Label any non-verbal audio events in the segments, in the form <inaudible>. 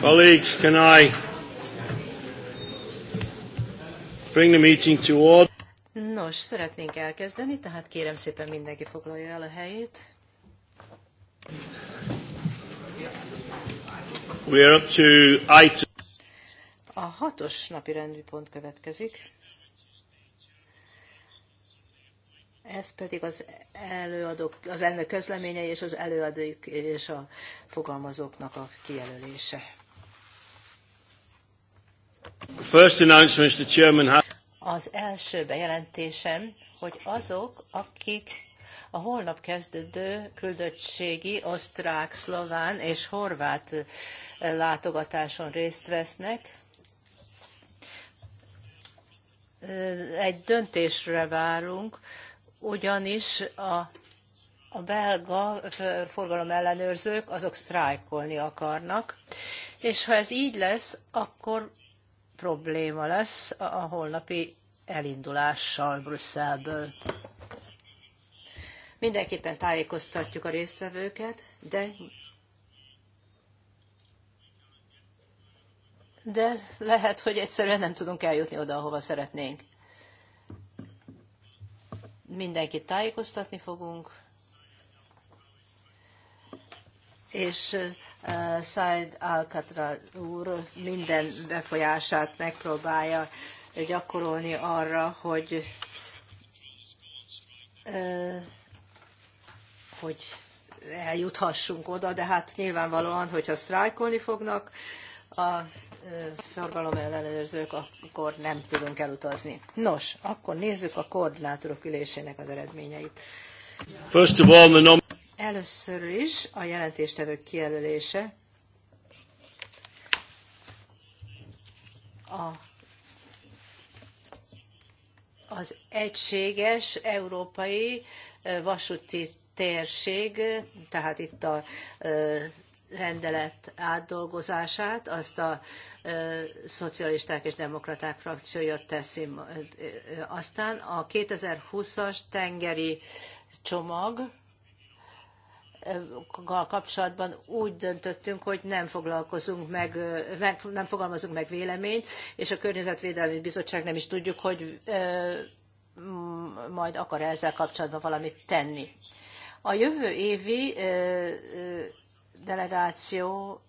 Colleagues, can I bring the meeting to order? Nos, szeretnénk elkezdeni, tehát kérem szépen mindenki foglalja el a helyét. We are up to item. A hatos napi rendű pont következik. Ez pedig az előadók, az elnök közleményei és az előadók és a fogalmazóknak a kijelölése. Az első bejelentésem, hogy azok, akik a holnap kezdődő küldöttségi osztrák, szlován és horvát eh, látogatáson részt vesznek, eh, egy döntésre várunk, ugyanis a, a belga eh, forgalom ellenőrzők azok sztrájkolni akarnak, és ha ez így lesz, akkor probléma lesz a holnapi elindulással Brüsszelből. Mindenképpen tájékoztatjuk a résztvevőket, de de lehet, hogy egyszerűen nem tudunk eljutni oda, ahova szeretnénk. Mindenkit tájékoztatni fogunk, és Said Alcatraz úr minden befolyását megpróbálja gyakorolni arra, hogy hogy eljuthassunk oda, de hát nyilvánvalóan, hogyha sztrájkolni fognak a forgalom ellenőrzők, akkor nem tudunk elutazni. Nos, akkor nézzük a koordinátorok ülésének az eredményeit. First of all, the Először is a jelentéstevők kijelölése a, az egységes európai vasúti térség, tehát itt a rendelet átdolgozását, azt a ö, szocialisták és demokraták frakciója teszi. Aztán a 2020-as tengeri csomag, kapcsolatban úgy döntöttünk, hogy nem foglalkozunk meg, meg, nem fogalmazunk meg véleményt, és a Környezetvédelmi Bizottság nem is tudjuk, hogy majd akar -e ezzel kapcsolatban valamit tenni. A jövő évi delegáció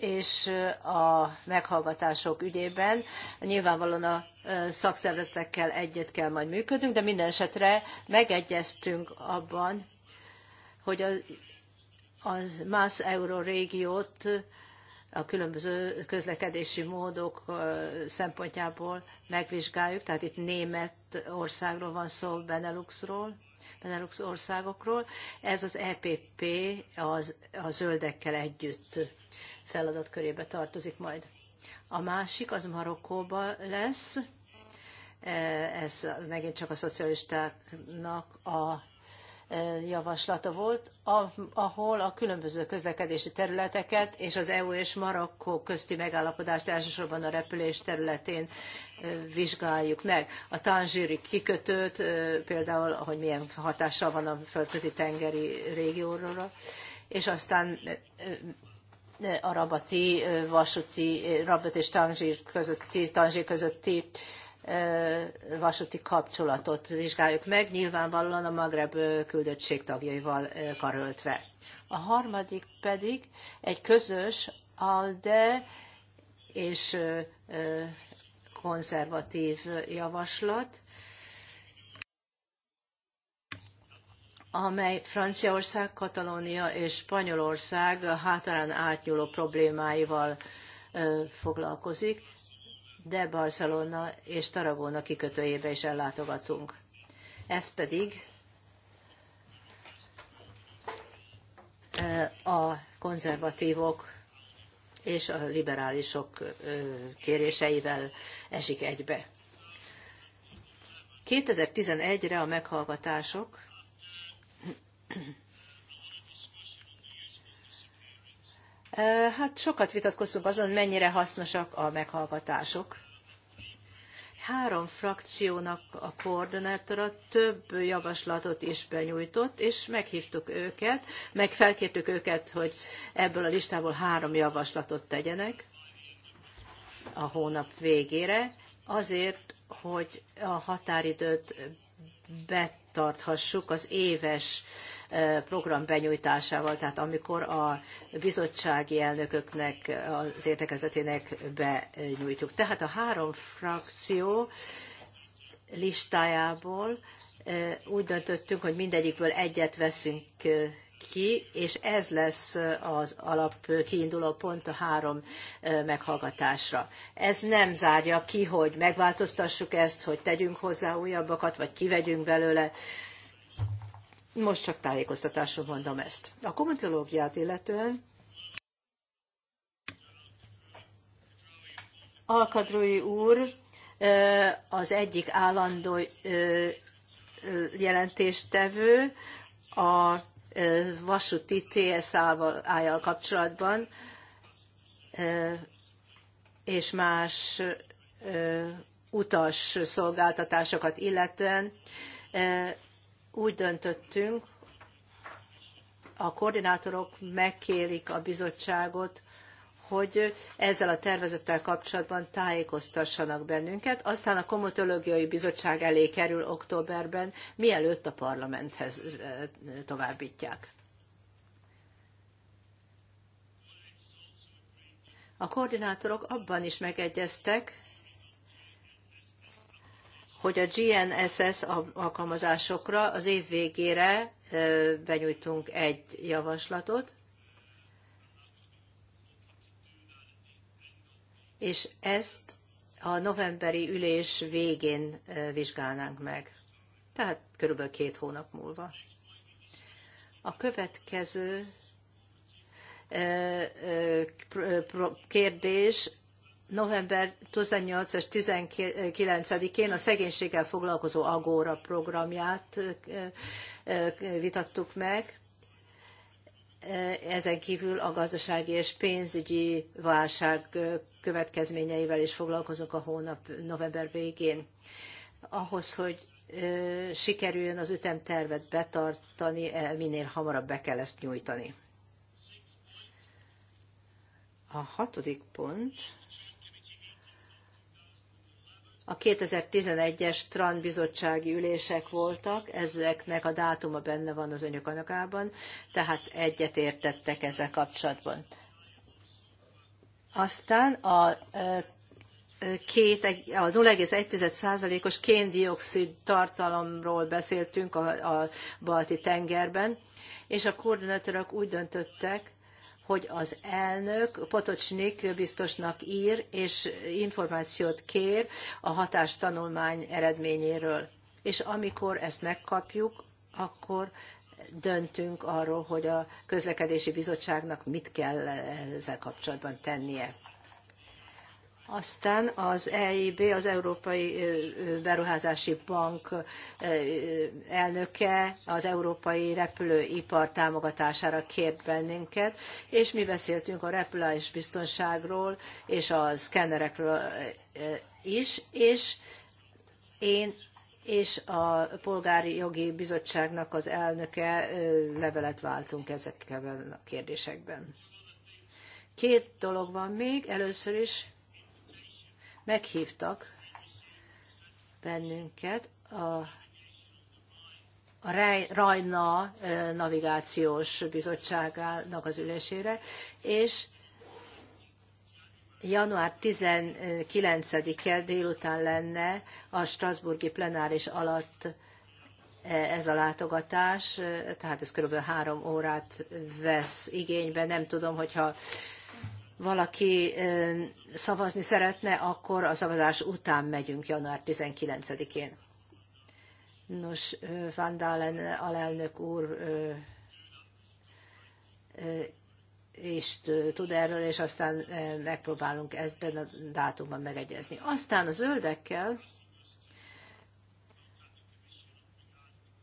és a meghallgatások ügyében nyilvánvalóan a szakszervezetekkel egyet kell majd működnünk, de minden esetre megegyeztünk abban, hogy a, más euróregiót a különböző közlekedési módok szempontjából megvizsgáljuk, tehát itt német országról van szó, Beneluxról, Benelux országokról. Ez az EPP az, a zöldekkel együtt feladatkörébe tartozik majd. A másik az Marokkóba lesz, ez megint csak a szocialistáknak a javaslata volt, ahol a különböző közlekedési területeket és az EU és Marokkó közti megállapodást elsősorban a repülés területén vizsgáljuk meg. A tanzsíri kikötőt például, hogy milyen hatással van a földközi tengeri régióra, és aztán a rabati vasúti, rabat és tanzsír közötti, tanzsír közötti vasúti kapcsolatot vizsgáljuk meg, nyilvánvalóan a Magreb küldöttség tagjaival karöltve. A harmadik pedig egy közös ALDE és konzervatív javaslat, amely Franciaország, Katalónia és Spanyolország hátrán átnyúló problémáival foglalkozik de Barcelona és Tarragona kikötőjébe is ellátogatunk. Ez pedig eh, a konzervatívok és a liberálisok eh, kéréseivel esik egybe. 2011-re a meghallgatások Hát sokat vitatkoztunk azon, mennyire hasznosak a meghallgatások. Három frakciónak a koordinátora több javaslatot is benyújtott, és meghívtuk őket, meg felkértük őket, hogy ebből a listából három javaslatot tegyenek a hónap végére, azért, hogy a határidőt betarthassuk az éves program benyújtásával, tehát amikor a bizottsági elnököknek, az értekezetének benyújtjuk. Tehát a három frakció listájából úgy döntöttünk, hogy mindegyikből egyet veszünk ki, és ez lesz az alap kiinduló pont a három meghallgatásra. Ez nem zárja ki, hogy megváltoztassuk ezt, hogy tegyünk hozzá újabbakat, vagy kivegyünk belőle most csak tájékoztatásra mondom ezt. A kommentológiát illetően Alkadrói úr az egyik állandó jelentéstevő a vasúti TSA-val kapcsolatban, és más utas szolgáltatásokat illetően úgy döntöttünk, a koordinátorok megkérik a bizottságot, hogy ezzel a tervezettel kapcsolatban tájékoztassanak bennünket, aztán a Komotológiai Bizottság elé kerül októberben, mielőtt a parlamenthez továbbítják. A koordinátorok abban is megegyeztek, hogy a GNSS alkalmazásokra az év végére benyújtunk egy javaslatot, és ezt a novemberi ülés végén vizsgálnánk meg. Tehát körülbelül két hónap múlva. A következő kérdés november 18 és 19-én a szegénységgel foglalkozó Agóra programját vitattuk meg. Ezen kívül a gazdasági és pénzügyi válság következményeivel is foglalkozunk a hónap november végén. Ahhoz, hogy sikerüljön az ütemtervet betartani, e, minél hamarabb be kell ezt nyújtani. A hatodik pont a 2011-es TRAN bizottsági ülések voltak, ezeknek a dátuma benne van az önök anyagában, tehát egyet értettek ezzel kapcsolatban. Aztán a két, a 0,1%-os kén-dioxid tartalomról beszéltünk a, a balti tengerben, és a koordinátorok úgy döntöttek, hogy az elnök Potocsnik biztosnak ír, és információt kér a hatástanulmány eredményéről. És amikor ezt megkapjuk, akkor döntünk arról, hogy a közlekedési bizottságnak mit kell ezzel kapcsolatban tennie. Aztán az EIB, az Európai Beruházási Bank elnöke az európai repülőipar támogatására kért bennünket, és mi beszéltünk a repülés biztonságról és a szkennerekről is, és én és a Polgári Jogi Bizottságnak az elnöke levelet váltunk ezekkel a kérdésekben. Két dolog van még, először is meghívtak bennünket a, a Rajna Navigációs Bizottságának az ülésére, és január 19-e délután lenne a Strasburgi plenáris alatt ez a látogatás, tehát ez körülbelül három órát vesz igénybe. Nem tudom, hogyha valaki szavazni szeretne, akkor a szavazás után megyünk január 19-én. Nos, Van Dalen alelnök úr és tud erről, és aztán megpróbálunk ebben a dátumban megegyezni. Aztán a zöldekkel,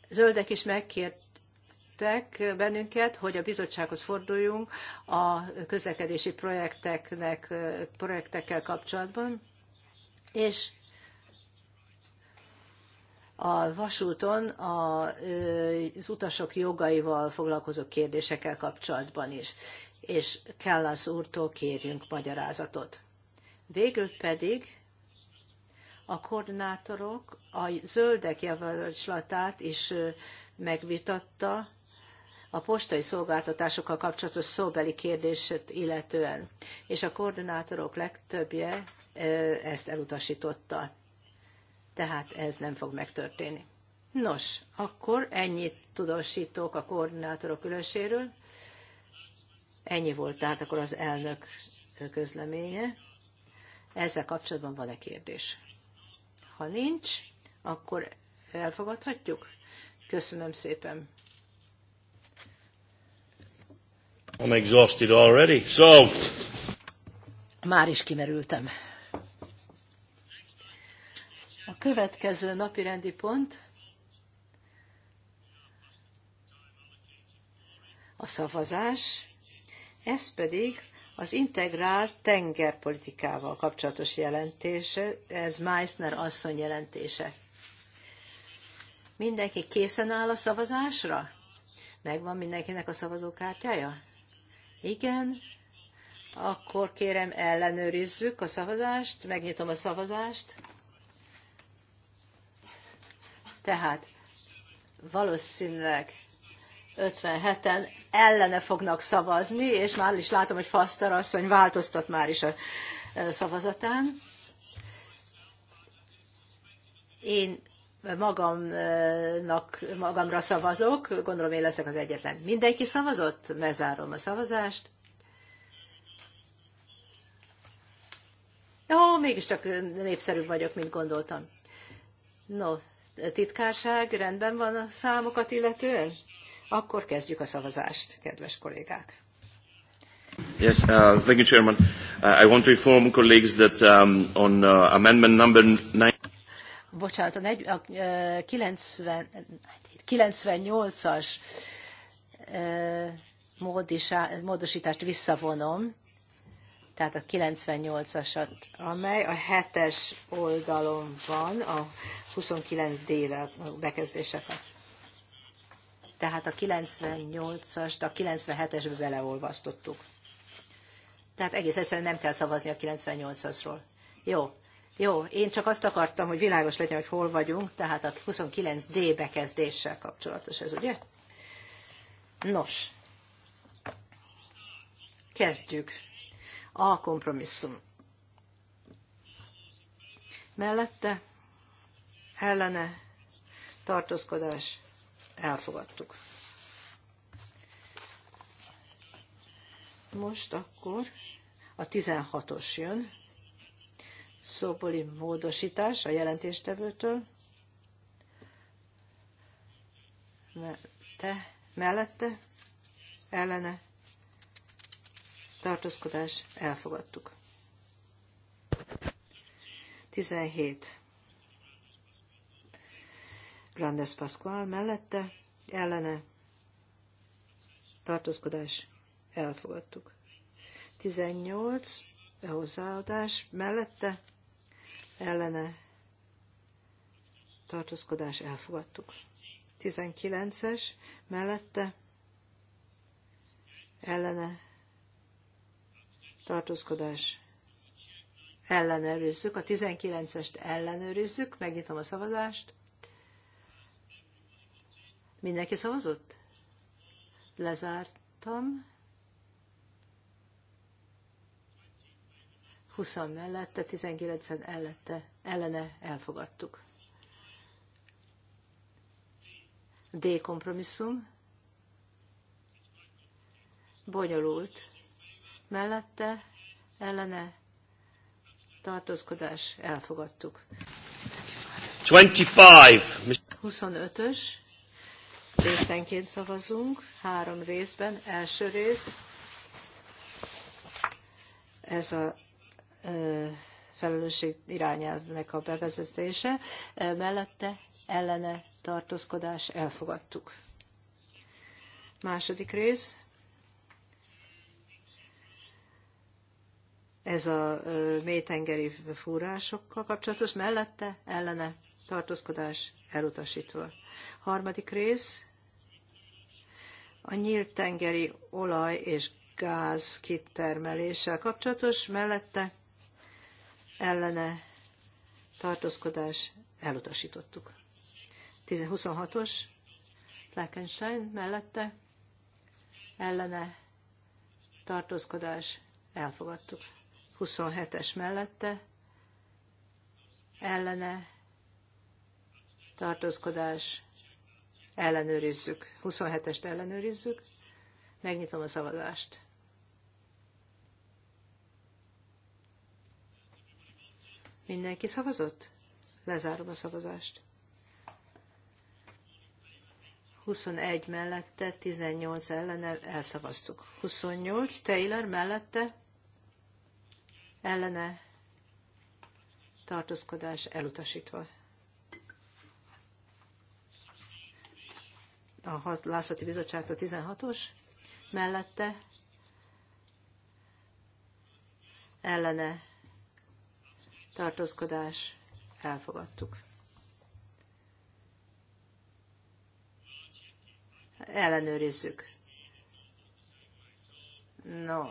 zöldek is megkért kértek bennünket, hogy a bizottsághoz forduljunk a közlekedési projekteknek, projektekkel kapcsolatban, és a vasúton az utasok jogaival foglalkozó kérdésekkel kapcsolatban is, és kell az úrtól kérjünk magyarázatot. Végül pedig a koordinátorok a zöldek javaslatát is megvitatta, a postai szolgáltatásokkal kapcsolatos szóbeli kérdését illetően, és a koordinátorok legtöbbje ezt elutasította. Tehát ez nem fog megtörténni. Nos, akkor ennyit tudósítok a koordinátorok üléséről. Ennyi volt tehát akkor az elnök közleménye. Ezzel kapcsolatban van-e kérdés? Ha nincs, akkor elfogadhatjuk. Köszönöm szépen. I'm exhausted already. So... Már is kimerültem. A következő napi rendi pont a szavazás, ez pedig az integrált tengerpolitikával kapcsolatos jelentése, ez Meissner asszony jelentése. Mindenki készen áll a szavazásra? Megvan mindenkinek a szavazókártyája? Igen. Akkor kérem ellenőrizzük a szavazást, megnyitom a szavazást. Tehát valószínűleg 57-en ellene fognak szavazni, és már is látom, hogy Faszter asszony változtat már is a e, szavazatán. Én magamnak, magamra szavazok, gondolom én leszek az egyetlen. Mindenki szavazott? Lezárom a szavazást. Ó, mégiscsak népszerűbb vagyok, mint gondoltam. No, titkárság, rendben van a számokat illetően? Akkor kezdjük a szavazást, kedves kollégák. Yes, uh, thank you, Chairman. Uh, I want to inform colleagues that um, on uh, amendment number Nine bocsánat, a 90, 98-as módosítást visszavonom, tehát a 98-asat, amely a 7-es oldalon van, a 29 déle bekezdéseket. Tehát a 98-ast, a 97-esbe beleolvasztottuk. Tehát egész egyszerűen nem kell szavazni a 98-asról. Jó, jó, én csak azt akartam, hogy világos legyen, hogy hol vagyunk, tehát a 29D bekezdéssel kapcsolatos ez, ugye? Nos, kezdjük. A kompromisszum. Mellette ellene tartózkodás elfogadtuk. Most akkor a 16-os jön szópoli módosítás a jelentéstevőtől. Te mellette, ellene, tartózkodás, elfogadtuk. 17. Grandes Pascual mellette, ellene, tartózkodás, elfogadtuk. 18. hozzáadás mellette, ellene tartózkodás elfogadtuk. 19-es mellette ellene tartózkodás ellenőrizzük. A 19-est ellenőrizzük, megnyitom a szavazást. Mindenki szavazott? Lezártam. 20 mellette, 19 ellette, ellene elfogadtuk. D kompromisszum. Bonyolult. Mellette, ellene, tartózkodás, elfogadtuk. 25. 25-ös. Részenként szavazunk, három részben. Első rész, ez a felelősség irányelvnek a bevezetése, mellette ellene tartózkodás elfogadtuk. Második rész. Ez a mélytengeri fúrásokkal kapcsolatos, mellette ellene tartózkodás elutasítva. Harmadik rész. A nyílt tengeri olaj és gáz kitermeléssel kapcsolatos, mellette ellene tartózkodás elutasítottuk. 1026-os Fleckenstein mellette ellene tartózkodás elfogadtuk. 27-es mellette ellene tartózkodás ellenőrizzük. 27-est ellenőrizzük. Megnyitom a szavazást. Mindenki szavazott? Lezárom a szavazást. 21 mellette, 18 ellene elszavaztuk. 28 Taylor mellette, ellene tartózkodás elutasítva. A hat, Lászati a 16-os mellette ellene tartózkodás, elfogadtuk. Ellenőrizzük. No,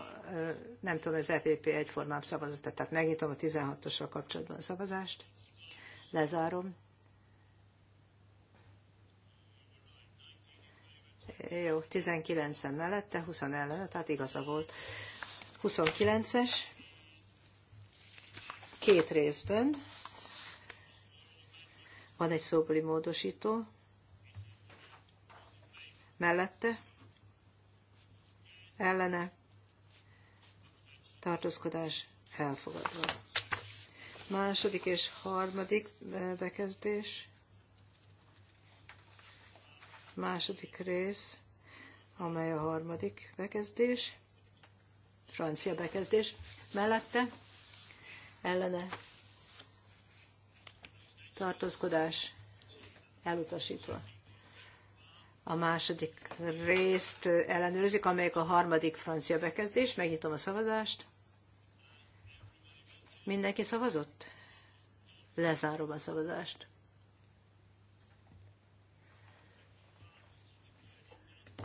nem tudom, az EPP egyformább szavazott, tehát megnyitom a 16-osra kapcsolatban a szavazást, lezárom. Jó, 19-en mellette, 20 ellene, tehát igaza volt. 29-es két részben. Van egy szóbeli módosító. Mellette. Ellene. Tartózkodás elfogadva. Második és harmadik eh, bekezdés. Második rész, amely a harmadik bekezdés. Francia bekezdés. Mellette ellene tartózkodás elutasítva. A második részt ellenőrzik, amelyik a harmadik francia bekezdés. Megnyitom a szavazást. Mindenki szavazott? Lezárom a szavazást.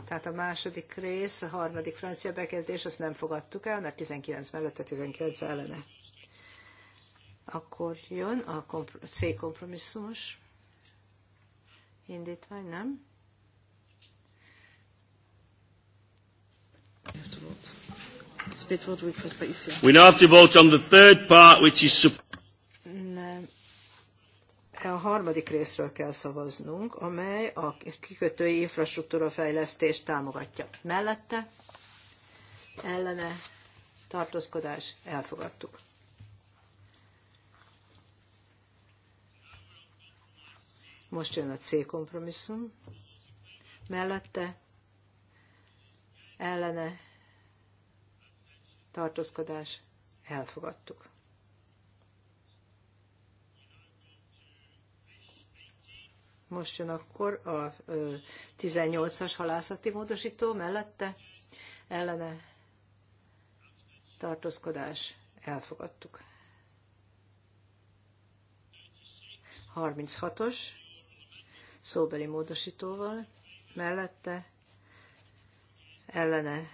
Tehát a második rész, a harmadik francia bekezdés, azt nem fogadtuk el, mert 19 mellette 19 ellene. Akkor jön a C kompromisszumos indítvány, nem? E We now have to vote on the third part, which is... Nem. A harmadik részről kell szavaznunk, amely a kikötői infrastruktúra fejlesztést támogatja. Mellette ellene tartózkodás elfogadtuk. Most jön a C kompromisszum. Mellette ellene tartózkodás elfogadtuk. Most jön akkor a 18-as halászati módosító mellette ellene tartózkodás elfogadtuk. 36-os szóbeli módosítóval, mellette ellene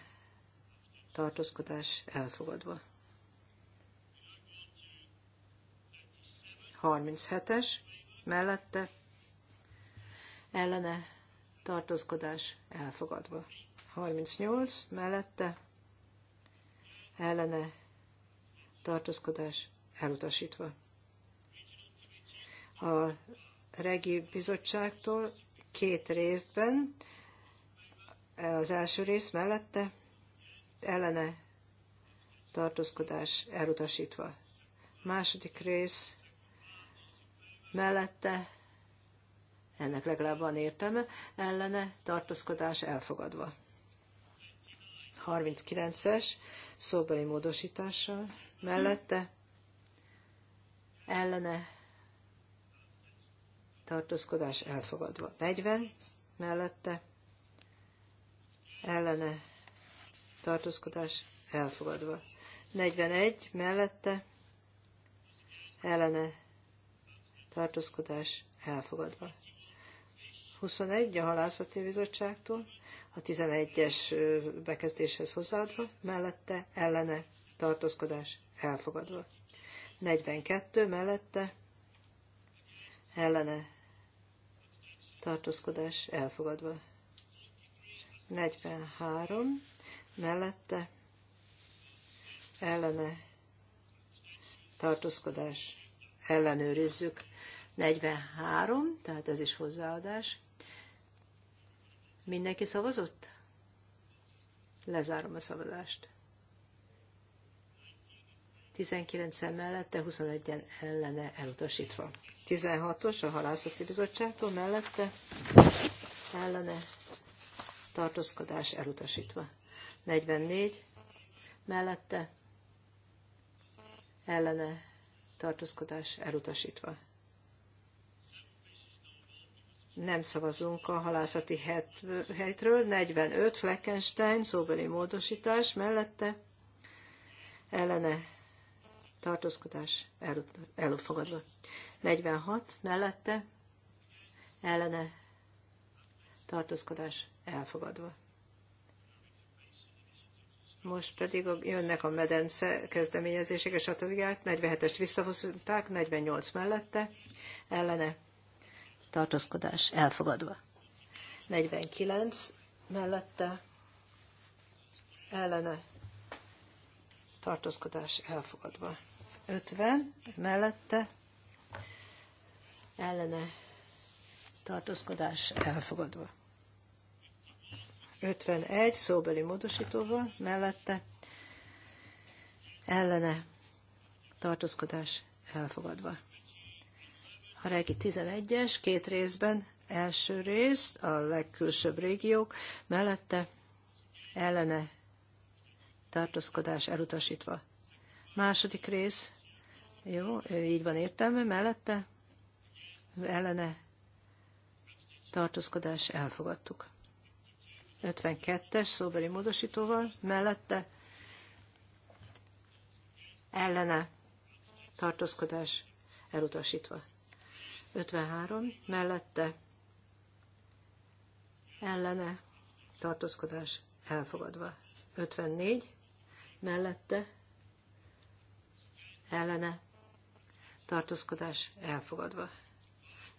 tartózkodás elfogadva. 37-es, mellette ellene tartózkodás elfogadva. 38 mellette ellene tartózkodás elutasítva. A Regi Bizottságtól két részben. Az első rész mellette ellene tartózkodás elutasítva. Második rész mellette, ennek legalább van értelme, ellene tartózkodás elfogadva. 39-es szóbeli módosítással mellette ellene tartózkodás elfogadva. 40 mellette ellene tartózkodás elfogadva. 41 mellette ellene tartózkodás elfogadva. 21 a halászati bizottságtól, a 11-es bekezdéshez hozzáadva, mellette ellene tartózkodás elfogadva. 42 mellette ellene tartózkodás elfogadva. 43 mellette ellene tartózkodás ellenőrizzük. 43, tehát ez is hozzáadás. Mindenki szavazott? Lezárom a szavazást. 19 mellette, 21-en ellene elutasítva. 16-os a halászati bizottságtól mellette ellene tartózkodás elutasítva. 44 mellette ellene tartózkodás elutasítva. Nem szavazunk a halászati helytről. 45 Fleckenstein szóbeli módosítás mellette ellene tartózkodás elfogadva. 46 mellette ellene tartózkodás elfogadva. Most pedig jönnek a medence kezdeményezések és a többiek. 47-est visszahozták, 48 mellette ellene tartózkodás elfogadva. 49 mellette ellene tartózkodás elfogadva. 50 mellette ellene tartózkodás elfogadva. 51 szóbeli módosítóval mellette ellene tartózkodás elfogadva. A regi 11-es két részben első részt a legkülsőbb régiók mellette ellene tartózkodás elutasítva Második rész. Jó, így van értelme, mellette ellene tartózkodás elfogadtuk. 52-es szóbeli módosítóval, mellette ellene tartózkodás elutasítva. 53, mellette ellene tartózkodás elfogadva. 54, mellette ellene tartózkodás elfogadva.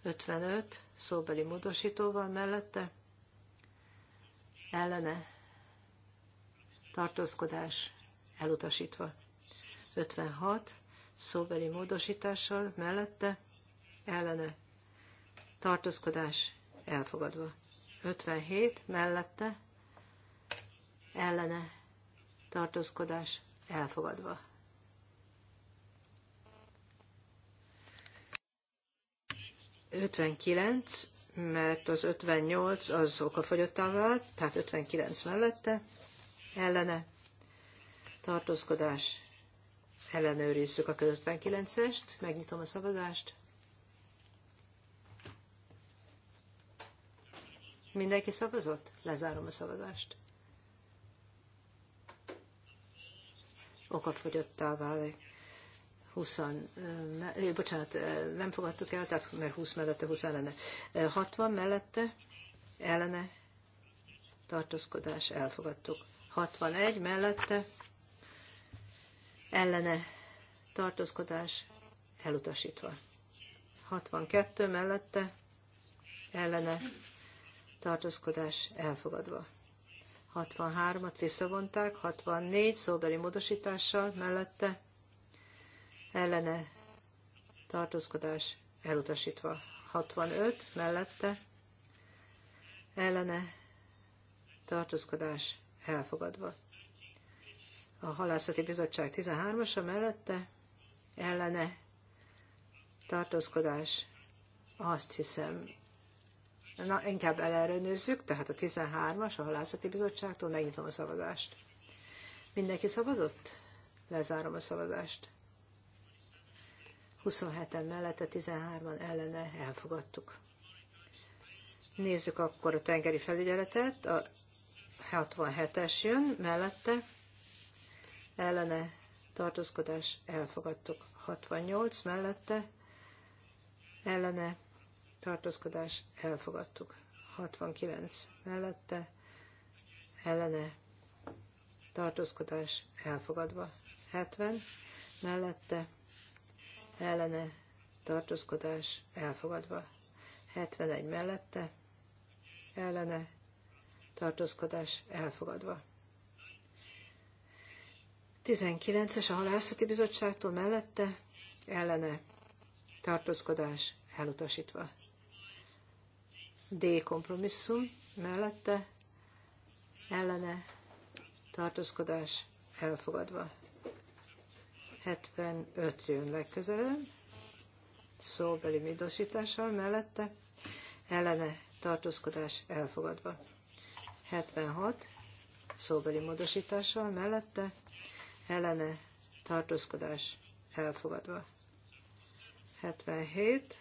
55 szóbeli módosítóval mellette ellene tartózkodás elutasítva. 56 szóbeli módosítással mellette ellene tartózkodás elfogadva. 57 mellette ellene tartózkodás elfogadva. 59, mert az 58 az okafogyottá vált, tehát 59 mellette ellene tartózkodás. Ellenőrizzük a 59-est, megnyitom a szavazást. Mindenki szavazott? Lezárom a szavazást. Okafogyottá válik. 20, ne, bocsánat, nem fogadtuk el, tehát mert 20 mellette, 20 ellene. 60 mellette, ellene, tartózkodás, elfogadtuk. 61 mellette, ellene, tartózkodás, elutasítva. 62 mellette, ellene, tartózkodás, elfogadva. 63-at visszavonták, 64 szóbeli módosítással mellette ellene tartózkodás elutasítva. 65 mellette ellene tartózkodás elfogadva. A halászati bizottság 13-asa mellette ellene tartózkodás azt hiszem, na inkább elerőnőzzük, tehát a 13-as a halászati bizottságtól megnyitom a szavazást. Mindenki szavazott? Lezárom a szavazást. 27-en mellette, 13-an ellene elfogadtuk. Nézzük akkor a tengeri felügyeletet, a 67-es jön mellette, ellene tartózkodás elfogadtuk. 68 mellette, ellene tartózkodás elfogadtuk. 69 mellette, ellene tartózkodás elfogadva. 70 mellette, ellene tartózkodás elfogadva. 71 mellette ellene tartózkodás elfogadva. 19-es a halászati bizottságtól mellette ellene tartózkodás elutasítva. D kompromisszum mellette ellene tartózkodás elfogadva. 75 jön legközelebb, szóbeli módosítással mellette, ellene tartózkodás elfogadva. 76 szóbeli módosítással mellette, ellene tartózkodás elfogadva. 77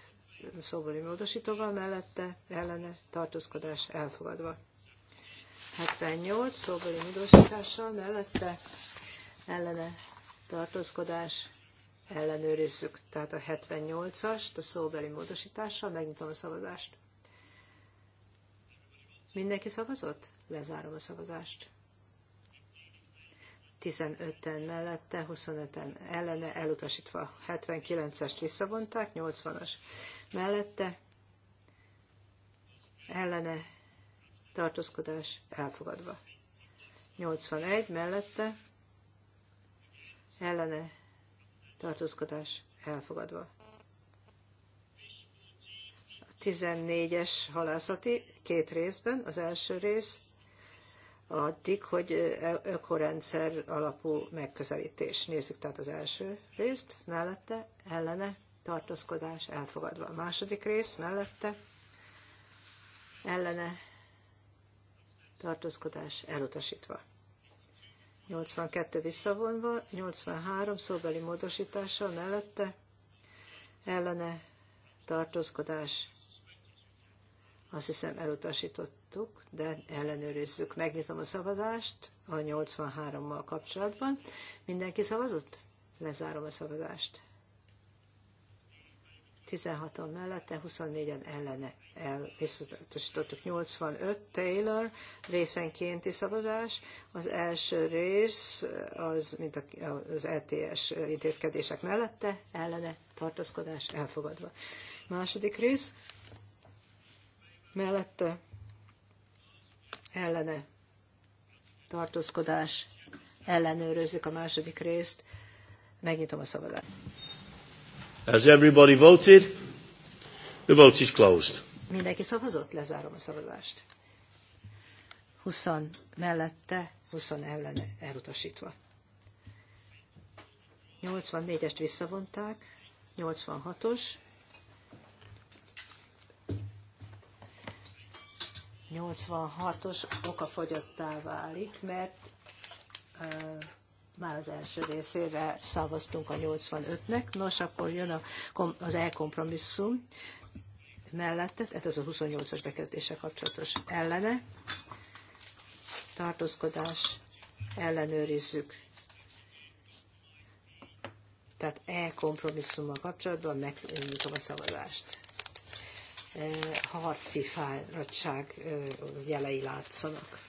szóbeli módosítóval mellette, ellene tartózkodás elfogadva. 78 szóbeli módosítással mellette, ellene tartózkodás, ellenőrizzük, tehát a 78-ast, a szóbeli módosítással, megnyitom a szavazást. Mindenki szavazott? Lezárom a szavazást. 15-en mellette, 25-en ellene, elutasítva 79-est visszavonták, 80-as mellette, ellene, tartózkodás elfogadva. 81 mellette, ellene tartózkodás elfogadva. A 14-es halászati két részben, az első rész addig, hogy e-, ökorendszer alapú megközelítés. Nézzük tehát az első részt, mellette, ellene, tartózkodás elfogadva. A második rész mellette, ellene, tartózkodás elutasítva. 82 visszavonva, 83 szóbeli módosítással mellette ellene tartózkodás. Azt hiszem elutasítottuk, de ellenőrizzük. Megnyitom a szavazást a 83-mal kapcsolatban. Mindenki szavazott? Lezárom a szavazást. 16-on mellette, 24-en ellene el, visszatosítottuk 85 Taylor részenkénti szavazás. Az első rész az, mint a, az LTS e intézkedések mellette, ellene tartózkodás elfogadva. Második rész mellette ellene tartózkodás ellenőrözzük a második részt. Megnyitom a szavazást. Has everybody voted? The vote is closed. Mindenki szavazott? Lezárom a szavazást. 20 mellette, 20 ellen elutasítva. 84-est visszavonták, 86-os, 86-os okafogyottá válik, mert uh, már az első részére szavaztunk a 85-nek, nos, akkor jön a, az elkompromisszum mellette, ez az a 28-as bekezdése kapcsolatos ellene, tartózkodás, ellenőrizzük. Tehát e kompromisszummal kapcsolatban megnyitom a szavazást. Eh, harci fáradtság eh, jelei látszanak.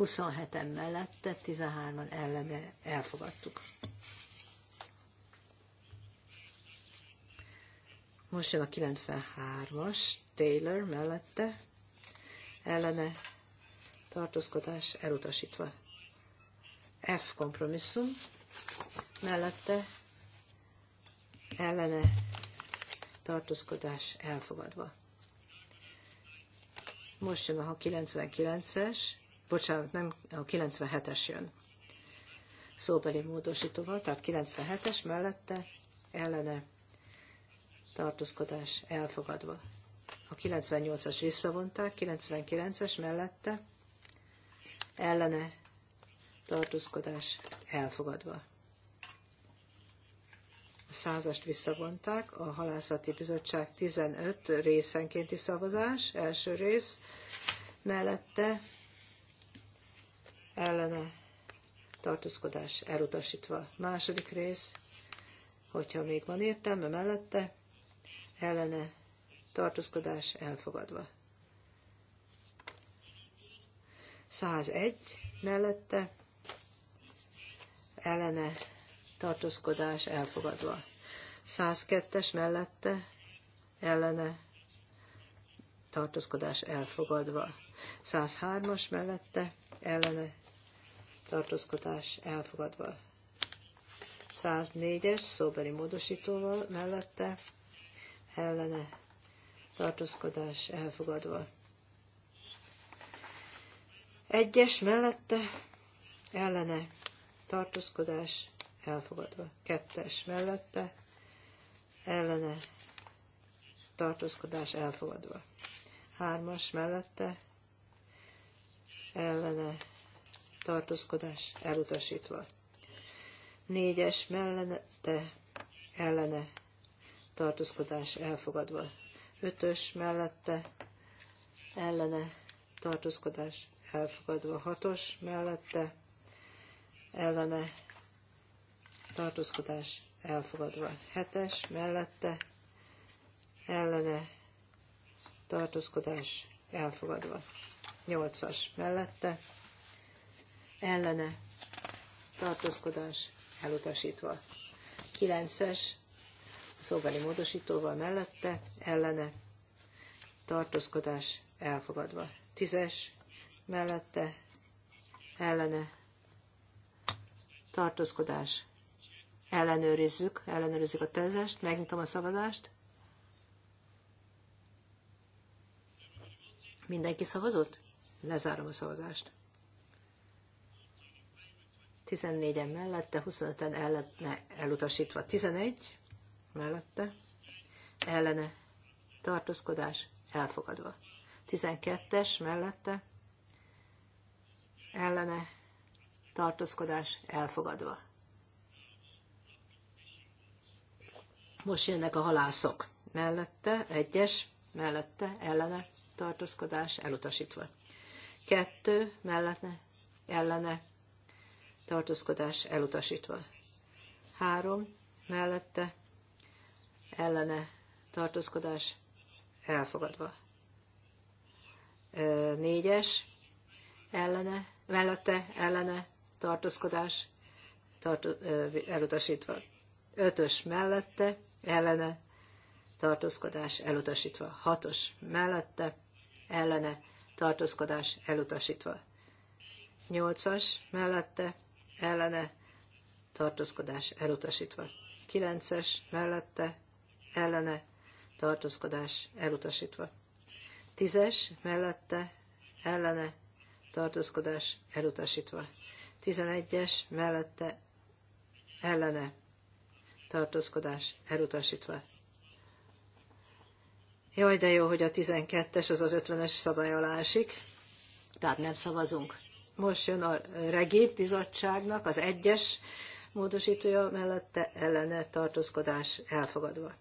27-en mellette, 13-an ellene elfogadtuk. Most jön a 93-as, Taylor mellette, ellene tartózkodás elutasítva. F kompromisszum, mellette ellene tartózkodás elfogadva. Most jön a 99-es, bocsánat, nem, a 97-es jön. Szóbeli módosítóval, tehát 97-es mellette ellene tartózkodás elfogadva. A 98-as visszavonták, 99-es mellette ellene tartózkodás elfogadva. A százast visszavonták, a halászati bizottság 15 részenkénti szavazás, első rész, mellette ellene tartózkodás elutasítva. Második rész, hogyha még van értelme mellette, ellene tartózkodás elfogadva. 101 mellette ellene tartózkodás elfogadva. 102-es mellette ellene tartózkodás elfogadva. 103-as mellette ellene tartózkodás elfogadva. 104-es szóbeli módosítóval mellette ellene tartózkodás elfogadva. Egyes mellette ellene tartózkodás elfogadva. Kettes mellette ellene tartózkodás elfogadva. Hármas mellette ellene tartózkodás elutasítva. Négyes mellette ellene tartózkodás elfogadva. Ötös mellette ellene tartózkodás elfogadva. Hatos mellette ellene tartózkodás elfogadva. Hetes mellette ellene tartózkodás elfogadva. Nyolcas mellette ellene tartózkodás elutasítva. 9-es szóbeli módosítóval mellette ellene tartózkodás elfogadva. 10-es mellette ellene tartózkodás ellenőrizzük, ellenőrizzük a tezest, megnyitom a szavazást. Mindenki szavazott? Lezárom a szavazást. 14-en mellette, 25-en ellene elutasítva. 11 mellette, ellene tartózkodás elfogadva. 12-es mellette, ellene tartózkodás elfogadva. Most jönnek a halászok. Mellette, egyes, mellette, ellene tartózkodás elutasítva. Kettő, mellette, ellene tartózkodás elutasítva. Három mellette ellene tartózkodás elfogadva. Négyes ellene, mellette ellene tartózkodás tartó, elutasítva. Ötös mellette ellene tartózkodás elutasítva. Hatos mellette ellene tartózkodás elutasítva. Nyolcas mellette ellene tartózkodás elutasítva. 9-es mellette ellene tartózkodás elutasítva. 10-es mellette ellene tartózkodás elutasítva. 11-es mellette ellene tartózkodás elutasítva. Jaj, de jó, hogy a 12-es az az 50-es szabály alá esik, tehát nem szavazunk. Most jön a regép bizottságnak az egyes módosítója mellette ellene tartózkodás elfogadva.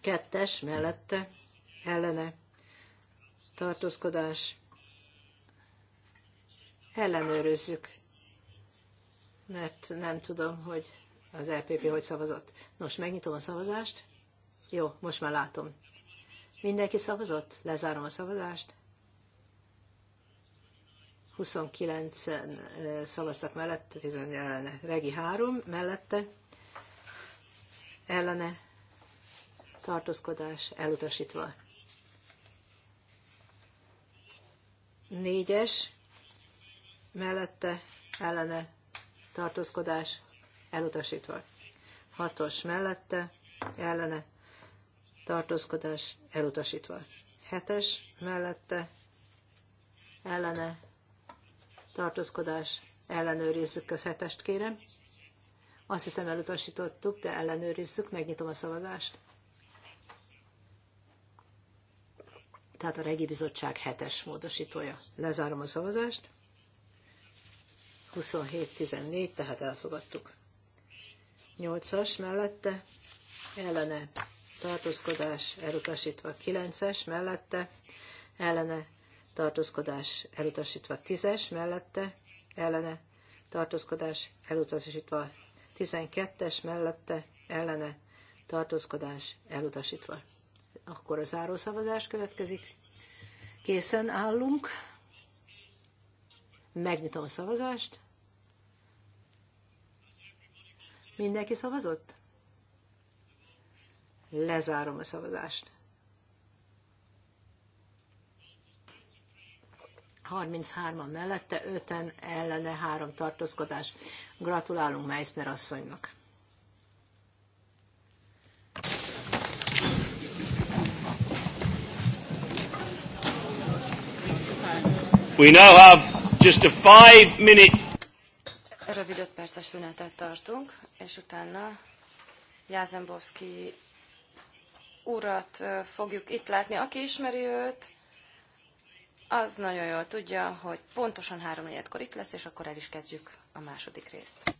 Kettes mellette ellene tartózkodás ellenőrözzük, mert nem tudom, hogy az LPP e hogy szavazott. Nos, megnyitom a szavazást. Jó, most már látom. Mindenki szavazott? Lezárom a szavazást. 29 szavaztak mellette, 10 ellene. Regi 3 mellette, ellene tartózkodás elutasítva. Négyes mellette ellene tartózkodás elutasítva. Hatos mellette ellene tartózkodás elutasítva. Hetes mellette ellene tartózkodás ellenőrizzük a hetest, kérem. Azt hiszem elutasítottuk, de ellenőrizzük, megnyitom a szavazást. Tehát a Regi Bizottság hetes módosítója. Lezárom a szavazást. 27-14, tehát elfogadtuk. 8-as mellette ellene tartózkodás elutasítva 9-es mellette, ellene tartózkodás elutasítva 10-es mellette, ellene tartózkodás elutasítva 12-es mellette, ellene tartózkodás elutasítva. Akkor a zárószavazás következik. Készen állunk. Megnyitom a szavazást. Mindenki szavazott? Lezárom a szavazást. 33-an mellette, 5-en ellene, 3 tartózkodás. Gratulálunk Meissner asszonynak. We now have just a five minute Rövid öt perces szünetet tartunk, és utána Jázembowski urat fogjuk itt látni. Aki ismeri őt, az nagyon jól tudja, hogy pontosan három kor itt lesz, és akkor el is kezdjük a második részt.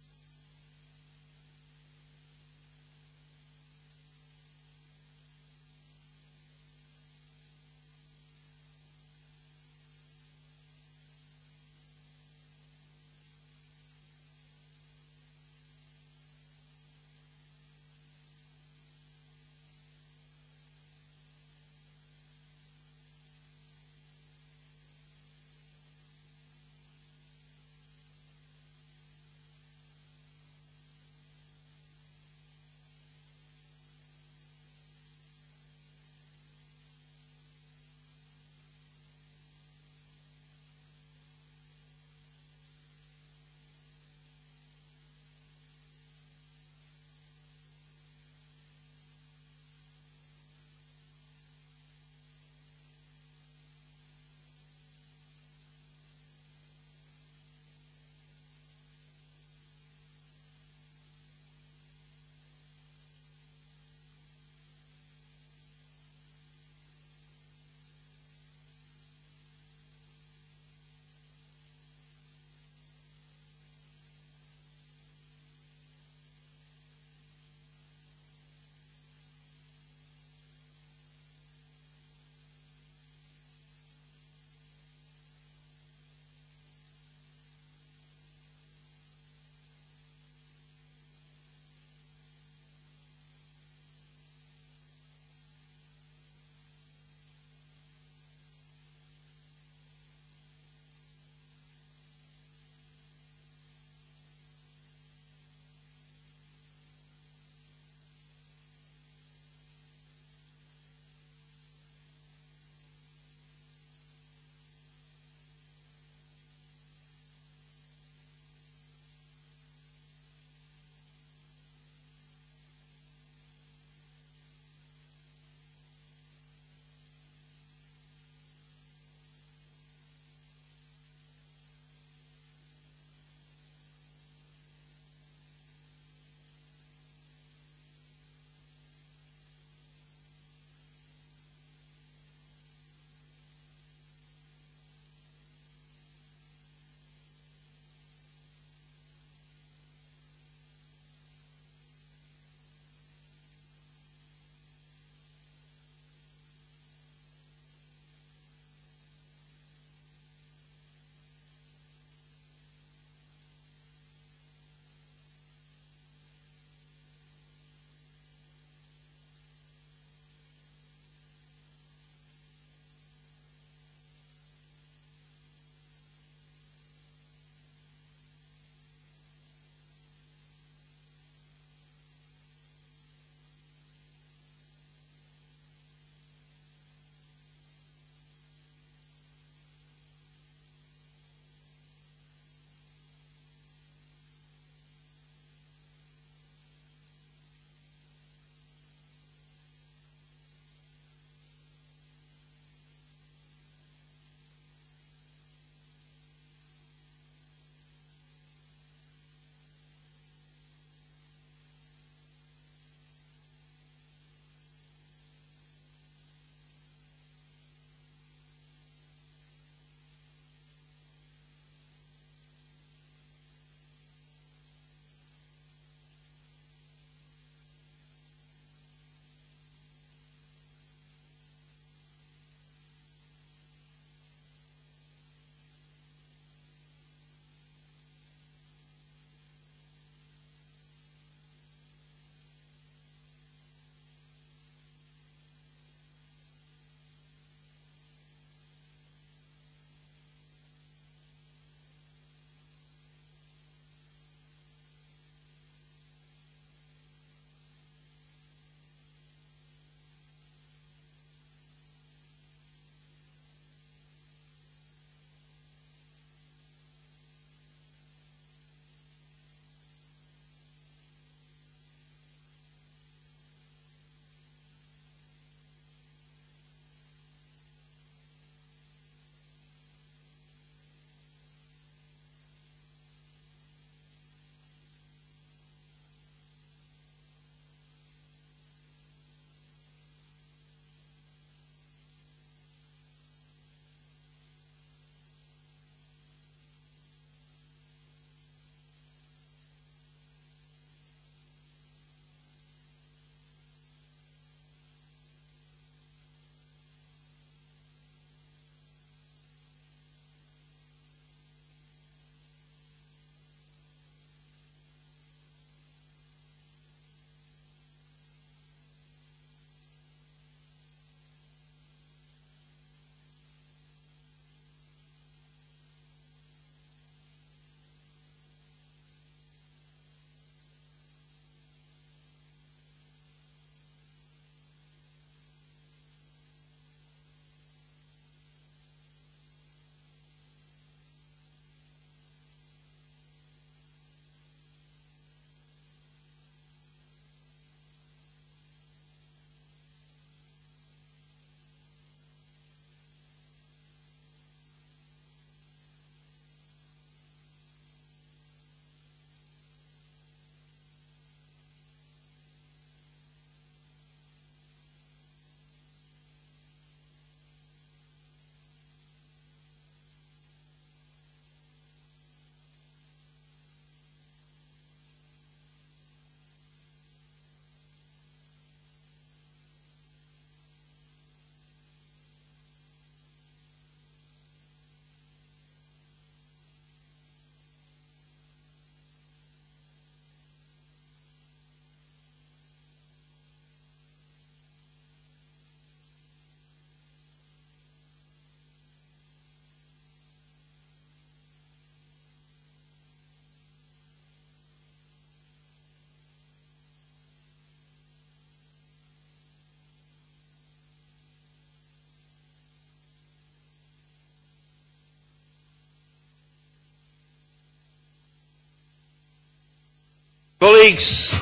Colleagues,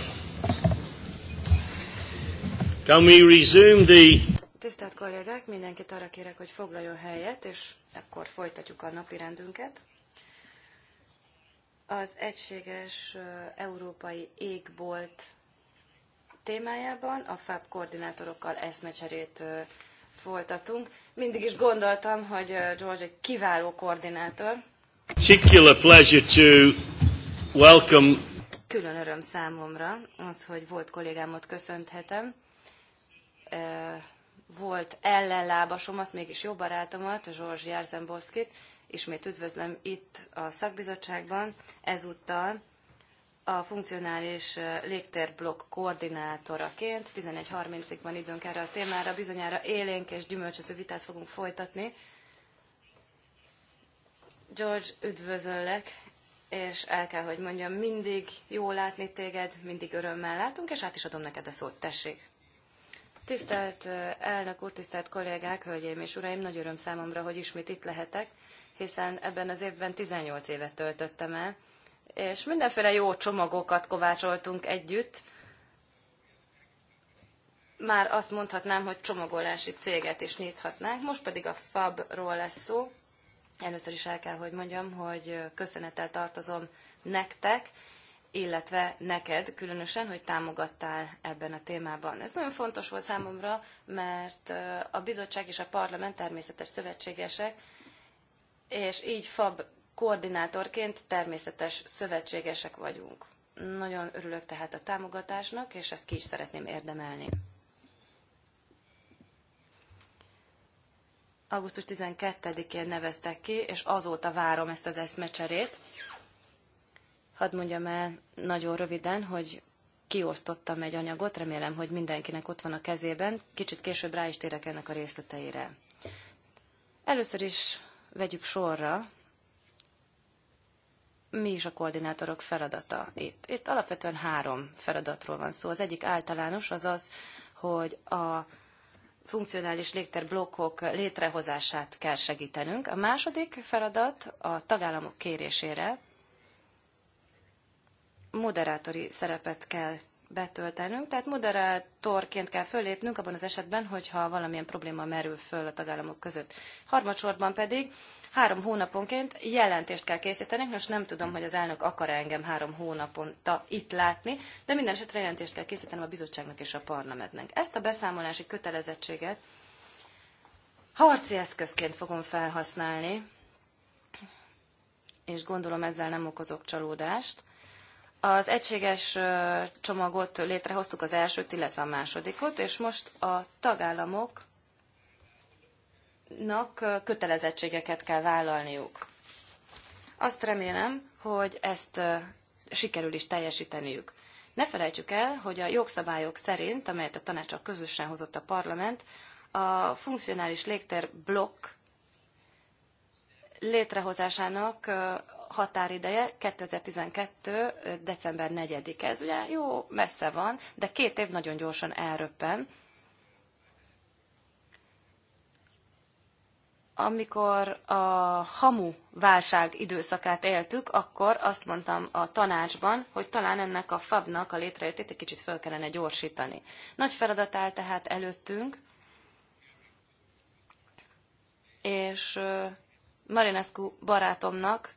can we resume the... Tisztelt kollégák, mindenkit arra kérek, hogy foglaljon helyet, és akkor folytatjuk a napi rendünket. Az egységes európai égbolt témájában a FAB koordinátorokkal eszmecserét folytatunk. Mindig is gondoltam, hogy George egy kiváló koordinátor. Particular pleasure to welcome külön öröm számomra az, hogy volt kollégámot köszönthetem. Volt ellenlábasomat, mégis jó barátomat, Zsorzs Járzemboszkit. Ismét üdvözlöm itt a szakbizottságban. Ezúttal a funkcionális légtérblokk koordinátoraként. 11.30-ig van időnk erre a témára. Bizonyára élénk és gyümölcsöző vitát fogunk folytatni. George, üdvözöllek és el kell, hogy mondjam, mindig jó látni téged, mindig örömmel látunk, és át is adom neked a szót, tessék. Tisztelt elnök úr, tisztelt kollégák, hölgyeim és uraim, nagy öröm számomra, hogy ismét itt lehetek, hiszen ebben az évben 18 évet töltöttem el, és mindenféle jó csomagokat kovácsoltunk együtt. Már azt mondhatnám, hogy csomagolási céget is nyithatnánk, most pedig a FAB-ról lesz szó, Először is el kell, hogy mondjam, hogy köszönettel tartozom nektek, illetve neked különösen, hogy támogattál ebben a témában. Ez nagyon fontos volt számomra, mert a bizottság és a parlament természetes szövetségesek, és így FAB koordinátorként természetes szövetségesek vagyunk. Nagyon örülök tehát a támogatásnak, és ezt ki is szeretném érdemelni. augusztus 12-én neveztek ki, és azóta várom ezt az eszmecserét. Hadd mondjam el nagyon röviden, hogy kiosztottam egy anyagot, remélem, hogy mindenkinek ott van a kezében. Kicsit később rá is térek ennek a részleteire. Először is vegyük sorra, mi is a koordinátorok feladata itt. Itt alapvetően három feladatról van szó. Az egyik általános az az, hogy a funkcionális légterblokkok létrehozását kell segítenünk. A második feladat a tagállamok kérésére moderátori szerepet kell betöltenünk, tehát moderátorként kell föllépnünk abban az esetben, hogyha valamilyen probléma merül föl a tagállamok között. Harmadsorban pedig három hónaponként jelentést kell készíteni, Most nem tudom, hogy az elnök akar -e engem három hónaponta itt látni, de minden esetre jelentést kell készítenem a bizottságnak és a parlamentnek. Ezt a beszámolási kötelezettséget harci eszközként fogom felhasználni, és gondolom ezzel nem okozok csalódást. Az egységes csomagot létrehoztuk az elsőt, illetve a másodikot, és most a tagállamok nak kötelezettségeket kell vállalniuk. Azt remélem, hogy ezt sikerül is teljesíteniük. Ne felejtsük el, hogy a jogszabályok szerint, amelyet a tanács közösen hozott a parlament, a funkcionális légtér blokk létrehozásának határideje 2012. december 4-e. Ez ugye jó messze van, de két év nagyon gyorsan elröppen, amikor a hamu válság időszakát éltük, akkor azt mondtam a tanácsban, hogy talán ennek a fabnak a létrejöttét egy kicsit föl kellene gyorsítani. Nagy feladat áll tehát előttünk, és Marinescu barátomnak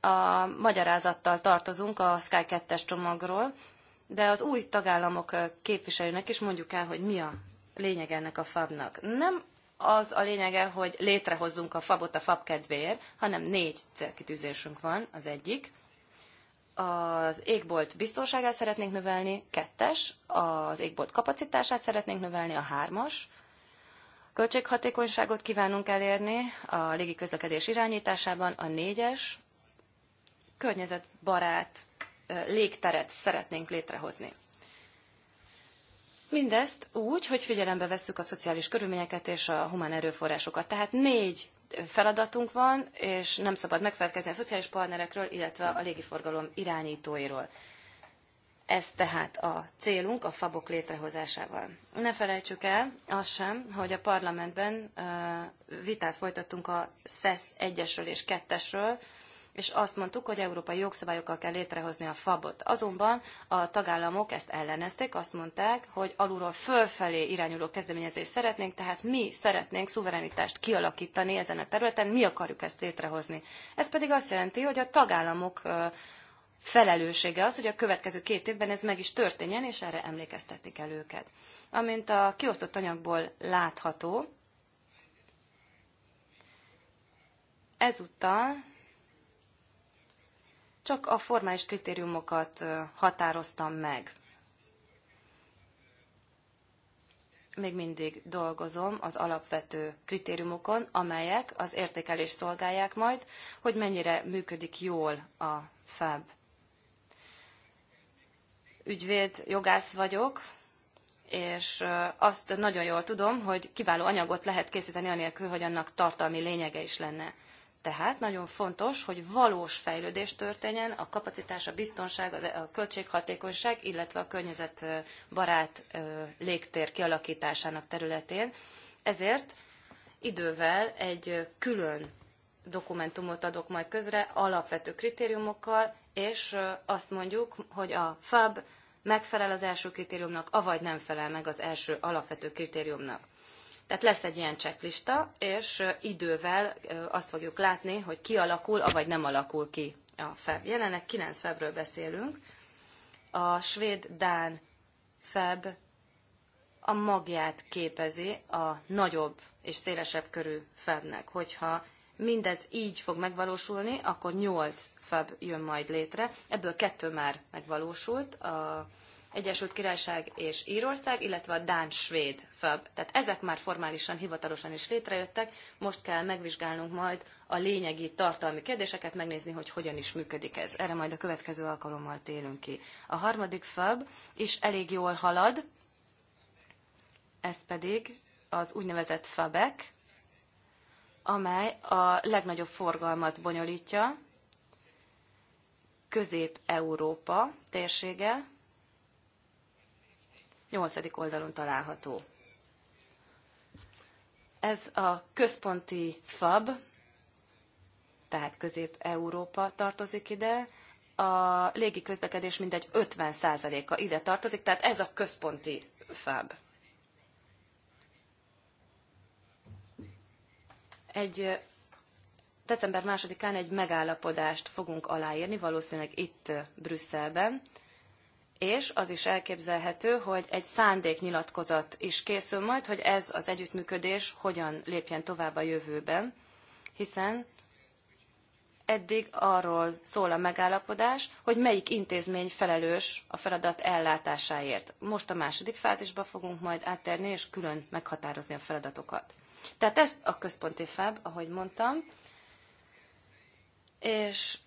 a magyarázattal tartozunk a Sky 2-es csomagról, de az új tagállamok képviselőnek is mondjuk el, hogy mi a lényeg ennek a fabnak. Nem az a lényege, hogy létrehozzunk a fabot a fab kedvéért, hanem négy célkitűzésünk van, az egyik. Az égbolt biztonságát szeretnénk növelni, kettes, az égbolt kapacitását szeretnénk növelni, a hármas, Költséghatékonyságot kívánunk elérni a közlekedés irányításában, a négyes, környezetbarát légteret szeretnénk létrehozni. Mindezt úgy, hogy figyelembe vesszük a szociális körülményeket és a humán erőforrásokat. Tehát négy feladatunk van, és nem szabad megfelelkezni a szociális partnerekről, illetve a légiforgalom irányítóiról. Ez tehát a célunk a fabok létrehozásával. Ne felejtsük el azt sem, hogy a parlamentben vitát folytattunk a SESZ 1-esről és 2-esről, és azt mondtuk, hogy európai jogszabályokkal kell létrehozni a fabot. Azonban a tagállamok ezt ellenezték, azt mondták, hogy alulról fölfelé irányuló kezdeményezést szeretnénk, tehát mi szeretnénk szuverenitást kialakítani ezen a területen, mi akarjuk ezt létrehozni. Ez pedig azt jelenti, hogy a tagállamok felelőssége az, hogy a következő két évben ez meg is történjen, és erre emlékeztetni kell őket. Amint a kiosztott anyagból látható, ezúttal csak a formális kritériumokat határoztam meg. Még mindig dolgozom az alapvető kritériumokon, amelyek az értékelés szolgálják majd, hogy mennyire működik jól a FAB. Ügyvéd, jogász vagyok, és azt nagyon jól tudom, hogy kiváló anyagot lehet készíteni anélkül, hogy annak tartalmi lényege is lenne. Tehát nagyon fontos, hogy valós fejlődés történjen, a kapacitás, a biztonság, a költséghatékonyság, illetve a környezetbarát légtér kialakításának területén. Ezért idővel egy külön dokumentumot adok majd közre alapvető kritériumokkal, és azt mondjuk, hogy a FAB megfelel az első kritériumnak, avagy nem felel meg az első alapvető kritériumnak. Tehát lesz egy ilyen cseklista, és idővel azt fogjuk látni, hogy ki alakul, vagy nem alakul ki a FEB. Jelenleg 9 FEB-ről beszélünk. A svéd-dán FEB a magját képezi a nagyobb és szélesebb körű FEB-nek. Hogyha mindez így fog megvalósulni, akkor 8 FEB jön majd létre. Ebből kettő már megvalósult, a Egyesült Királyság és Írország, illetve a Dán-Svéd FÖB. Tehát ezek már formálisan, hivatalosan is létrejöttek, most kell megvizsgálnunk majd a lényegi tartalmi kérdéseket, megnézni, hogy hogyan is működik ez. Erre majd a következő alkalommal térünk ki. A harmadik FÖB is elég jól halad, ez pedig az úgynevezett FABEK, amely a legnagyobb forgalmat bonyolítja, Közép-Európa térsége, 8. oldalon található. Ez a központi FAB, tehát Közép-Európa tartozik ide, a légi közlekedés mindegy 50%-a ide tartozik, tehát ez a központi FAB. Egy december másodikán egy megállapodást fogunk aláírni, valószínűleg itt Brüsszelben, és az is elképzelhető, hogy egy szándéknyilatkozat is készül majd, hogy ez az együttműködés hogyan lépjen tovább a jövőben, hiszen eddig arról szól a megállapodás, hogy melyik intézmény felelős a feladat ellátásáért. Most a második fázisba fogunk majd átterni, és külön meghatározni a feladatokat. Tehát ez a központi fáb, ahogy mondtam, és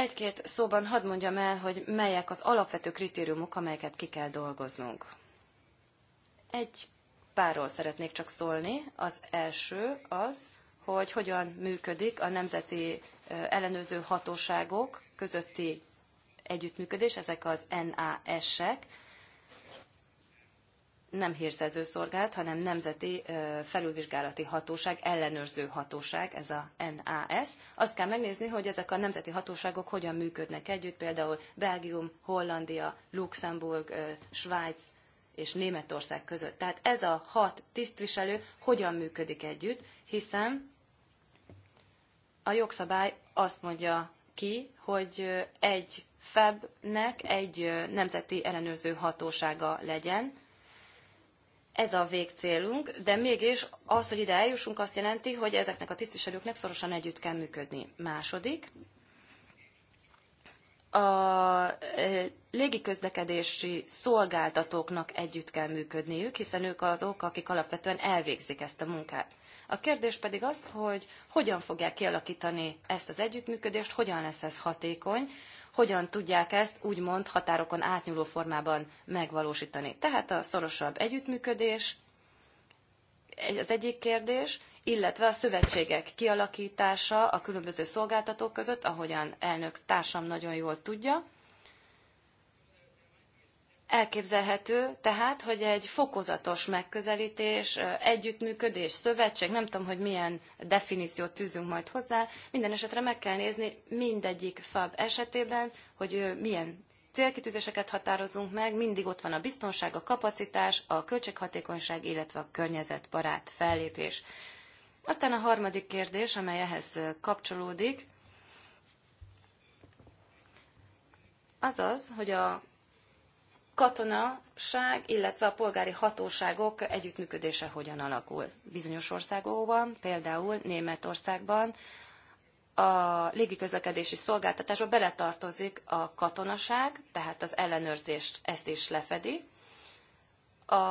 egy-két szóban hadd mondjam el, hogy melyek az alapvető kritériumok, amelyeket ki kell dolgoznunk. Egy párról szeretnék csak szólni. Az első az, hogy hogyan működik a nemzeti ellenőrző hatóságok közötti együttműködés, ezek az NAS-ek, nem hírszerző szolgált, hanem Nemzeti Felülvizsgálati Hatóság, ellenőrző hatóság, ez a NAS. Azt kell megnézni, hogy ezek a nemzeti hatóságok hogyan működnek együtt, például Belgium, Hollandia, Luxemburg, Svájc és Németország között. Tehát ez a hat tisztviselő hogyan működik együtt, hiszen a jogszabály azt mondja ki, hogy egy FEB-nek egy nemzeti ellenőrző hatósága legyen, ez a végcélunk, de mégis az, hogy ide eljussunk, azt jelenti, hogy ezeknek a tisztviselőknek szorosan együtt kell működni. Második, a légiközlekedési szolgáltatóknak együtt kell működniük, hiszen ők azok, akik alapvetően elvégzik ezt a munkát. A kérdés pedig az, hogy hogyan fogják kialakítani ezt az együttműködést, hogyan lesz ez hatékony, hogyan tudják ezt úgymond határokon átnyúló formában megvalósítani. Tehát a szorosabb együttműködés az egyik kérdés, illetve a szövetségek kialakítása a különböző szolgáltatók között, ahogyan elnök társam nagyon jól tudja, Elképzelhető tehát, hogy egy fokozatos megközelítés, együttműködés, szövetség, nem tudom, hogy milyen definíciót tűzünk majd hozzá, minden esetre meg kell nézni mindegyik FAB esetében, hogy milyen célkitűzéseket határozunk meg, mindig ott van a biztonság, a kapacitás, a költséghatékonyság, illetve a környezetbarát fellépés. Aztán a harmadik kérdés, amely ehhez kapcsolódik, az az, hogy a katonaság, illetve a polgári hatóságok együttműködése hogyan alakul. Bizonyos országokban, például Németországban a légiközlekedési szolgáltatásba beletartozik a katonaság, tehát az ellenőrzést ezt is lefedi. A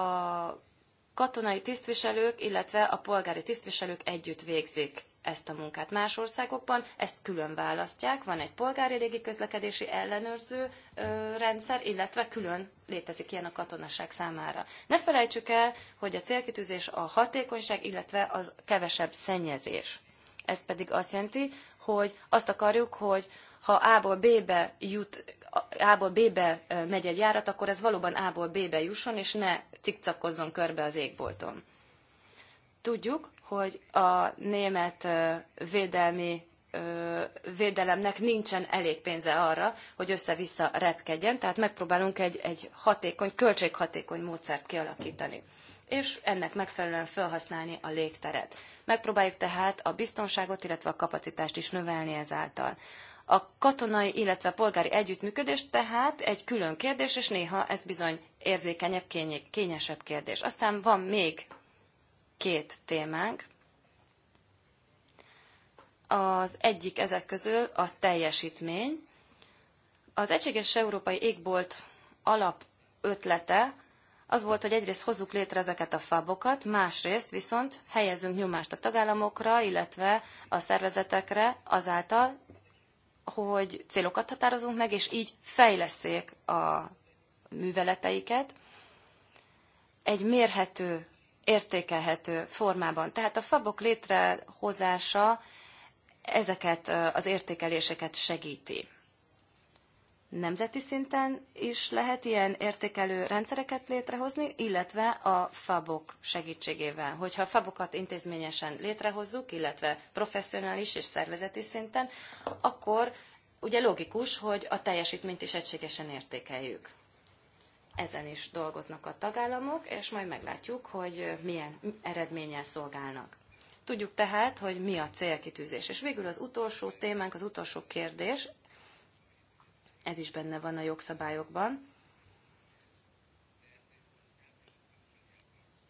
katonai tisztviselők, illetve a polgári tisztviselők együtt végzik ezt a munkát. Más országokban ezt külön választják, van egy polgári légi közlekedési ellenőrző rendszer, illetve külön létezik ilyen a katonaság számára. Ne felejtsük el, hogy a célkitűzés a hatékonyság, illetve az kevesebb szennyezés. Ez pedig azt jelenti, hogy azt akarjuk, hogy ha A-ból B-be jut, A-ból B-be megy egy járat, akkor ez valóban A-ból B-be jusson, és ne cikcakozzon körbe az égbolton. Tudjuk, hogy a német védelmi védelemnek nincsen elég pénze arra, hogy össze-vissza repkedjen, tehát megpróbálunk egy, egy hatékony, költséghatékony módszert kialakítani és ennek megfelelően felhasználni a légteret. Megpróbáljuk tehát a biztonságot, illetve a kapacitást is növelni ezáltal. A katonai, illetve polgári együttműködés tehát egy külön kérdés, és néha ez bizony érzékenyebb, kényesebb kérdés. Aztán van még két témánk. Az egyik ezek közül a teljesítmény. Az Egységes Európai Égbolt alap ötlete az volt, hogy egyrészt hozzuk létre ezeket a fabokat, másrészt viszont helyezünk nyomást a tagállamokra, illetve a szervezetekre azáltal, hogy célokat határozunk meg, és így fejleszék a műveleteiket. Egy mérhető értékelhető formában. Tehát a fabok létrehozása ezeket az értékeléseket segíti. Nemzeti szinten is lehet ilyen értékelő rendszereket létrehozni, illetve a fabok segítségével. Hogyha a fabokat intézményesen létrehozzuk, illetve professzionális és szervezeti szinten, akkor ugye logikus, hogy a teljesítményt is egységesen értékeljük. Ezen is dolgoznak a tagállamok, és majd meglátjuk, hogy milyen eredménnyel szolgálnak. Tudjuk tehát, hogy mi a célkitűzés. És végül az utolsó témánk, az utolsó kérdés, ez is benne van a jogszabályokban,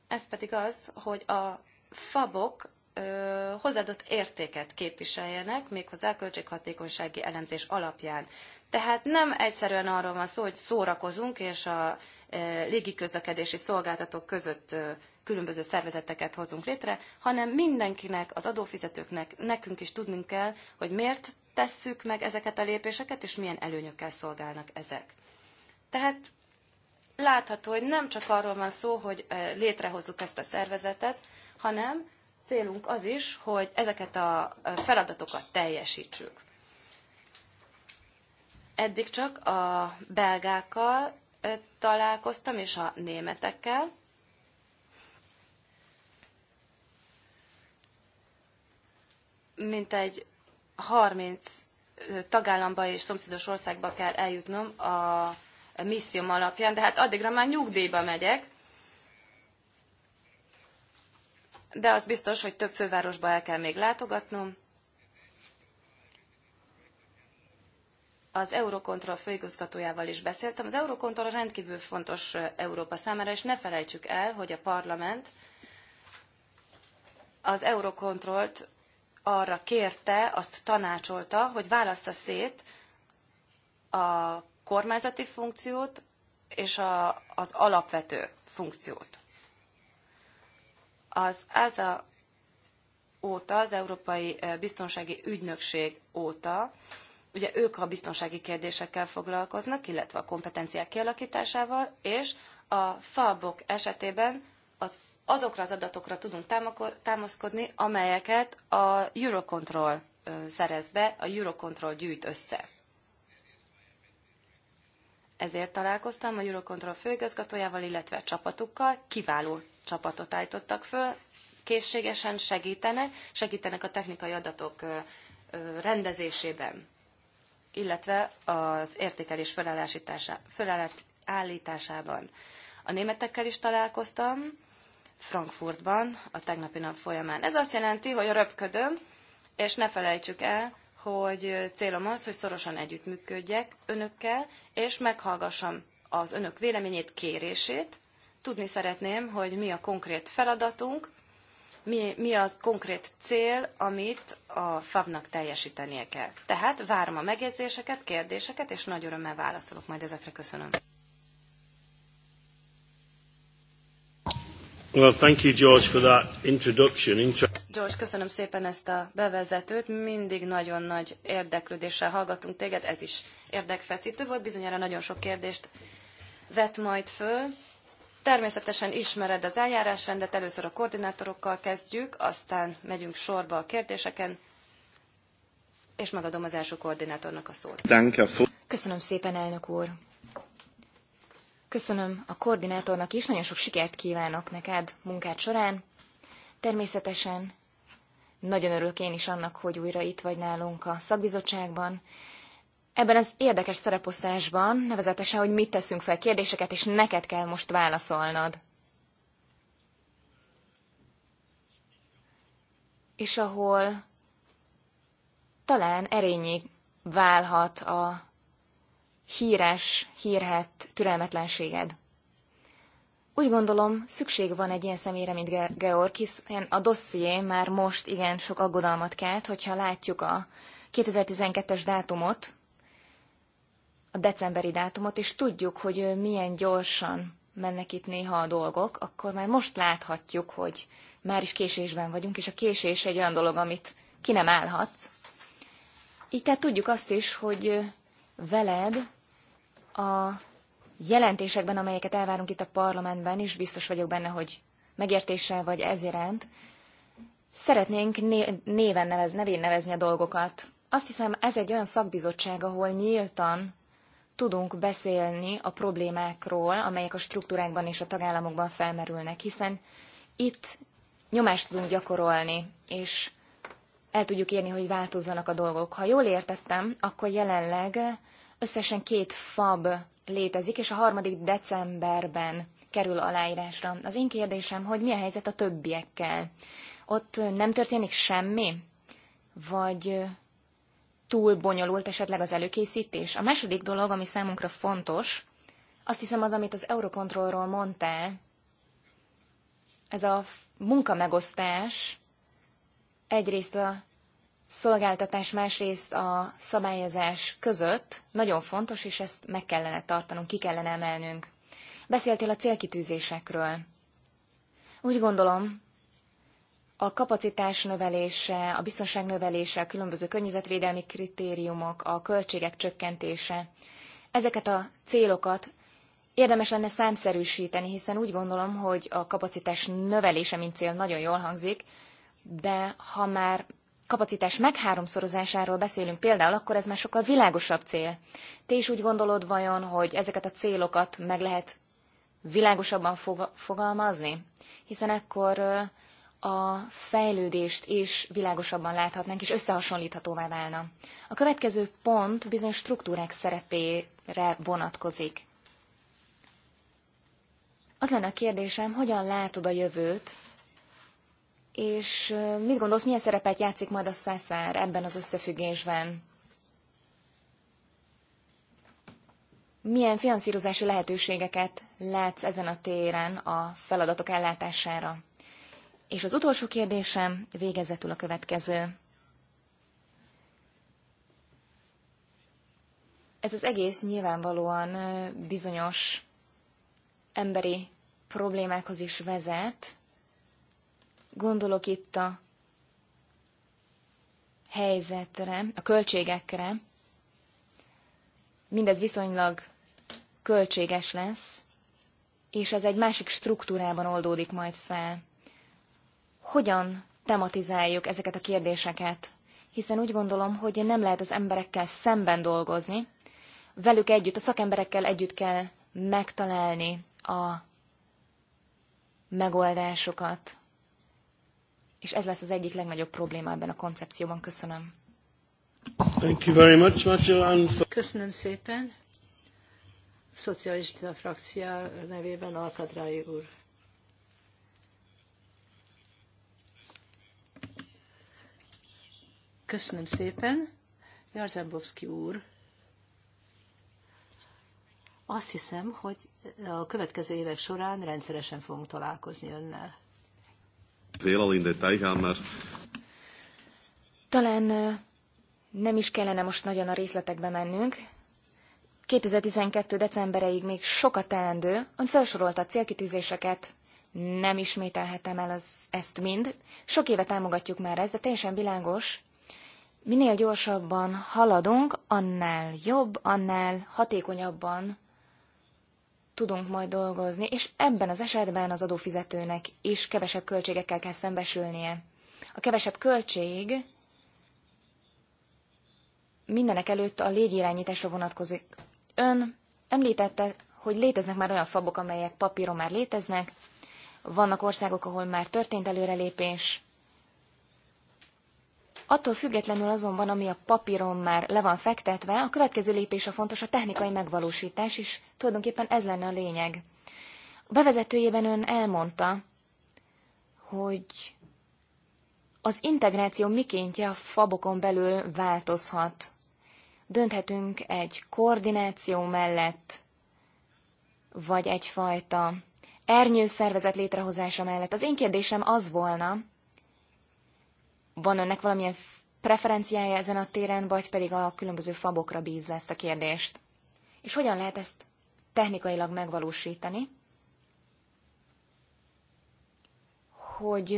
ez pedig az, hogy a fabok hozzáadott értéket képviseljenek, méghozzá a költséghatékonysági elemzés alapján. Tehát nem egyszerűen arról van szó, hogy szórakozunk, és a e, légiközlekedési szolgáltatók között e, különböző szervezeteket hozunk létre, hanem mindenkinek, az adófizetőknek, nekünk is tudnunk kell, hogy miért tesszük meg ezeket a lépéseket, és milyen előnyökkel szolgálnak ezek. Tehát látható, hogy nem csak arról van szó, hogy e, létrehozzuk ezt a szervezetet, hanem célunk az is, hogy ezeket a feladatokat teljesítsük. Eddig csak a belgákkal találkoztam, és a németekkel. Mint egy 30 tagállamba és szomszédos országba kell eljutnom a misszióm alapján, de hát addigra már nyugdíjba megyek. De az biztos, hogy több fővárosba el kell még látogatnom. az Eurocontrol főigazgatójával is beszéltem. Az Eurocontrol rendkívül fontos Európa számára, és ne felejtsük el, hogy a parlament az Eurocontrolt arra kérte, azt tanácsolta, hogy válassza szét a kormányzati funkciót és a, az alapvető funkciót. Az ESA óta, az Európai Biztonsági Ügynökség óta Ugye ők a biztonsági kérdésekkel foglalkoznak, illetve a kompetenciák kialakításával, és a FABok esetében az azokra az adatokra tudunk támaszkodni, amelyeket a Eurocontrol szerez be, a Eurocontrol gyűjt össze. Ezért találkoztam a Eurocontrol főigazgatójával, illetve csapatukkal, kiváló csapatot állítottak föl, készségesen segítenek, segítenek a technikai adatok rendezésében illetve az értékelés fölállításában. A németekkel is találkoztam Frankfurtban a tegnapi nap folyamán. Ez azt jelenti, hogy röpködöm, és ne felejtsük el, hogy célom az, hogy szorosan együttműködjek önökkel, és meghallgassam az önök véleményét, kérését. Tudni szeretném, hogy mi a konkrét feladatunk, mi, mi az konkrét cél, amit a FAV-nak teljesítenie kell. Tehát várom a megjegyzéseket, kérdéseket, és nagy örömmel válaszolok majd ezekre. Köszönöm. Well, thank you, George, for that introduction. George, köszönöm szépen ezt a bevezetőt. Mindig nagyon nagy érdeklődéssel hallgatunk téged. Ez is érdekfeszítő volt. Bizonyára nagyon sok kérdést vett majd föl. Természetesen ismered az eljárásrendet, először a koordinátorokkal kezdjük, aztán megyünk sorba a kérdéseken, és megadom az első koordinátornak a szót. Köszönöm szépen, elnök úr! Köszönöm a koordinátornak is, nagyon sok sikert kívánok neked munkád során. Természetesen nagyon örülök én is annak, hogy újra itt vagy nálunk a szakbizottságban, ebben az érdekes szereposztásban, nevezetesen, hogy mit teszünk fel kérdéseket, és neked kell most válaszolnod. És ahol talán erényi válhat a híres, hírhet türelmetlenséged. Úgy gondolom, szükség van egy ilyen személyre, mint Ge- Georg, hiszen a dosszié már most igen sok aggodalmat kelt, hogyha látjuk a 2012-es dátumot, a decemberi dátumot, és tudjuk, hogy milyen gyorsan mennek itt néha a dolgok, akkor már most láthatjuk, hogy már is késésben vagyunk, és a késés egy olyan dolog, amit ki nem állhatsz. Így tehát tudjuk azt is, hogy veled a jelentésekben, amelyeket elvárunk itt a parlamentben, és biztos vagyok benne, hogy megértéssel vagy ez iránt, szeretnénk néven nevez, nevén nevezni a dolgokat. Azt hiszem, ez egy olyan szakbizottság, ahol nyíltan tudunk beszélni a problémákról, amelyek a struktúrákban és a tagállamokban felmerülnek, hiszen itt nyomást tudunk gyakorolni, és el tudjuk érni, hogy változzanak a dolgok. Ha jól értettem, akkor jelenleg összesen két fab létezik, és a harmadik decemberben kerül aláírásra. Az én kérdésem, hogy mi a helyzet a többiekkel? Ott nem történik semmi? Vagy túl bonyolult esetleg az előkészítés? A második dolog, ami számunkra fontos, azt hiszem az, amit az Eurocontrolról mondtál, ez a munkamegosztás egyrészt a szolgáltatás, másrészt a szabályozás között nagyon fontos, és ezt meg kellene tartanunk, ki kellene emelnünk. Beszéltél a célkitűzésekről. Úgy gondolom, a kapacitás növelése, a biztonság növelése, a különböző környezetvédelmi kritériumok, a költségek csökkentése. Ezeket a célokat érdemes lenne számszerűsíteni, hiszen úgy gondolom, hogy a kapacitás növelése, mint cél nagyon jól hangzik, de ha már kapacitás megháromszorozásáról beszélünk például, akkor ez már sokkal világosabb cél. Te is úgy gondolod vajon, hogy ezeket a célokat meg lehet világosabban fogalmazni? Hiszen akkor a fejlődést is világosabban láthatnánk, és összehasonlíthatóvá válna. A következő pont bizonyos struktúrák szerepére vonatkozik. Az lenne a kérdésem, hogyan látod a jövőt, és mit gondolsz, milyen szerepet játszik majd a szeszár ebben az összefüggésben? Milyen finanszírozási lehetőségeket látsz ezen a téren a feladatok ellátására? És az utolsó kérdésem végezetül a következő. Ez az egész nyilvánvalóan bizonyos emberi problémákhoz is vezet. Gondolok itt a helyzetre, a költségekre. Mindez viszonylag költséges lesz, és ez egy másik struktúrában oldódik majd fel hogyan tematizáljuk ezeket a kérdéseket, hiszen úgy gondolom, hogy nem lehet az emberekkel szemben dolgozni, velük együtt, a szakemberekkel együtt kell megtalálni a megoldásokat. És ez lesz az egyik legnagyobb probléma ebben a koncepcióban. Köszönöm. Thank you very much, Köszönöm szépen. szocialista frakció nevében Alkadrái úr. Köszönöm szépen. Jarzembowski úr, azt hiszem, hogy a következő évek során rendszeresen fogunk találkozni önnel. Talán nem is kellene most nagyon a részletekbe mennünk. 2012. decembereig még sokat teendő, ön felsorolta a célkitűzéseket, nem ismételhetem el az, ezt mind. Sok éve támogatjuk már ezt, de teljesen világos, Minél gyorsabban haladunk, annál jobb, annál hatékonyabban tudunk majd dolgozni, és ebben az esetben az adófizetőnek is kevesebb költségekkel kell szembesülnie. A kevesebb költség mindenek előtt a légirányításra vonatkozik. Ön említette, hogy léteznek már olyan fabok, amelyek papíron már léteznek, vannak országok, ahol már történt előrelépés, Attól függetlenül azonban, ami a papíron már le van fektetve, a következő lépés a fontos, a technikai megvalósítás, és tulajdonképpen ez lenne a lényeg. A bevezetőjében ön elmondta, hogy az integráció mikéntje a fabokon belül változhat. Dönthetünk egy koordináció mellett, vagy egyfajta ernyőszervezet létrehozása mellett. Az én kérdésem az volna, van önnek valamilyen preferenciája ezen a téren, vagy pedig a különböző fabokra bízza ezt a kérdést? És hogyan lehet ezt technikailag megvalósítani, hogy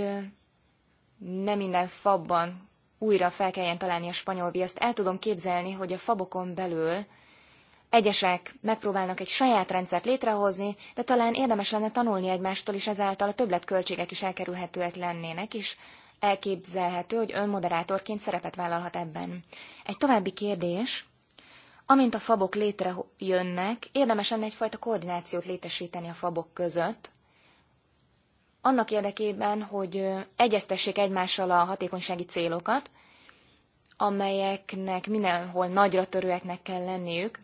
nem minden fabban újra fel kelljen találni a spanyol viaszt. El tudom képzelni, hogy a fabokon belül egyesek megpróbálnak egy saját rendszert létrehozni, de talán érdemes lenne tanulni egymástól, és ezáltal a többletköltségek is elkerülhetőek lennének, és elképzelhető, hogy ön moderátorként szerepet vállalhat ebben. Egy további kérdés. Amint a fabok létrejönnek, érdemes lenne egyfajta koordinációt létesíteni a fabok között, annak érdekében, hogy egyeztessék egymással a hatékonysági célokat, amelyeknek mindenhol nagyra törőeknek kell lenniük,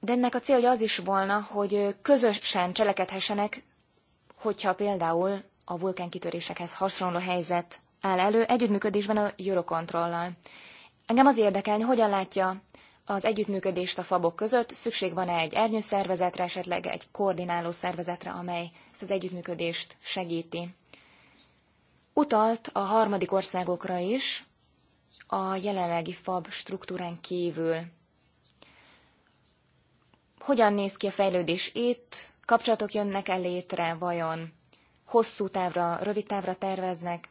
de ennek a célja az is volna, hogy közösen cselekedhessenek, hogyha például a vulkánkitörésekhez hasonló helyzet áll elő együttműködésben a Eurocontrollal. Engem az érdekelni, hogyan látja az együttműködést a fabok között, szükség van-e egy ernyőszervezetre, esetleg egy koordináló szervezetre, amely ezt az együttműködést segíti. Utalt a harmadik országokra is, a jelenlegi fab struktúrán kívül. Hogyan néz ki a fejlődés itt? Kapcsolatok jönnek e létre, vajon? hosszú távra, rövid távra terveznek.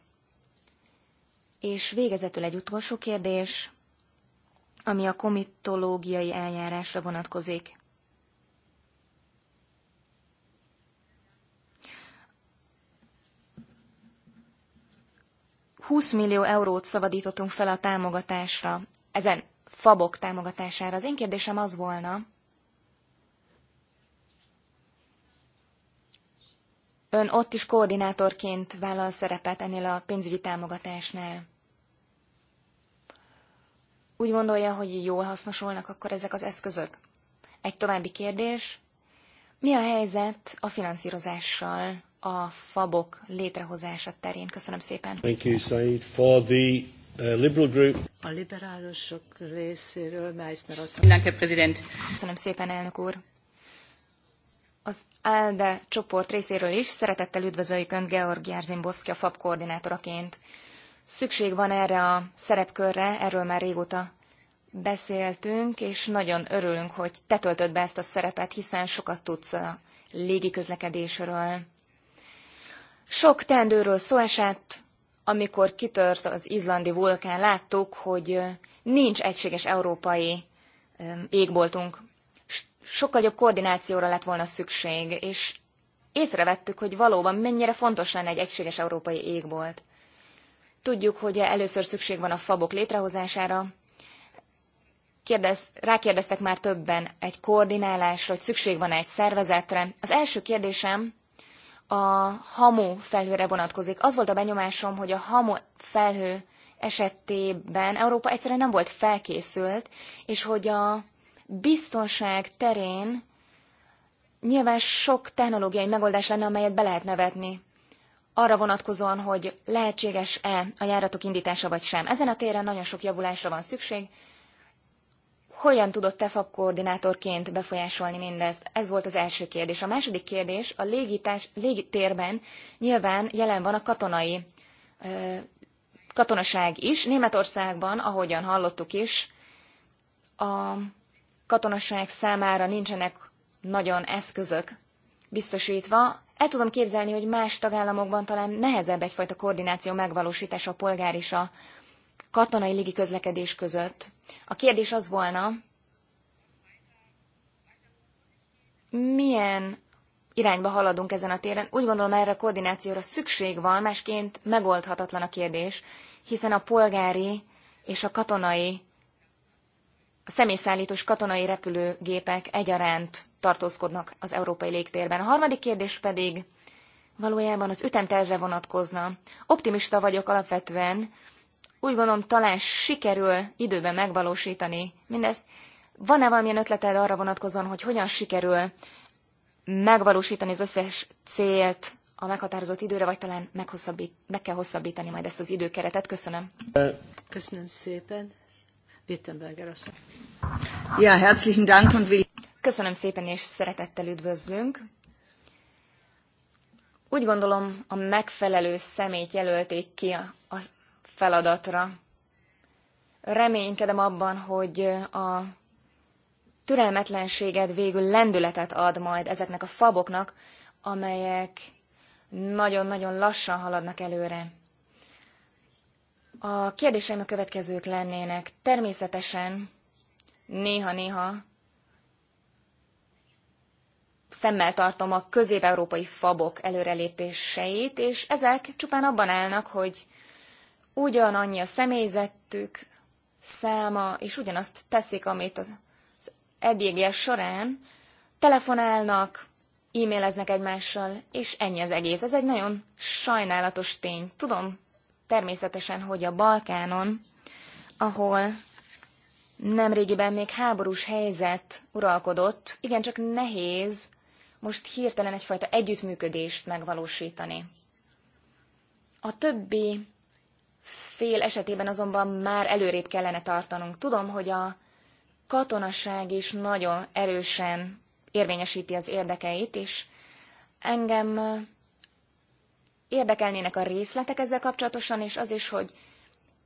És végezetül egy utolsó kérdés, ami a komitológiai eljárásra vonatkozik. Húsz millió eurót szabadítottunk fel a támogatásra, ezen fabok támogatására. Az én kérdésem az volna, Ön ott is koordinátorként vállal szerepet ennél a pénzügyi támogatásnál. Úgy gondolja, hogy jól hasznosulnak akkor ezek az eszközök? Egy további kérdés. Mi a helyzet a finanszírozással a fabok létrehozása terén? Köszönöm szépen. Thank you, Said. For the uh, liberal group. A liberálisok részéről Meissner asszony. Köszönöm szépen, elnök úr. Az elde csoport részéről is szeretettel üdvözöljük Önt Georg Járzimbovszki a FAB koordinátoraként. Szükség van erre a szerepkörre, erről már régóta beszéltünk, és nagyon örülünk, hogy te töltöd be ezt a szerepet, hiszen sokat tudsz a légiközlekedésről. Sok tendőről szó esett, amikor kitört az izlandi vulkán, láttuk, hogy nincs egységes európai égboltunk sokkal jobb koordinációra lett volna szükség, és észrevettük, hogy valóban mennyire fontos lenne egy egységes európai égbolt. Tudjuk, hogy először szükség van a fabok létrehozására. Kérdez, rákérdeztek már többen egy koordinálásra, hogy szükség van -e egy szervezetre. Az első kérdésem a hamu felhőre vonatkozik. Az volt a benyomásom, hogy a hamu felhő esetében Európa egyszerűen nem volt felkészült, és hogy a biztonság terén nyilván sok technológiai megoldás lenne, amelyet be lehetne vetni arra vonatkozóan, hogy lehetséges-e a járatok indítása vagy sem. Ezen a téren nagyon sok javulásra van szükség. Hogyan tudott TEFAP koordinátorként befolyásolni mindezt? Ez volt az első kérdés. A második kérdés, a légitás, légitérben nyilván jelen van a katonai ö, katonaság is. Németországban, ahogyan hallottuk is, a katonaság számára nincsenek nagyon eszközök biztosítva, el tudom képzelni, hogy más tagállamokban talán nehezebb egyfajta koordináció megvalósítása a polgár és a katonai légi közlekedés között. A kérdés az volna, milyen irányba haladunk ezen a téren. Úgy gondolom, erre a koordinációra szükség van, másként megoldhatatlan a kérdés, hiszen a polgári és a katonai a személyszállítós katonai repülőgépek egyaránt tartózkodnak az európai légtérben. A harmadik kérdés pedig valójában az ütemtervre vonatkozna. Optimista vagyok alapvetően, úgy gondolom talán sikerül időben megvalósítani mindezt. Van-e valamilyen ötleted arra vonatkozóan, hogy hogyan sikerül megvalósítani az összes célt a meghatározott időre, vagy talán meg kell hosszabbítani majd ezt az időkeretet? Köszönöm. Köszönöm szépen. Wittenberger asszony. Ja, herzlichen Dank und will... Köszönöm szépen, és szeretettel üdvözlünk. Úgy gondolom, a megfelelő szemét jelölték ki a, a feladatra. Reménykedem abban, hogy a türelmetlenséged végül lendületet ad majd ezeknek a faboknak, amelyek nagyon-nagyon lassan haladnak előre. A kérdéseim a következők lennének. Természetesen néha-néha szemmel tartom a közép-európai fabok előrelépéseit, és ezek csupán abban állnak, hogy ugyanannyi a személyzetük száma, és ugyanazt teszik, amit az eddigiek során, telefonálnak, e-maileznek egymással, és ennyi az egész. Ez egy nagyon sajnálatos tény. Tudom, természetesen, hogy a Balkánon, ahol nemrégiben még háborús helyzet uralkodott, igencsak nehéz most hirtelen egyfajta együttműködést megvalósítani. A többi fél esetében azonban már előrébb kellene tartanunk. Tudom, hogy a katonasság is nagyon erősen érvényesíti az érdekeit, és engem Érdekelnének a részletek ezzel kapcsolatosan, és az is, hogy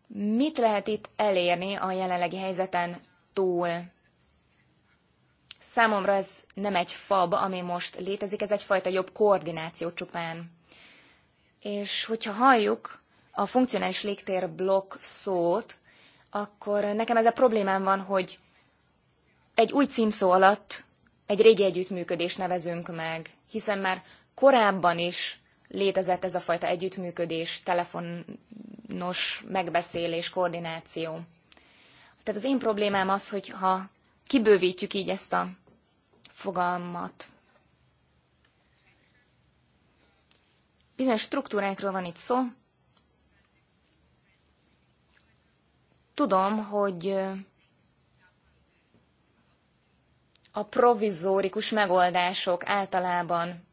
mit lehet itt elérni a jelenlegi helyzeten túl. Számomra ez nem egy fab, ami most létezik, ez egyfajta jobb koordináció csupán. És hogyha halljuk a funkcionális légtér blokk szót, akkor nekem ez a problémám van, hogy egy új címszó alatt egy régi együttműködést nevezünk meg, hiszen már korábban is létezett ez a fajta együttműködés, telefonos megbeszélés, koordináció. Tehát az én problémám az, hogy ha kibővítjük így ezt a fogalmat, bizonyos struktúrákról van itt szó. Tudom, hogy a provizórikus megoldások általában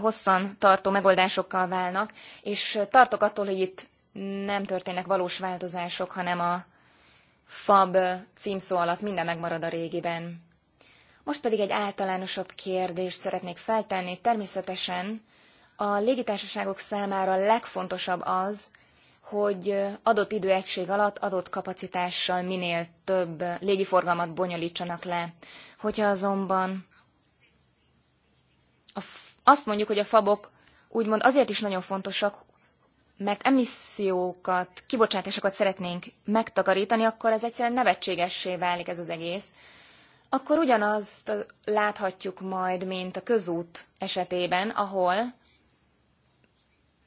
hosszan tartó megoldásokkal válnak, és tartok attól, hogy itt nem történnek valós változások, hanem a FAB címszó alatt minden megmarad a régiben. Most pedig egy általánosabb kérdést szeretnék feltenni. Természetesen a légitársaságok számára legfontosabb az, hogy adott időegység alatt adott kapacitással minél több légiforgalmat bonyolítsanak le. Hogyha azonban a azt mondjuk, hogy a fabok úgymond azért is nagyon fontosak, mert emissziókat, kibocsátásokat szeretnénk megtakarítani, akkor ez egyszerűen nevetségessé válik ez az egész. Akkor ugyanazt láthatjuk majd, mint a közút esetében, ahol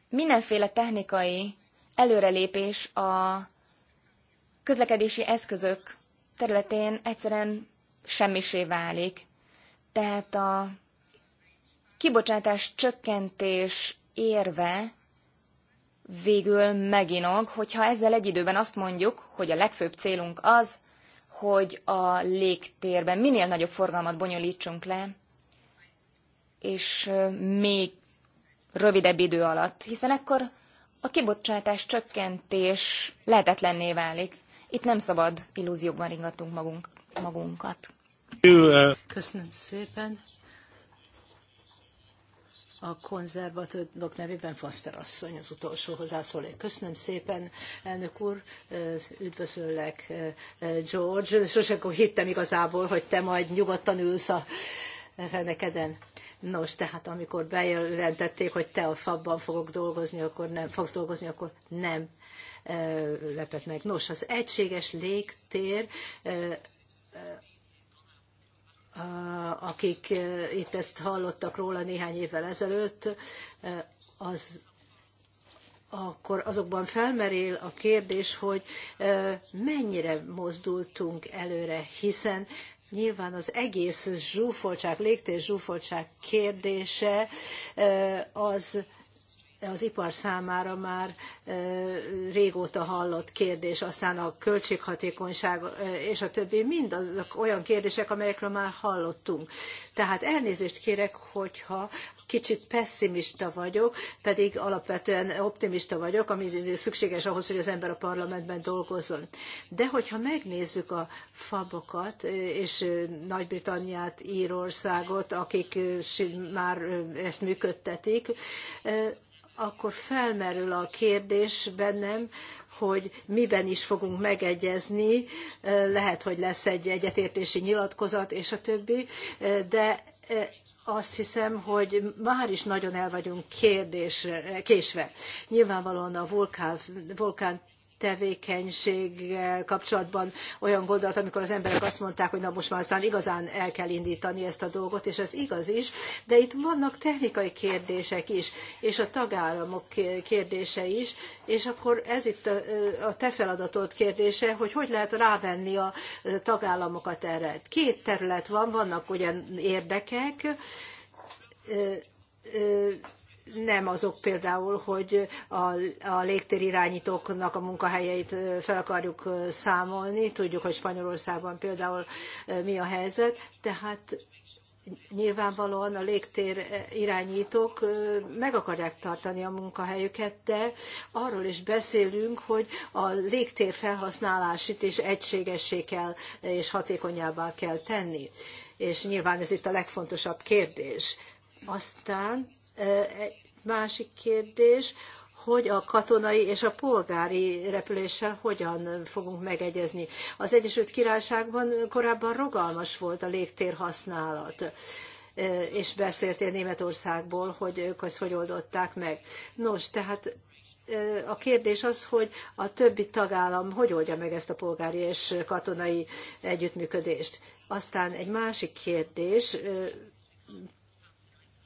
mindenféle technikai előrelépés a közlekedési eszközök területén egyszerűen semmisé válik. Tehát a kibocsátás csökkentés érve végül meginog, hogyha ezzel egy időben azt mondjuk, hogy a legfőbb célunk az, hogy a légtérben minél nagyobb forgalmat bonyolítsunk le, és még rövidebb idő alatt, hiszen akkor a kibocsátás csökkentés lehetetlenné válik. Itt nem szabad illúziókban ringatunk magunk, magunkat. Köszönöm szépen a konzervatívok nevében Foster asszony az utolsó hozzászólé. Köszönöm szépen, elnök úr, üdvözöllek, George. Sosem hittem igazából, hogy te majd nyugodtan ülsz a fenekeden. Nos, tehát amikor bejelentették, hogy te a fabban fogok dolgozni, akkor nem, fogsz dolgozni, akkor nem lepett meg. Nos, az egységes légtér akik itt ezt hallottak róla néhány évvel ezelőtt, az akkor azokban felmerül a kérdés, hogy mennyire mozdultunk előre, hiszen nyilván az egész zsúfoltság, légtér zsúfoltság kérdése az az ipar számára már régóta hallott kérdés, aztán a költséghatékonyság és a többi, mind azok olyan kérdések, amelyekről már hallottunk. Tehát elnézést kérek, hogyha kicsit pessimista vagyok, pedig alapvetően optimista vagyok, ami szükséges ahhoz, hogy az ember a parlamentben dolgozzon. De hogyha megnézzük a fabokat, és Nagy-Britanniát, Írországot, akik már ezt működtetik, akkor felmerül a kérdés bennem, hogy miben is fogunk megegyezni, lehet, hogy lesz egy egyetértési nyilatkozat, és a többi, de azt hiszem, hogy már is nagyon el vagyunk kérdésre, késve. Nyilvánvalóan a vulkán, vulkán tevékenységgel kapcsolatban olyan gondolat, amikor az emberek azt mondták, hogy na most már aztán igazán el kell indítani ezt a dolgot, és ez igaz is, de itt vannak technikai kérdések is, és a tagállamok kérdése is, és akkor ez itt a te feladatod kérdése, hogy hogy lehet rávenni a tagállamokat erre. Két terület van, vannak ugyan érdekek, nem azok például, hogy a, a légtérirányítóknak a munkahelyeit fel akarjuk számolni, tudjuk, hogy Spanyolországban például mi a helyzet, tehát nyilvánvalóan a légtér irányítók meg akarják tartani a munkahelyüket, de arról is beszélünk, hogy a légtér felhasználását is egységessé kell és hatékonyabbá kell tenni. És nyilván ez itt a legfontosabb kérdés. Aztán egy másik kérdés, hogy a katonai és a polgári repüléssel hogyan fogunk megegyezni. Az Egyesült Királyságban korábban rogalmas volt a légtérhasználat és beszéltél Németországból, hogy ők azt hogy oldották meg. Nos, tehát a kérdés az, hogy a többi tagállam hogy oldja meg ezt a polgári és katonai együttműködést. Aztán egy másik kérdés,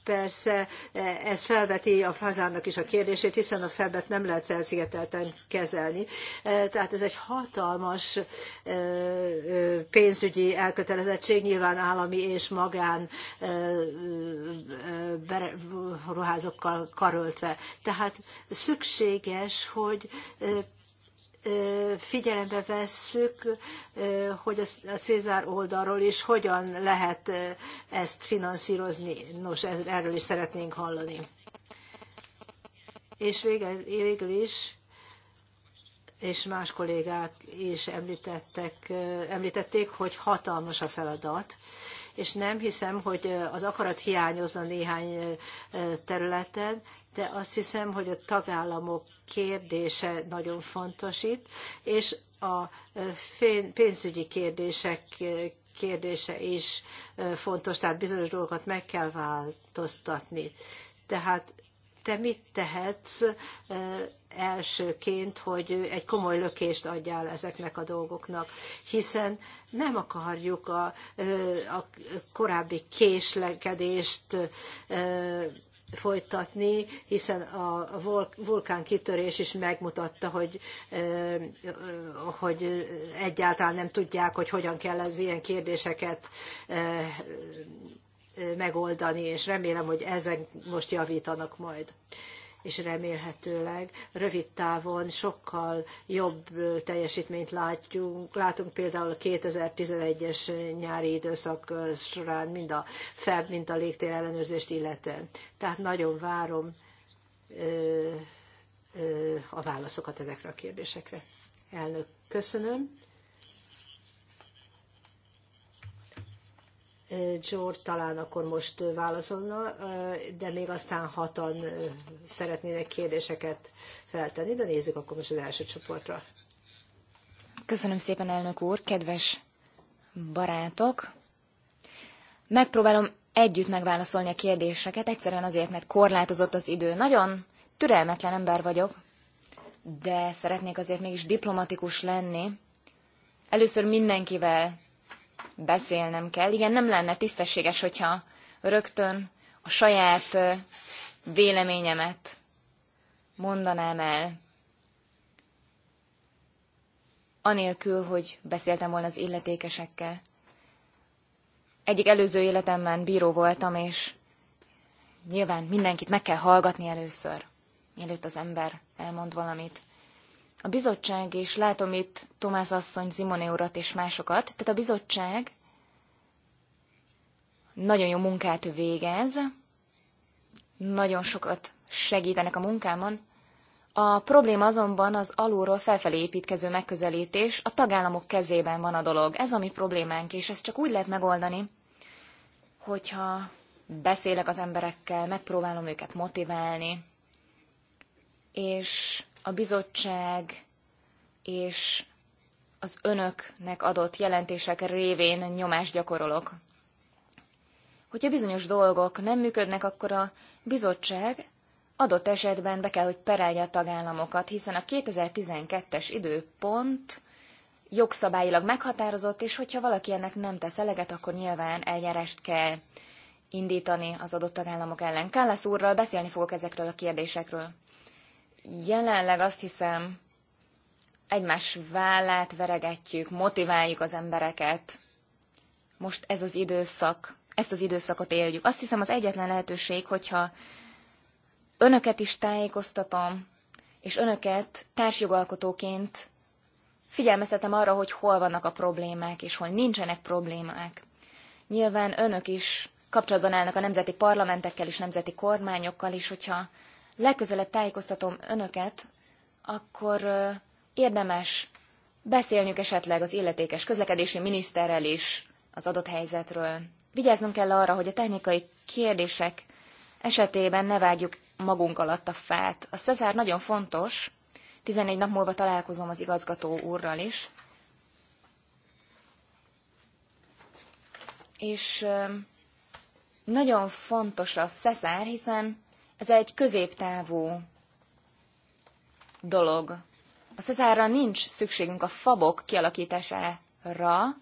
persze e, ez felveti a hazának is a kérdését, hiszen a felbet nem lehet elszigetelten kezelni. E, tehát ez egy hatalmas e, pénzügyi elkötelezettség, nyilván állami és magán beruházókkal karöltve. Tehát szükséges, hogy figyelembe vesszük, hogy a Cézár oldalról is hogyan lehet ezt finanszírozni. Nos, erről is szeretnénk hallani. És végül, végül is, és más kollégák is említettek, említették, hogy hatalmas a feladat, és nem hiszem, hogy az akarat hiányozna néhány területen, de azt hiszem, hogy a tagállamok kérdése nagyon fontos itt, és a pénzügyi kérdések kérdése is fontos, tehát bizonyos dolgokat meg kell változtatni. Tehát te mit tehetsz elsőként, hogy egy komoly lökést adjál ezeknek a dolgoknak, hiszen nem akarjuk a, a korábbi késlekedést folytatni, hiszen a vulkán kitörés is megmutatta, hogy, hogy egyáltalán nem tudják, hogy hogyan kell az ilyen kérdéseket megoldani, és remélem, hogy ezen most javítanak majd és remélhetőleg rövid távon sokkal jobb teljesítményt látjunk. Látunk például a 2011-es nyári időszak során mind a FEB, mind a légtér ellenőrzést illetően. Tehát nagyon várom a válaszokat ezekre a kérdésekre. Elnök, köszönöm. George talán akkor most válaszolna, de még aztán hatan szeretnének kérdéseket feltenni, de nézzük akkor most az első csoportra. Köszönöm szépen, elnök úr, kedves barátok! Megpróbálom együtt megválaszolni a kérdéseket, egyszerűen azért, mert korlátozott az idő. Nagyon türelmetlen ember vagyok, de szeretnék azért mégis diplomatikus lenni. Először mindenkivel beszélnem kell. Igen, nem lenne tisztességes, hogyha rögtön a saját véleményemet mondanám el, anélkül, hogy beszéltem volna az illetékesekkel. Egyik előző életemben bíró voltam, és nyilván mindenkit meg kell hallgatni először, mielőtt az ember elmond valamit a bizottság, és látom itt Tomás asszony, Zimone urat és másokat, tehát a bizottság nagyon jó munkát végez, nagyon sokat segítenek a munkámon. A probléma azonban az alulról felfelé építkező megközelítés, a tagállamok kezében van a dolog. Ez a mi problémánk, és ezt csak úgy lehet megoldani, hogyha beszélek az emberekkel, megpróbálom őket motiválni, és a bizottság és az önöknek adott jelentések révén nyomást gyakorolok. Hogyha bizonyos dolgok nem működnek, akkor a bizottság adott esetben be kell, hogy perelje a tagállamokat, hiszen a 2012-es időpont jogszabályilag meghatározott, és hogyha valaki ennek nem tesz eleget, akkor nyilván eljárást kell indítani az adott tagállamok ellen. Kállász úrral beszélni fogok ezekről a kérdésekről jelenleg azt hiszem, egymás vállát veregetjük, motiváljuk az embereket. Most ez az időszak, ezt az időszakot éljük. Azt hiszem az egyetlen lehetőség, hogyha önöket is tájékoztatom, és önöket társjogalkotóként figyelmeztetem arra, hogy hol vannak a problémák, és hol nincsenek problémák. Nyilván önök is kapcsolatban állnak a nemzeti parlamentekkel és nemzeti kormányokkal is, hogyha legközelebb tájékoztatom önöket, akkor érdemes beszélnünk esetleg az illetékes közlekedési miniszterrel is az adott helyzetről. Vigyáznunk kell arra, hogy a technikai kérdések esetében ne vágjuk magunk alatt a fát. A Cezár nagyon fontos, 14 nap múlva találkozom az igazgató úrral is, és nagyon fontos a Cezár, hiszen ez egy középtávú dolog. A Cezára nincs szükségünk a fabok kialakítására,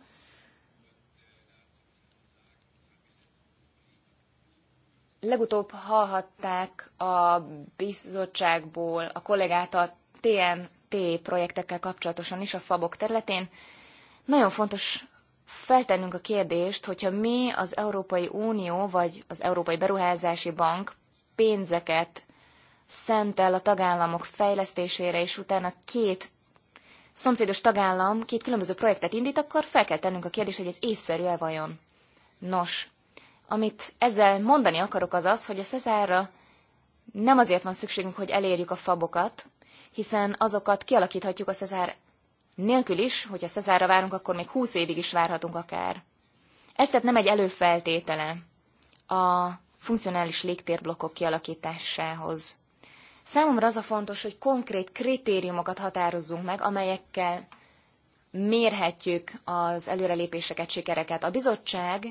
Legutóbb hallhatták a bizottságból a kollégát a TNT projektekkel kapcsolatosan is a fabok területén. Nagyon fontos feltennünk a kérdést, hogyha mi az Európai Unió vagy az Európai Beruházási Bank pénzeket szentel a tagállamok fejlesztésére, és utána két szomszédos tagállam két különböző projektet indít, akkor fel kell tennünk a kérdést, hogy ez észszerű-e vajon. Nos, amit ezzel mondani akarok az az, hogy a Cezárra nem azért van szükségünk, hogy elérjük a fabokat, hiszen azokat kialakíthatjuk a Cezár nélkül is, hogyha Cezárra várunk, akkor még húsz évig is várhatunk akár. Ez tehát nem egy előfeltétele a funkcionális légtérblokkok kialakításához. Számomra az a fontos, hogy konkrét kritériumokat határozzunk meg, amelyekkel mérhetjük az előrelépéseket, sikereket. A bizottság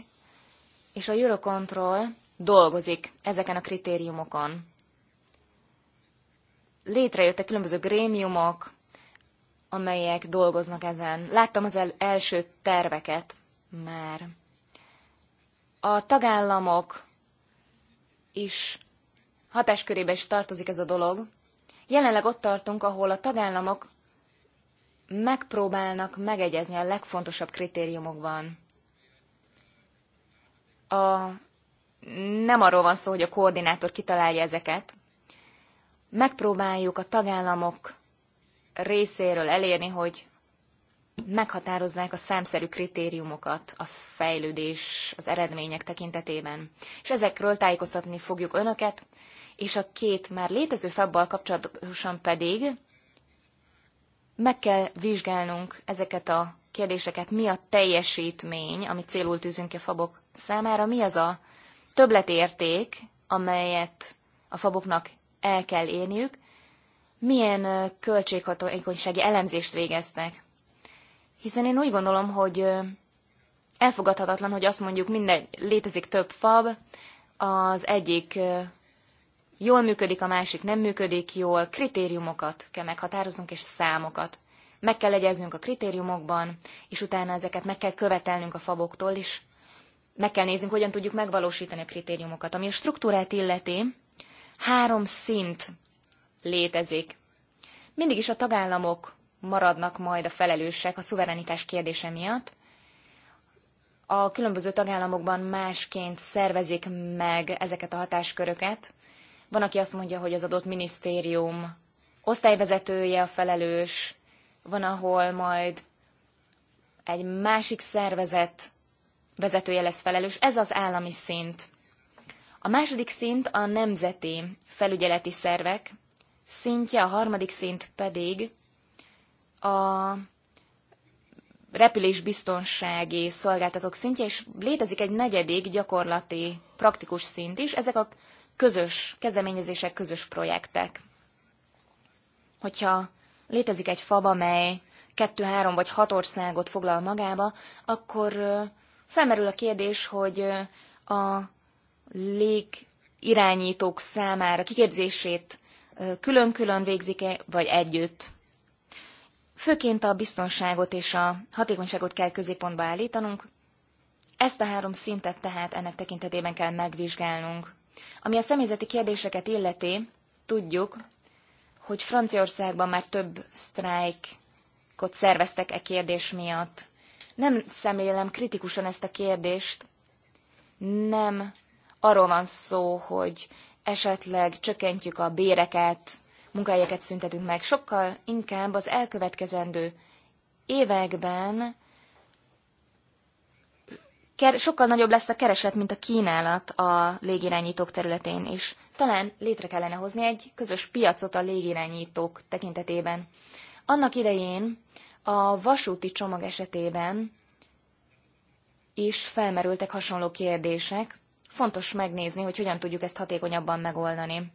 és a Eurocontrol dolgozik ezeken a kritériumokon. Létrejöttek különböző grémiumok, amelyek dolgoznak ezen. Láttam az el- első terveket már. A tagállamok is hatáskörébe is tartozik ez a dolog. Jelenleg ott tartunk, ahol a tagállamok megpróbálnak megegyezni a legfontosabb kritériumokban. A, nem arról van szó, hogy a koordinátor kitalálja ezeket. Megpróbáljuk a tagállamok részéről elérni, hogy meghatározzák a számszerű kritériumokat a fejlődés, az eredmények tekintetében. És ezekről tájékoztatni fogjuk önöket, és a két már létező fabbal kapcsolatosan pedig meg kell vizsgálnunk ezeket a kérdéseket, mi a teljesítmény, amit célul tűzünk a fabok számára, mi az a többletérték, amelyet a faboknak el kell érniük, milyen költséghatóikonysági elemzést végeznek. Hiszen én úgy gondolom, hogy elfogadhatatlan, hogy azt mondjuk, minden létezik több fab, az egyik jól működik, a másik nem működik jól, kritériumokat kell meghatároznunk, és számokat. Meg kell egyeznünk a kritériumokban, és utána ezeket meg kell követelnünk a faboktól is. Meg kell néznünk, hogyan tudjuk megvalósítani a kritériumokat. Ami a struktúrát illeti, három szint létezik. Mindig is a tagállamok maradnak majd a felelősek a szuverenitás kérdése miatt. A különböző tagállamokban másként szervezik meg ezeket a hatásköröket. Van, aki azt mondja, hogy az adott minisztérium osztályvezetője a felelős, van, ahol majd egy másik szervezet vezetője lesz felelős. Ez az állami szint. A második szint a nemzeti felügyeleti szervek szintje, a harmadik szint pedig a repülésbiztonsági szolgáltatók szintje, és létezik egy negyedik gyakorlati, praktikus szint is, ezek a közös kezdeményezések, közös projektek. Hogyha létezik egy FAB, amely kettő, három vagy hat országot foglal magába, akkor felmerül a kérdés, hogy a lég irányítók számára kiképzését külön-külön végzik-e, vagy együtt. Főként a biztonságot és a hatékonyságot kell középpontba állítanunk, ezt a három szintet tehát ennek tekintetében kell megvizsgálnunk. Ami a személyzeti kérdéseket illeti, tudjuk, hogy Franciaországban már több sztrájkot szerveztek e kérdés miatt. Nem szemlélem kritikusan ezt a kérdést, nem arról van szó, hogy esetleg csökkentjük a béreket, munkahelyeket szüntetünk meg, sokkal inkább az elkövetkezendő években sokkal nagyobb lesz a kereslet, mint a kínálat a légirányítók területén és Talán létre kellene hozni egy közös piacot a légirányítók tekintetében. Annak idején a vasúti csomag esetében is felmerültek hasonló kérdések. Fontos megnézni, hogy hogyan tudjuk ezt hatékonyabban megoldani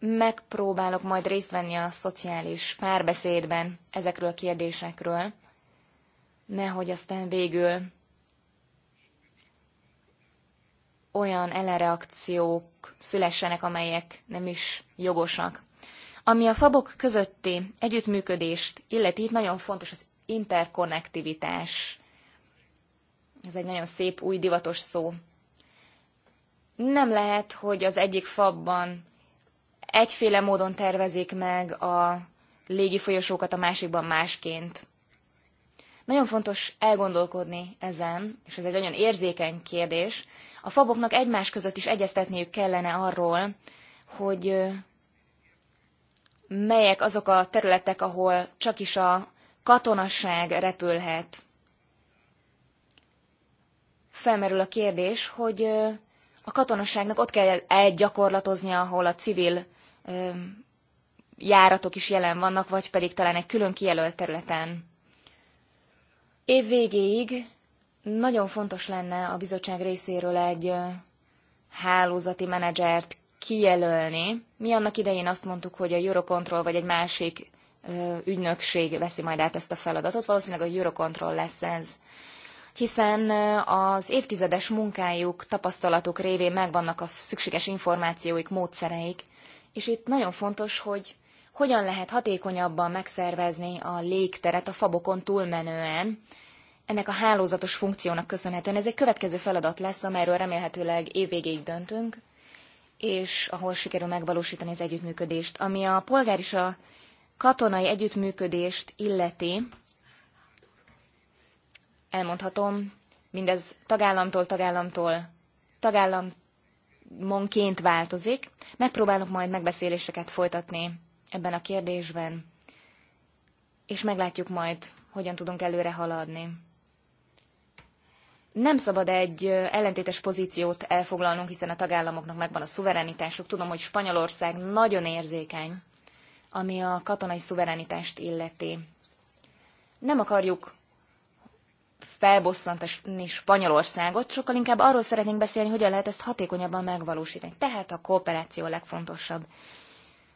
megpróbálok majd részt venni a szociális párbeszédben ezekről a kérdésekről, nehogy aztán végül olyan ellenreakciók szülessenek, amelyek nem is jogosak. Ami a fabok közötti együttműködést illeti, itt nagyon fontos az interkonnektivitás. Ez egy nagyon szép, új, divatos szó. Nem lehet, hogy az egyik fabban egyféle módon tervezik meg a légi folyosókat, a másikban másként. Nagyon fontos elgondolkodni ezen, és ez egy nagyon érzékeny kérdés. A faboknak egymás között is egyeztetniük kellene arról, hogy melyek azok a területek, ahol csak is a katonasság repülhet. Felmerül a kérdés, hogy a katonasságnak ott kell gyakorlatoznia, ahol a civil járatok is jelen vannak, vagy pedig talán egy külön kijelölt területen. Év végéig nagyon fontos lenne a bizottság részéről egy hálózati menedzsert kijelölni. Mi annak idején azt mondtuk, hogy a Eurocontrol vagy egy másik ügynökség veszi majd át ezt a feladatot, valószínűleg a Eurocontrol lesz ez hiszen az évtizedes munkájuk, tapasztalatuk révén megvannak a szükséges információik, módszereik és itt nagyon fontos, hogy hogyan lehet hatékonyabban megszervezni a légteret a fabokon túlmenően, ennek a hálózatos funkciónak köszönhetően. Ez egy következő feladat lesz, amelyről remélhetőleg évvégéig döntünk, és ahol sikerül megvalósítani az együttműködést. Ami a polgár és a katonai együttműködést illeti, elmondhatom, mindez tagállamtól, tagállamtól, tagállam monként változik. Megpróbálok majd megbeszéléseket folytatni ebben a kérdésben, és meglátjuk majd, hogyan tudunk előre haladni. Nem szabad egy ellentétes pozíciót elfoglalnunk, hiszen a tagállamoknak megvan a szuverenitásuk. Tudom, hogy Spanyolország nagyon érzékeny, ami a katonai szuverenitást illeti. Nem akarjuk felbosszantani Spanyolországot, sokkal inkább arról szeretnénk beszélni, hogyan lehet ezt hatékonyabban megvalósítani. Tehát a kooperáció a legfontosabb.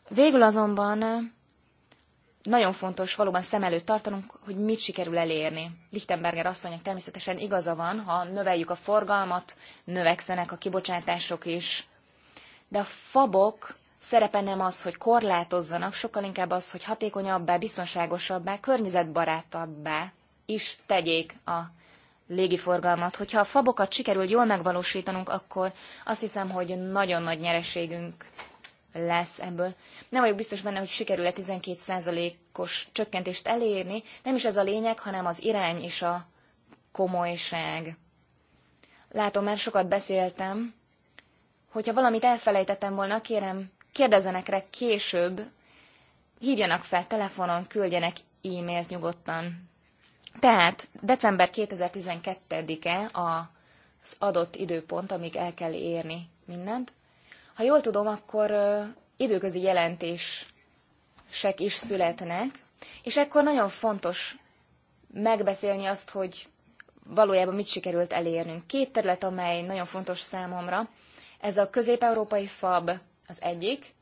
Végül azonban nagyon fontos valóban szem előtt tartanunk, hogy mit sikerül elérni. Lichtenberger asszonyok természetesen igaza van, ha növeljük a forgalmat, növekszenek a kibocsátások is. De a fabok szerepe nem az, hogy korlátozzanak, sokkal inkább az, hogy hatékonyabbá, biztonságosabbá, környezetbarátabbá is tegyék a légiforgalmat. Hogyha a fabokat sikerül jól megvalósítanunk, akkor azt hiszem, hogy nagyon nagy nyereségünk lesz ebből. Nem vagyok biztos benne, hogy sikerül-e 12%-os csökkentést elérni. Nem is ez a lényeg, hanem az irány és a komolyság. Látom, mert sokat beszéltem. Hogyha valamit elfelejtettem volna, kérem, kérdezzenek rá később, hívjanak fel telefonon, küldjenek e-mailt nyugodtan. Tehát december 2012-e az adott időpont, amíg el kell érni mindent. Ha jól tudom, akkor időközi jelentések is születnek, és ekkor nagyon fontos megbeszélni azt, hogy valójában mit sikerült elérnünk. Két terület, amely nagyon fontos számomra, ez a közép-európai fab az egyik,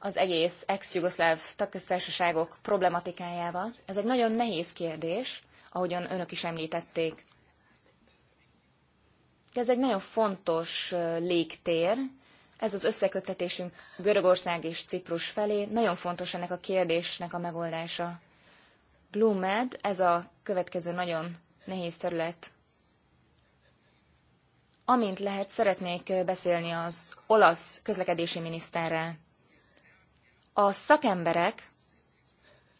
az egész ex-jugoszláv tagköztársaságok problematikájával. Ez egy nagyon nehéz kérdés, ahogyan önök is említették. Ez egy nagyon fontos légtér, ez az összeköttetésünk Görögország és Ciprus felé. Nagyon fontos ennek a kérdésnek a megoldása. Blumed, ez a következő nagyon nehéz terület. Amint lehet, szeretnék beszélni az olasz közlekedési miniszterrel. A szakemberek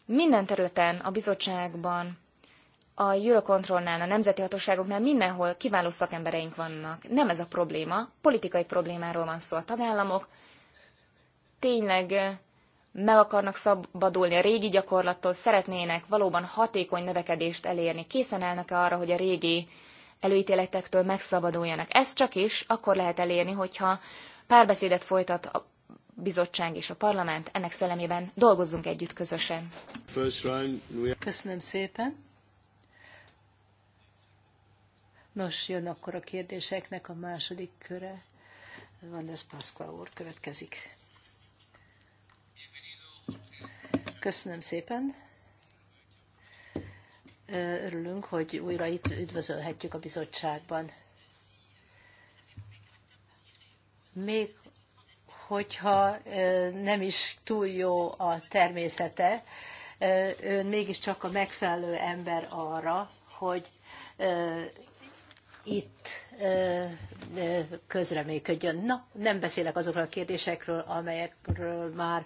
minden területen, a bizottságban, a Eurocontrolnál, a nemzeti hatóságoknál mindenhol kiváló szakembereink vannak. Nem ez a probléma, politikai problémáról van szó a tagállamok. Tényleg eh, meg akarnak szabadulni a régi gyakorlattól, szeretnének valóban hatékony növekedést elérni, készen állnak -e arra, hogy a régi előítéletektől megszabaduljanak. Ezt csak is akkor lehet elérni, hogyha párbeszédet folytat a bizottság és a parlament, ennek szellemében dolgozzunk együtt közösen. Köszönöm szépen. Nos, jön akkor a kérdéseknek a második köre. Van ez Pászkva úr, következik. Köszönöm szépen. Örülünk, hogy újra itt üdvözölhetjük a bizottságban. Még hogyha nem is túl jó a természete, ön mégiscsak a megfelelő ember arra, hogy itt közreműködjön. Na, nem beszélek azokról a kérdésekről, amelyekről már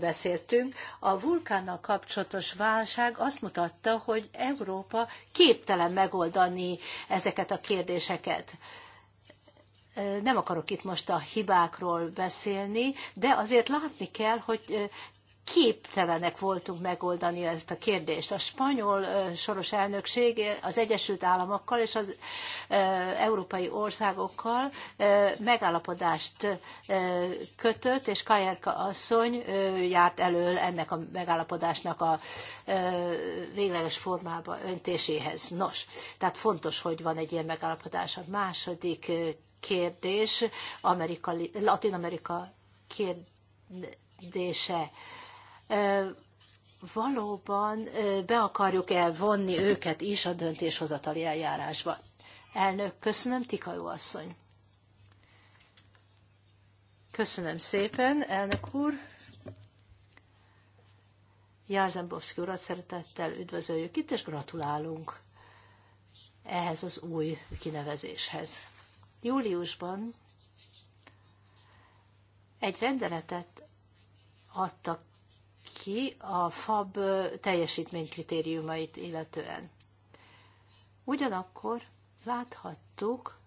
beszéltünk. A vulkánnal kapcsolatos válság azt mutatta, hogy Európa képtelen megoldani ezeket a kérdéseket. Nem akarok itt most a hibákról beszélni, de azért látni kell, hogy képtelenek voltunk megoldani ezt a kérdést. A spanyol soros elnökség az Egyesült Államokkal és az európai országokkal megállapodást kötött, és Kajerka asszony járt elől ennek a megállapodásnak a végleges formába öntéséhez. Nos, tehát fontos, hogy van egy ilyen megállapodás. A második kérdés, Amerika, Latin Amerika kérdése valóban be akarjuk-e vonni őket is a döntéshozatali eljárásba. Elnök, köszönöm, jó asszony. Köszönöm szépen, elnök úr. Járzembowski urat szeretettel üdvözöljük itt, és gratulálunk ehhez az új kinevezéshez. Júliusban egy rendeletet adtak ki a FAB teljesítménykritériumait illetően. Ugyanakkor láthattuk,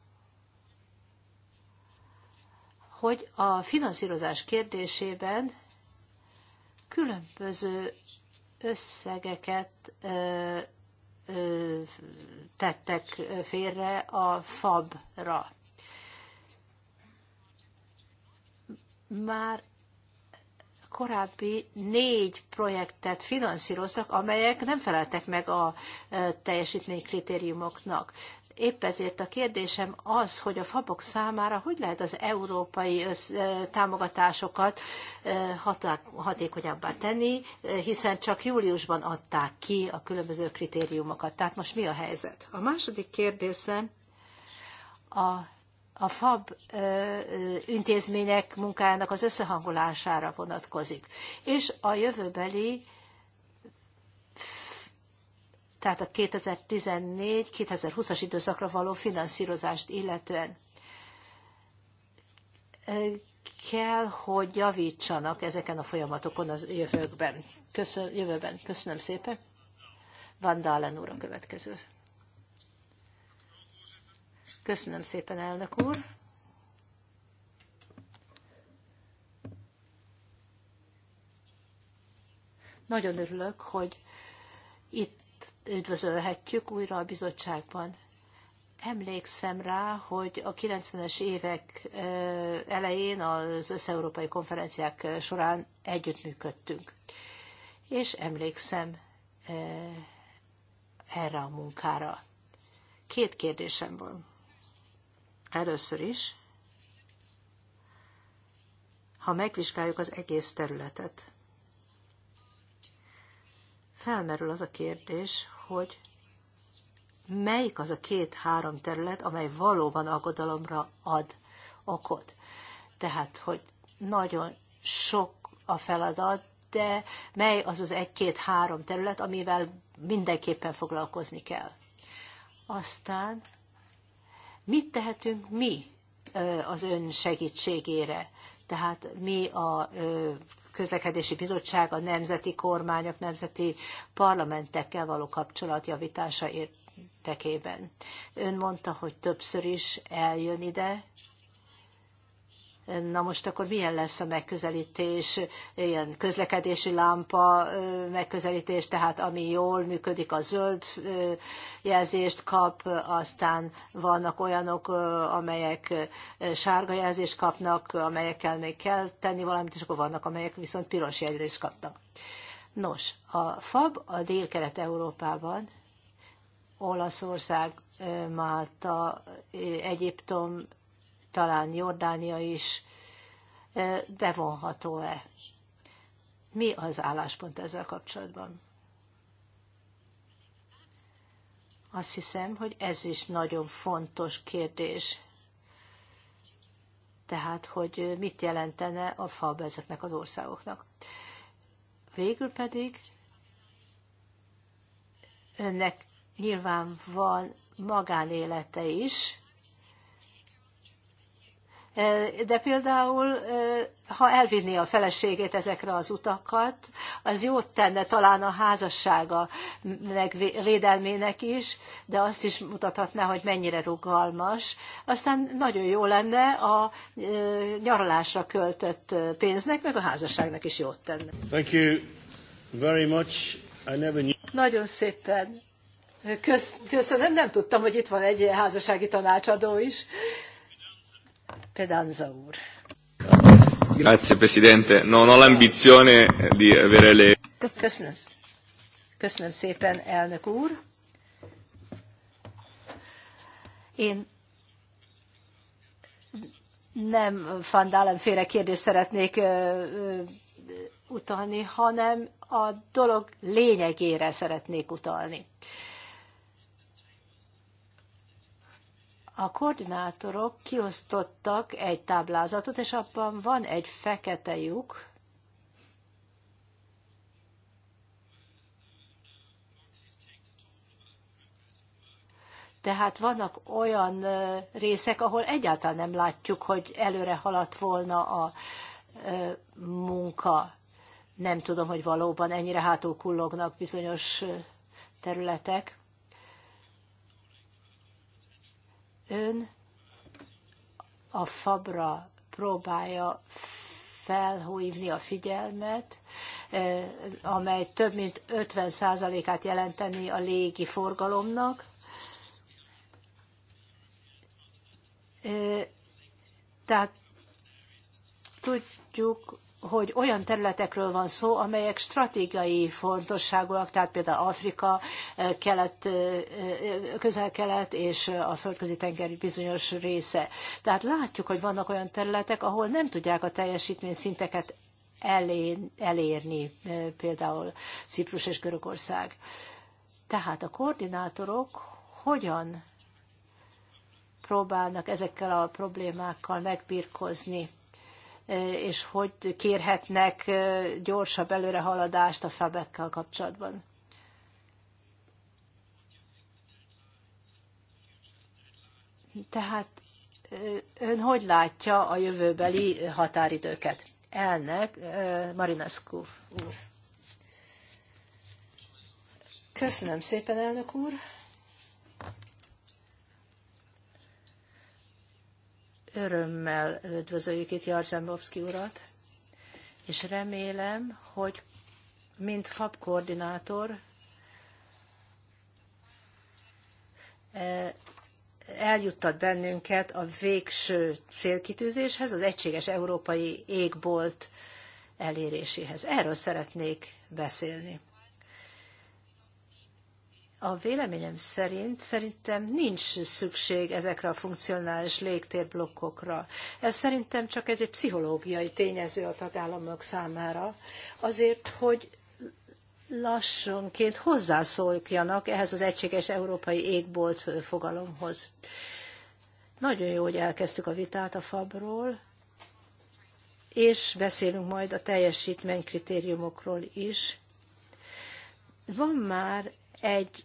hogy a finanszírozás kérdésében különböző összegeket ö, ö, tettek félre a FAB-ra. Már korábbi négy projektet finanszíroztak, amelyek nem feleltek meg a teljesítménykritériumoknak. Épp ezért a kérdésem az, hogy a fabok számára hogy lehet az európai támogatásokat hatékonyabbá tenni, hiszen csak júliusban adták ki a különböző kritériumokat. Tehát most mi a helyzet? A második kérdésem a a FAB intézmények munkájának az összehangolására vonatkozik, és a jövőbeli tehát a 2014-2020-as időszakra való finanszírozást illetően kell, hogy javítsanak ezeken a folyamatokon az jövőkben. Köszön, jövőben. Köszönöm szépen. Van Dálen úr a következő. Köszönöm szépen, elnök úr. Nagyon örülök, hogy itt üdvözölhetjük újra a bizottságban. Emlékszem rá, hogy a 90-es évek elején az összeurópai konferenciák során együttműködtünk. És emlékszem erre a munkára. Két kérdésem van. Először is, ha megvizsgáljuk az egész területet, felmerül az a kérdés, hogy melyik az a két-három terület, amely valóban aggodalomra ad okot. Tehát, hogy nagyon sok a feladat, de mely az az egy-két-három terület, amivel mindenképpen foglalkozni kell. Aztán Mit tehetünk mi az ön segítségére? Tehát mi a közlekedési bizottság, a nemzeti kormányok, nemzeti parlamentekkel való kapcsolat javítása érdekében. Ön mondta, hogy többször is eljön ide, Na most akkor milyen lesz a megközelítés, ilyen közlekedési lámpa megközelítés, tehát ami jól működik, a zöld jelzést kap, aztán vannak olyanok, amelyek sárga jelzést kapnak, amelyekkel még kell tenni valamit, és akkor vannak, amelyek viszont piros jelzést kapnak. Nos, a FAB a Dél-Kelet-Európában, Olaszország, Málta, Egyiptom, talán Jordánia is bevonható-e? Mi az álláspont ezzel kapcsolatban? Azt hiszem, hogy ez is nagyon fontos kérdés. Tehát, hogy mit jelentene a FAB ezeknek az országoknak. Végül pedig önnek nyilván van magánélete is, de például, ha elvinné a feleségét ezekre az utakat, az jót tenne talán a házassága védelmének is, de azt is mutathatná, hogy mennyire rugalmas. Aztán nagyon jó lenne a nyaralásra költött pénznek, meg a házasságnak is jót tenne. Thank you very much. I never knew... Nagyon szépen. Köszönöm, nem tudtam, hogy itt van egy házassági tanácsadó is. Pedanza úr. Grazie, Presidente. Non ho l'ambizione di avere le... Köszönöm. Köszönöm szépen, elnök úr. Én nem Van Dálenféle kérdést szeretnék utalni, hanem a dolog lényegére szeretnék utalni. a koordinátorok kiosztottak egy táblázatot, és abban van egy fekete lyuk, Tehát vannak olyan részek, ahol egyáltalán nem látjuk, hogy előre haladt volna a munka. Nem tudom, hogy valóban ennyire hátul kullognak bizonyos területek. Ön a Fabra próbálja felhúzni a figyelmet, e, amely több mint 50%-át jelenteni a légi forgalomnak. E, tehát tudjuk, hogy olyan területekről van szó, amelyek stratégiai fontosságúak, tehát például Afrika, eh, kelet, eh, eh, közel-kelet és a földközi tengeri bizonyos része. Tehát látjuk, hogy vannak olyan területek, ahol nem tudják a teljesítményszinteket elérni, például Ciprus és Görögország. Tehát a koordinátorok hogyan próbálnak ezekkel a problémákkal megbirkozni? Eh, és hogy kérhetnek eh, gyorsabb előrehaladást a fabekkel kapcsolatban. Tehát eh, ön hogy látja a jövőbeli határidőket? Elnök Marinescu. Köszönöm szépen, elnök úr. Örömmel üdvözöljük itt Jarzembowski urat, és remélem, hogy mint FAP koordinátor e, eljuttat bennünket a végső célkitűzéshez, az egységes európai égbolt eléréséhez. Erről szeretnék beszélni. A véleményem szerint szerintem nincs szükség ezekre a funkcionális légtérblokkokra. Ez szerintem csak egy, egy pszichológiai tényező a tagállamok számára, azért, hogy lassanként hozzászóljanak ehhez az egységes európai égbolt fogalomhoz. Nagyon jó, hogy elkezdtük a vitát a fabról, és beszélünk majd a teljesítménykritériumokról is. Van már egy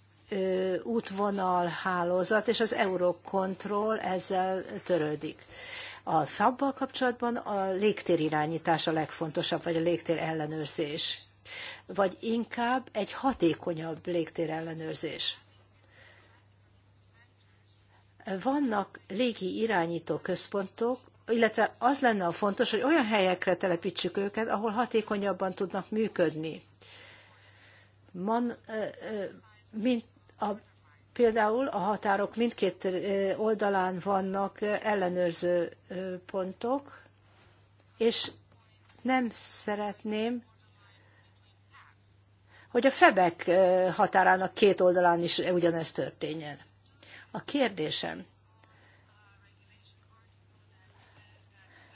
útvonal hálózat, és az Eurocontrol ezzel törődik. A FAB-bal kapcsolatban a légtér a legfontosabb, vagy a légtér ellenőrzés, vagy inkább egy hatékonyabb légtér ellenőrzés. Vannak légi irányító központok, illetve az lenne a fontos, hogy olyan helyekre telepítsük őket, ahol hatékonyabban tudnak működni. Man, mint a, például a határok mindkét oldalán vannak ellenőrző pontok, és nem szeretném, hogy a Febek határának két oldalán is ugyanezt történjen. A kérdésem,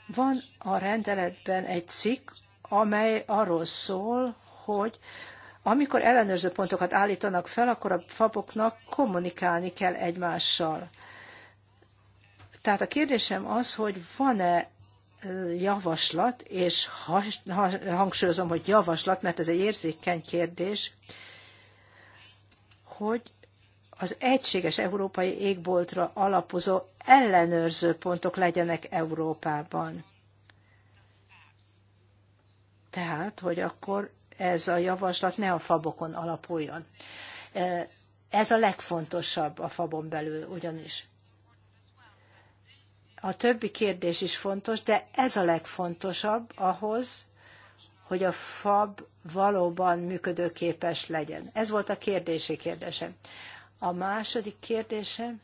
van a rendeletben egy cikk, amely arról szól, hogy amikor ellenőrző pontokat állítanak fel, akkor a faboknak kommunikálni kell egymással. Tehát a kérdésem az, hogy van-e javaslat, és hangsúlyozom, hogy javaslat, mert ez egy érzékeny kérdés, hogy az egységes európai égboltra alapozó ellenőrző pontok legyenek Európában. Tehát, hogy akkor ez a javaslat ne a fabokon alapuljon. E, ez a legfontosabb a fabon belül ugyanis. A többi kérdés is fontos, de ez a legfontosabb ahhoz, hogy a FAB valóban működőképes legyen. Ez volt a kérdési kérdésem. A második kérdésem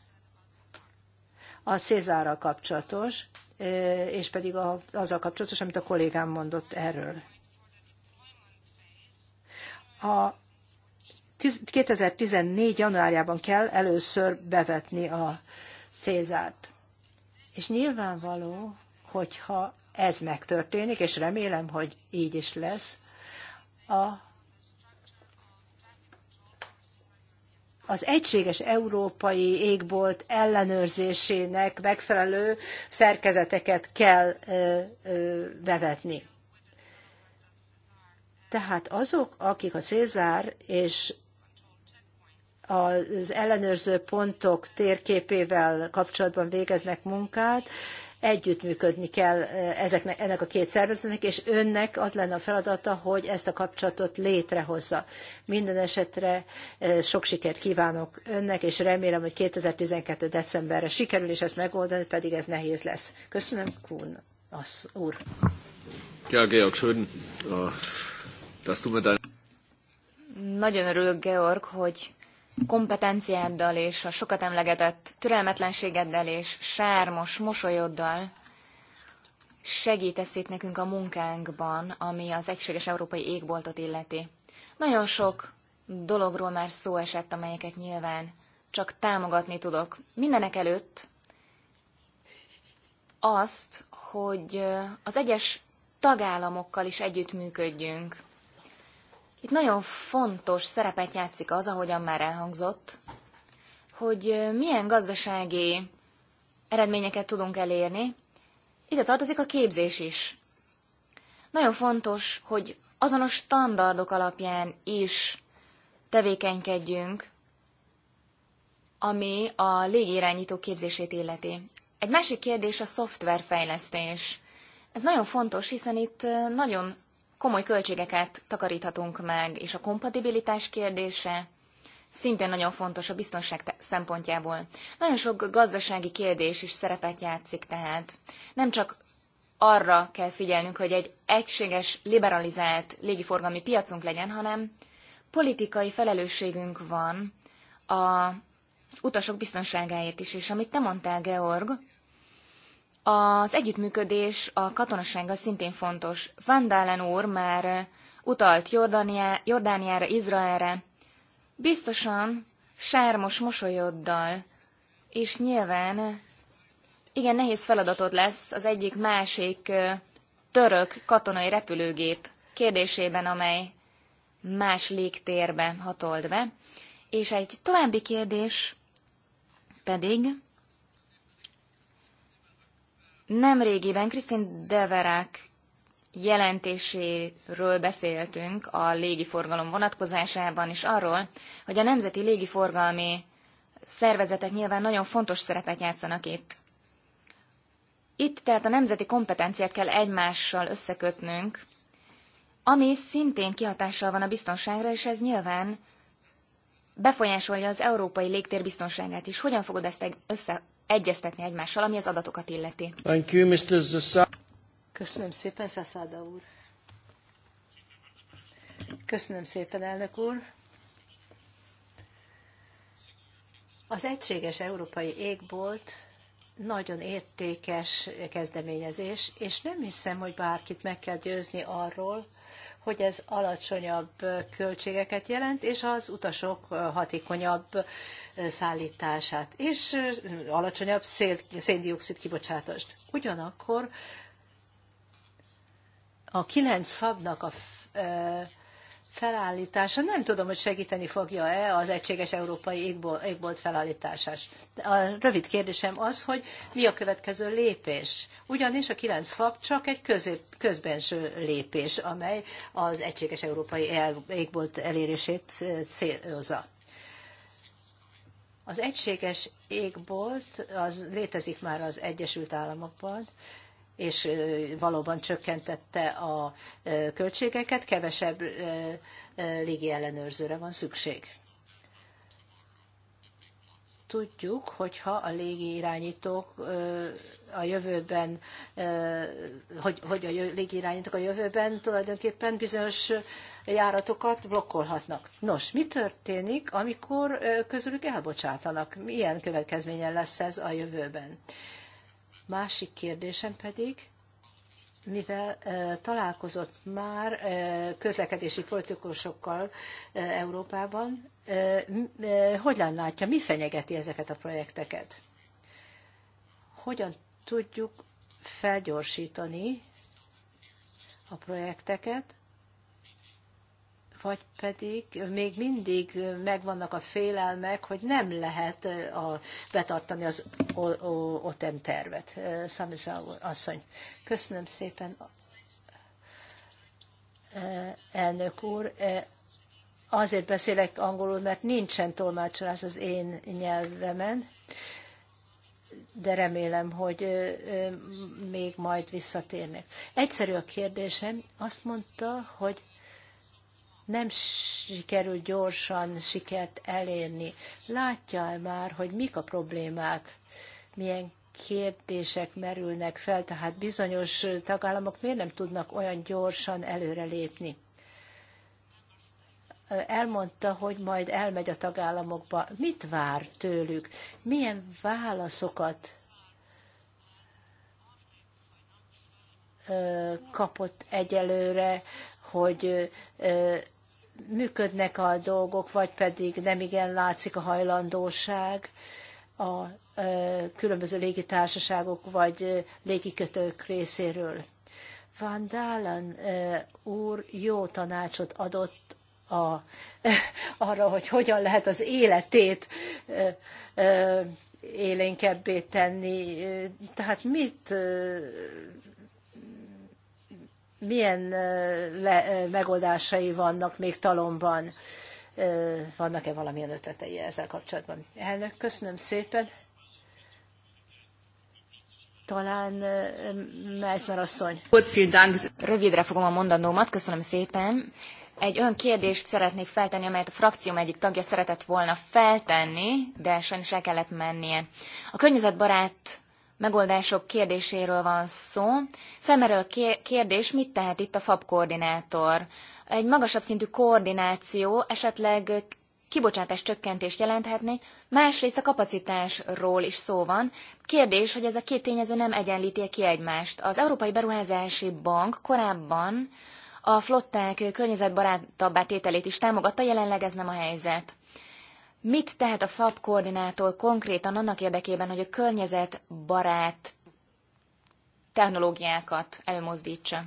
a Cézárral kapcsolatos, e, és pedig azzal kapcsolatos, amit a kollégám mondott erről. A 2014. januárjában kell először bevetni a Cézárt. És nyilvánvaló, hogyha ez megtörténik, és remélem, hogy így is lesz, a, az egységes európai égbolt ellenőrzésének megfelelő szerkezeteket kell ö, ö, bevetni. Tehát azok, akik a Cézár és az ellenőrző pontok térképével kapcsolatban végeznek munkát, együttműködni kell ezeknek, ennek a két szervezetnek, és önnek az lenne a feladata, hogy ezt a kapcsolatot létrehozza. Minden esetre e, sok sikert kívánok önnek, és remélem, hogy 2012. decemberre sikerül, és ezt megoldani, pedig ez nehéz lesz. Köszönöm, Kuhn az úr. Ja, Georg, schön dass du mit nagyon örülök, Georg, hogy kompetenciáddal és a sokat emlegetett türelmetlenségeddel és sármos mosolyoddal segítesz itt nekünk a munkánkban, ami az egységes európai égboltot illeti. Nagyon sok dologról már szó esett, amelyeket nyilván csak támogatni tudok. Mindenek előtt azt, hogy az egyes tagállamokkal is együttműködjünk itt nagyon fontos szerepet játszik az, ahogyan már elhangzott, hogy milyen gazdasági eredményeket tudunk elérni. Ide tartozik a képzés is. Nagyon fontos, hogy azonos standardok alapján is tevékenykedjünk, ami a légirányító képzését illeti. Egy másik kérdés a szoftverfejlesztés. Ez nagyon fontos, hiszen itt nagyon komoly költségeket takaríthatunk meg, és a kompatibilitás kérdése szintén nagyon fontos a biztonság szempontjából. Nagyon sok gazdasági kérdés is szerepet játszik tehát. Nem csak arra kell figyelnünk, hogy egy egységes, liberalizált légiforgalmi piacunk legyen, hanem politikai felelősségünk van a, az utasok biztonságáért is, és amit te mondtál, Georg, az együttműködés a katonasággal szintén fontos. Van Dalen úr már utalt Jordániá, Jordániára, Izraelre. Biztosan sármos mosolyoddal, és nyilván igen nehéz feladatod lesz az egyik másik török katonai repülőgép kérdésében, amely más légtérbe hatolt be. És egy további kérdés pedig, Nemrégiben Krisztin Deverák jelentéséről beszéltünk a légiforgalom vonatkozásában, és arról, hogy a nemzeti légiforgalmi szervezetek nyilván nagyon fontos szerepet játszanak itt. Itt tehát a nemzeti kompetenciát kell egymással összekötnünk, ami szintén kihatással van a biztonságra, és ez nyilván befolyásolja az európai légtér biztonságát is. Hogyan fogod ezt össze egyeztetni egymással, ami az adatokat illeti. Thank you, Mr. Köszönöm szépen, Szaszáda úr. Köszönöm szépen, elnök úr. Az egységes európai égbolt nagyon értékes kezdeményezés, és nem hiszem, hogy bárkit meg kell győzni arról, hogy ez alacsonyabb költségeket jelent, és az utasok hatékonyabb szállítását, és alacsonyabb szén, széndiokszid kibocsátást. Ugyanakkor a kilenc fabnak a felállítása nem tudom, hogy segíteni fogja-e az egységes európai égbolt, égbolt felállításás. A rövid kérdésem az, hogy mi a következő lépés. Ugyanis a kilenc fak csak egy közép, közbenső lépés, amely az egységes európai égbolt elérését célozza. Az egységes égbolt az létezik már az Egyesült Államokban, és valóban csökkentette a költségeket, kevesebb légi ellenőrzőre van szükség. Tudjuk, hogyha a légi irányítók a jövőben, hogy, hogy a légirányítók a jövőben tulajdonképpen bizonyos járatokat blokkolhatnak. Nos, mi történik, amikor közülük elbocsátanak? Milyen következménye lesz ez a jövőben? Másik kérdésem pedig, mivel találkozott már közlekedési politikusokkal Európában, hogyan látja, mi fenyegeti ezeket a projekteket? Hogyan tudjuk felgyorsítani a projekteket, vagy pedig még mindig megvannak a félelmek, hogy nem lehet a, betartani az OTEM tervet. Szamizá asszony, köszönöm szépen, elnök úr. Azért beszélek angolul, mert nincsen tolmácsolás az én nyelvemen, de remélem, hogy még majd visszatérnek. Egyszerű a kérdésem, azt mondta, hogy nem sikerül gyorsan sikert elérni. Látja -e már, hogy mik a problémák, milyen kérdések merülnek fel, tehát bizonyos tagállamok miért nem tudnak olyan gyorsan előrelépni? elmondta, hogy majd elmegy a tagállamokba. Mit vár tőlük? Milyen válaszokat kapott egyelőre, hogy működnek a dolgok, vagy pedig nem igen látszik a hajlandóság a különböző légitársaságok vagy légikötők részéről. Van Dalen úr jó tanácsot adott a, <laughs> arra, hogy hogyan lehet az életét élénkebbé tenni. Tehát mit milyen le, megoldásai vannak még talomban? Vannak-e valamilyen ötletei ezzel kapcsolatban? Elnök, köszönöm szépen. Talán Meisner asszony. Rövidre fogom a mondandómat, köszönöm szépen. Egy olyan kérdést szeretnék feltenni, amelyet a frakcióm egyik tagja szeretett volna feltenni, de sajnos el kellett mennie. A környezetbarát megoldások kérdéséről van szó. Felmerül a kérdés, mit tehet itt a FAB koordinátor? Egy magasabb szintű koordináció esetleg kibocsátás csökkentést jelenthetné, másrészt a kapacitásról is szó van. Kérdés, hogy ez a két tényező nem egyenlíti ki egymást. Az Európai Beruházási Bank korábban a flották környezetbarátabbá tételét is támogatta, jelenleg ez nem a helyzet. Mit tehet a FAB koordinátor konkrétan annak érdekében, hogy a környezetbarát technológiákat elmozdítsa?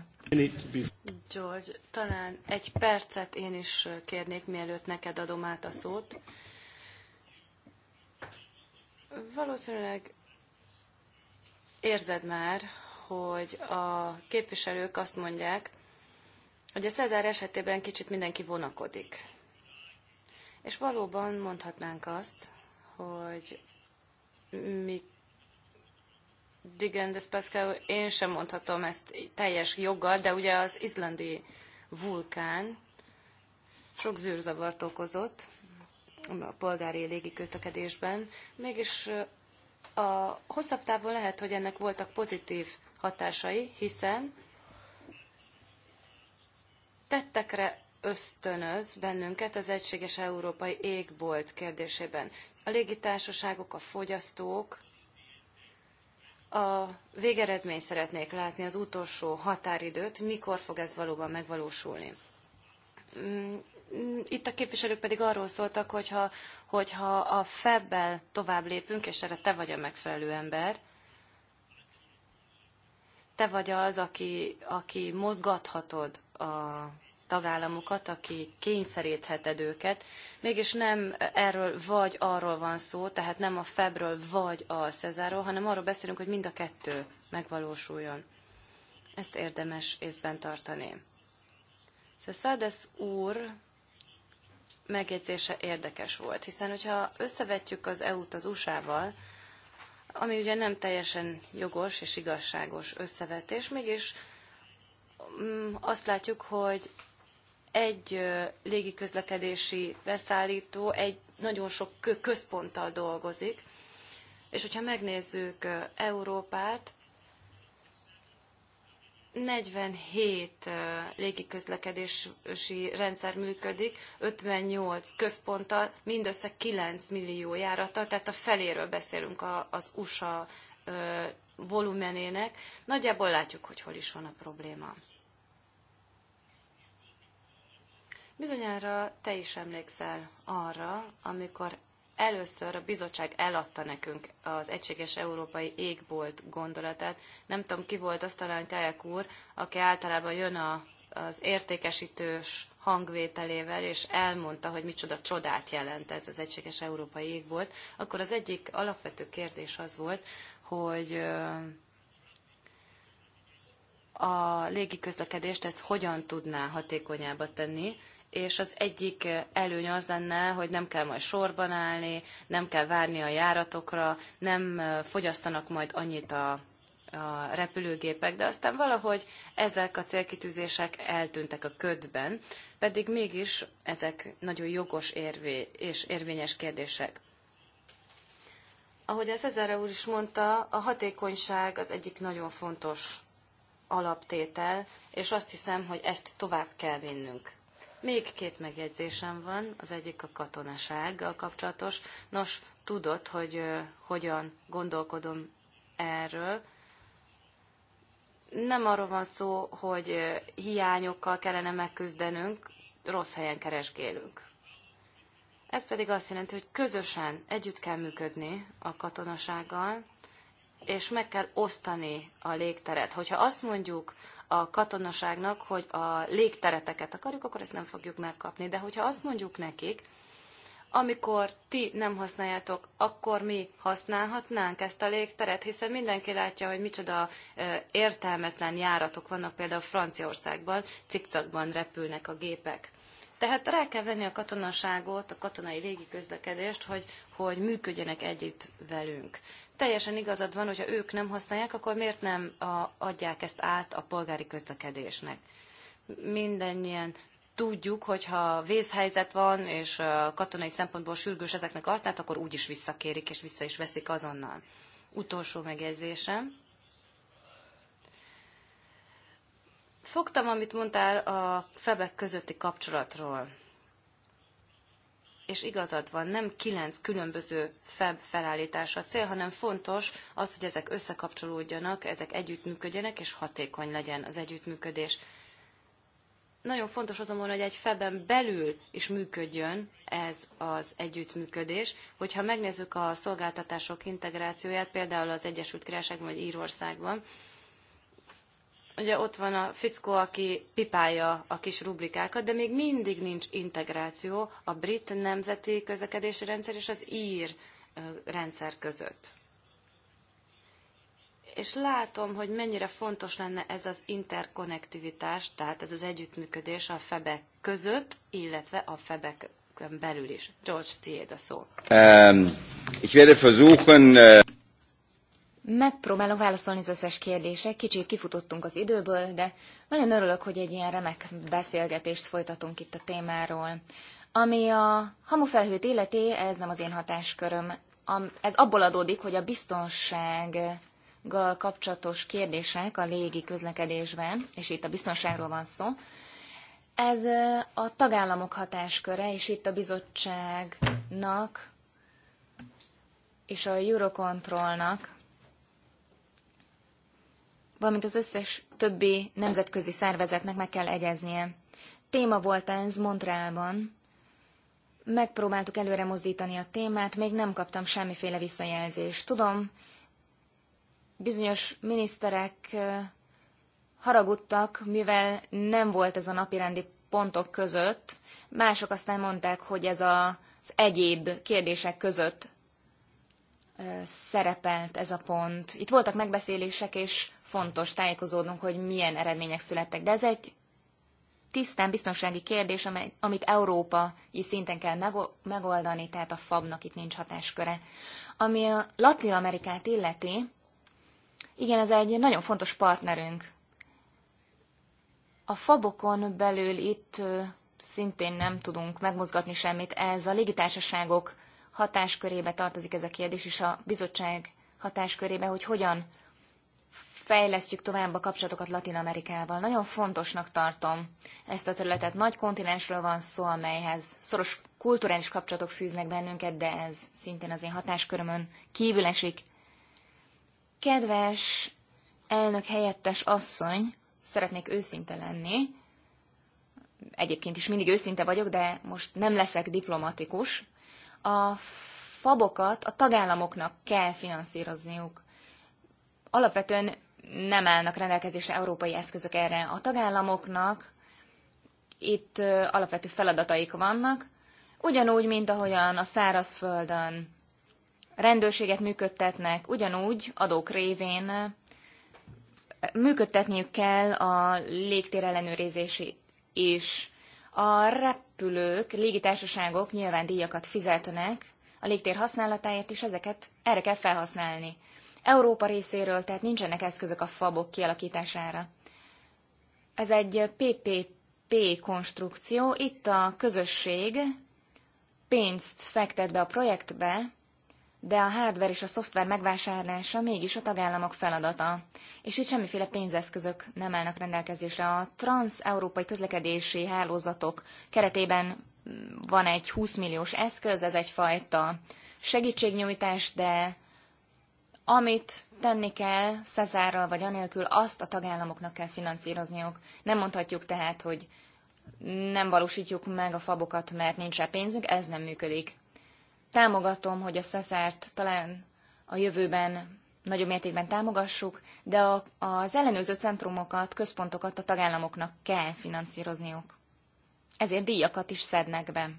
George, talán egy percet én is kérnék, mielőtt neked adom át a szót. Valószínűleg érzed már, hogy a képviselők azt mondják, hogy a Cezár esetében kicsit mindenki vonakodik. És valóban mondhatnánk azt, hogy mi Digendes Pascal, én sem mondhatom ezt teljes joggal, de ugye az izlandi vulkán sok zűrzavart okozott a polgári légi közlekedésben, mégis a hosszabb távon lehet, hogy ennek voltak pozitív hatásai, hiszen tettekre ösztönöz bennünket az egységes európai égbolt kérdésében. A légitársaságok, a fogyasztók a végeredmény szeretnék látni, az utolsó határidőt, mikor fog ez valóban megvalósulni. Mm, mm, itt a képviselők pedig arról szóltak, hogyha, hogyha a febbel tovább lépünk, és erre te vagy a megfelelő ember, te vagy az, aki, aki mozgathatod a tagállamokat, aki kényszerítheted őket, mégis nem erről vagy arról van szó, tehát nem a Febről vagy a Cezáról, hanem arról beszélünk, hogy mind a kettő megvalósuljon. Ezt érdemes észben tartani. Szeszádesz úr megjegyzése érdekes volt, hiszen hogyha összevetjük az EU-t az USA-val, ami ugye nem teljesen jogos és igazságos összevetés, mégis mm, azt látjuk, hogy egy légiközlekedési leszállító egy nagyon sok központtal dolgozik, és hogyha megnézzük Európát, 47 légiközlekedési rendszer működik, 58 központtal, mindössze 9 millió járattal, tehát a feléről beszélünk az USA volumenének. Nagyjából látjuk, hogy hol is van a probléma. Bizonyára te is emlékszel arra, amikor először a bizottság eladta nekünk az egységes európai égbolt gondolatát. Nem tudom, ki volt az talán Kajak úr, aki általában jön a, az értékesítős hangvételével, és elmondta, hogy micsoda csodát jelent ez az egységes európai égbolt, akkor az egyik alapvető kérdés az volt, hogy a légiközlekedést ez hogyan tudná hatékonyába tenni, és az egyik előny az lenne, hogy nem kell majd sorban állni, nem kell várni a járatokra, nem fogyasztanak majd annyit a, a repülőgépek, de aztán valahogy ezek a célkitűzések eltűntek a ködben, pedig mégis ezek nagyon jogos érvé és érvényes kérdések. Ahogy az Ezerre úr is mondta, a hatékonyság az egyik nagyon fontos alaptétel, és azt hiszem, hogy ezt tovább kell vinnünk. Még két megjegyzésem van, az egyik a katonasággal kapcsolatos. Nos, tudod, hogy uh, hogyan gondolkodom erről. Nem arról van szó, hogy uh, hiányokkal kellene megküzdenünk, rossz helyen keresgélünk. Ez pedig azt jelenti, hogy közösen együtt kell működni a katonasággal, és meg kell osztani a légteret. Hogyha azt mondjuk, a katonaságnak, hogy a légtereteket akarjuk, akkor ezt nem fogjuk megkapni. De hogyha azt mondjuk nekik, amikor ti nem használjátok, akkor mi használhatnánk ezt a légteret, hiszen mindenki látja, hogy micsoda értelmetlen járatok vannak például Franciaországban, cikcakban repülnek a gépek. Tehát rá kell venni a katonaságot, a katonai légiközlekedést, hogy, hogy működjenek együtt velünk teljesen igazad van, hogyha ők nem használják, akkor miért nem adják ezt át a polgári közlekedésnek? Mindennyien tudjuk, hogy ha vészhelyzet van, és katonai szempontból sürgős ezeknek azt, hát akkor úgyis visszakérik, és vissza is veszik azonnal. Utolsó megjegyzésem. Fogtam, amit mondtál a febek közötti kapcsolatról és igazad van, nem kilenc különböző FEB felállítása a cél, hanem fontos az, hogy ezek összekapcsolódjanak, ezek együttműködjenek, és hatékony legyen az együttműködés. Nagyon fontos azonban, hogy egy feben belül is működjön ez az együttműködés. Hogyha megnézzük a szolgáltatások integrációját, például az Egyesült Királyságban vagy Írországban, ugye ott van a fickó, aki pipálja a kis rubrikákat, de még mindig nincs integráció a brit nemzeti közlekedési rendszer és az ír rendszer között. És látom, hogy mennyire fontos lenne ez az interkonnektivitás, tehát ez az együttműködés a febek között, illetve a febek belül is. George, tiéd a szó. Um, ich werde versuchen, uh... Megpróbálok válaszolni az összes kérdésre, kicsit kifutottunk az időből, de nagyon örülök, hogy egy ilyen remek beszélgetést folytatunk itt a témáról. Ami a hamufelhőt életé, ez nem az én hatásköröm. Ez abból adódik, hogy a biztonsággal kapcsolatos kérdések a légi közlekedésben, és itt a biztonságról van szó, ez a tagállamok hatásköre, és itt a bizottságnak és a Eurocontrolnak valamint az összes többi nemzetközi szervezetnek meg kell egyeznie. Téma volt ez Montrealban. Megpróbáltuk előre mozdítani a témát, még nem kaptam semmiféle visszajelzést. Tudom, bizonyos miniszterek haragudtak, mivel nem volt ez a napirendi pontok között. Mások aztán mondták, hogy ez az egyéb kérdések között szerepelt ez a pont. Itt voltak megbeszélések és fontos tájékozódnunk, hogy milyen eredmények születtek. De ez egy tisztán biztonsági kérdés, amit amit európai szinten kell megoldani, tehát a FAB-nak itt nincs hatásköre. Ami a Latin Amerikát illeti, igen, ez egy nagyon fontos partnerünk. A fabokon belül itt szintén nem tudunk megmozgatni semmit. Ez a légitársaságok hatáskörébe tartozik ez a kérdés, és a bizottság hatáskörébe, hogy hogyan fejlesztjük tovább a kapcsolatokat Latin Amerikával. Nagyon fontosnak tartom ezt a területet. Nagy kontinensről van szó, amelyhez szoros kulturális kapcsolatok fűznek bennünket, de ez szintén az én hatáskörömön kívül esik. Kedves elnök helyettes asszony, szeretnék őszinte lenni. Egyébként is mindig őszinte vagyok, de most nem leszek diplomatikus. A fabokat a tagállamoknak kell finanszírozniuk alapvetően nem állnak rendelkezésre európai eszközök erre a tagállamoknak, itt alapvető feladataik vannak, ugyanúgy, mint ahogyan a szárazföldön rendőrséget működtetnek, ugyanúgy adók révén működtetniük kell a légtér ellenőrizési is. A repülők, légitársaságok nyilván díjakat fizetnek a légtér használatáért, és ezeket erre kell felhasználni. Európa részéről, tehát nincsenek eszközök a fabok kialakítására. Ez egy PPP konstrukció, itt a közösség pénzt fektet be a projektbe, de a hardware és a szoftver megvásárlása mégis a tagállamok feladata, és itt semmiféle pénzeszközök nem állnak rendelkezésre. A transeurópai közlekedési hálózatok keretében van egy 20 milliós eszköz, ez egyfajta segítségnyújtás, de amit tenni kell Szezárral vagy anélkül, azt a tagállamoknak kell finanszírozniuk. Nem mondhatjuk tehát, hogy nem valósítjuk meg a fabokat, mert nincs rá pénzünk, ez nem működik. Támogatom, hogy a Szezárt talán a jövőben nagyobb mértékben támogassuk, de a, az ellenőrző centrumokat, központokat a tagállamoknak kell finanszírozniuk. Ezért díjakat is szednek be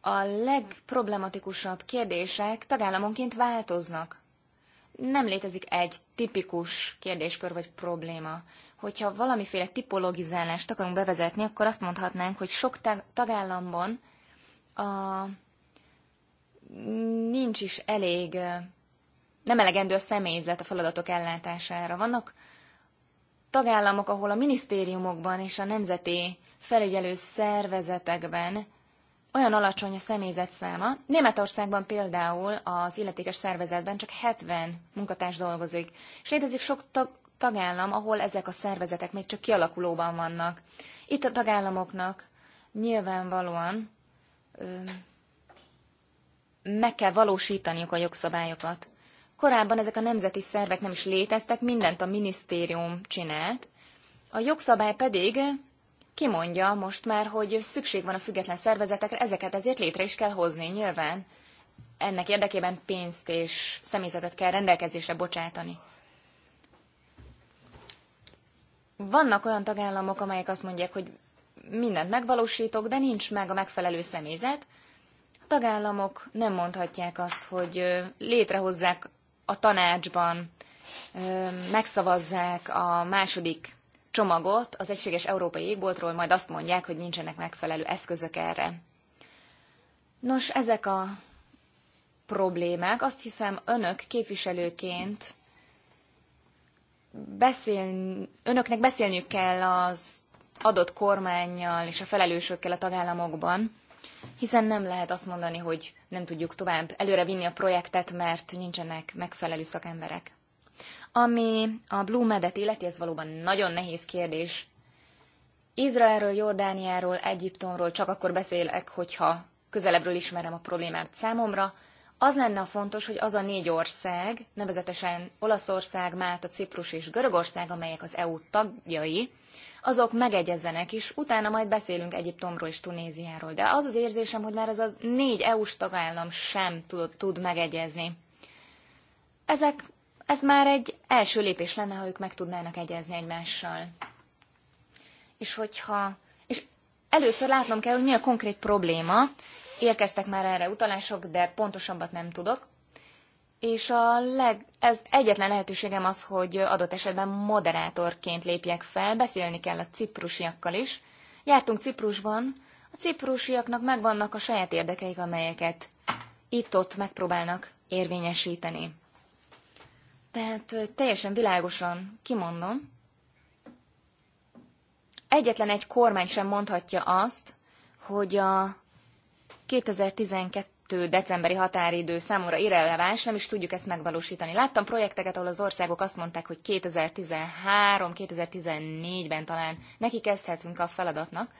a legproblematikusabb kérdések tagállamonként változnak. Nem létezik egy tipikus kérdéskör vagy probléma. Hogyha valamiféle tipologizálást akarunk bevezetni, akkor azt mondhatnánk, hogy sok tagállamban a, nincs is elég, nem elegendő a személyzet a feladatok ellátására. Vannak tagállamok, ahol a minisztériumokban és a nemzeti felügyelő szervezetekben olyan alacsony a személyzet száma. Németországban például az illetékes szervezetben csak 70 munkatárs dolgozik, és létezik sok tag, tagállam, ahol ezek a szervezetek még csak kialakulóban vannak. Itt a tagállamoknak nyilvánvalóan ö, meg kell valósítaniuk a jogszabályokat. Korábban ezek a nemzeti szervek nem is léteztek, mindent a minisztérium csinált, a jogszabály pedig kimondja most már, hogy szükség van a független szervezetekre, ezeket ezért létre is kell hozni nyilván. Ennek érdekében pénzt és személyzetet kell rendelkezésre bocsátani. Vannak olyan tagállamok, amelyek azt mondják, hogy mindent megvalósítok, de nincs meg a megfelelő személyzet. A tagállamok nem mondhatják azt, hogy létrehozzák a tanácsban, megszavazzák a második csomagot az egységes európai égboltról, majd azt mondják, hogy nincsenek megfelelő eszközök erre. Nos, ezek a problémák, azt hiszem önök képviselőként beszél, önöknek beszélniük kell az adott kormányjal és a felelősökkel a tagállamokban, hiszen nem lehet azt mondani, hogy nem tudjuk tovább előre vinni a projektet, mert nincsenek megfelelő szakemberek. Ami a Blue Medet illeti, ez valóban nagyon nehéz kérdés. Izraelről, Jordániáról, Egyiptomról csak akkor beszélek, hogyha közelebbről ismerem a problémát számomra. Az lenne a fontos, hogy az a négy ország, nevezetesen Olaszország, Málta, Ciprus és Görögország, amelyek az EU tagjai, azok megegyezzenek is, utána majd beszélünk Egyiptomról és Tunéziáról. De az az érzésem, hogy már ez a négy EU-s tagállam sem tud, tud megegyezni. Ezek ez már egy első lépés lenne, ha ők meg tudnának egyezni egymással. És hogyha... És először látnom kell, hogy mi a konkrét probléma. Érkeztek már erre utalások, de pontosabbat nem tudok. És a leg, ez egyetlen lehetőségem az, hogy adott esetben moderátorként lépjek fel, beszélni kell a ciprusiakkal is. Jártunk Ciprusban, a ciprusiaknak megvannak a saját érdekeik, amelyeket itt-ott megpróbálnak érvényesíteni. Tehát teljesen világosan kimondom, egyetlen egy kormány sem mondhatja azt, hogy a 2012 decemberi határidő számomra irreleváns, nem is tudjuk ezt megvalósítani. Láttam projekteket, ahol az országok azt mondták, hogy 2013-2014-ben talán neki kezdhetünk a feladatnak.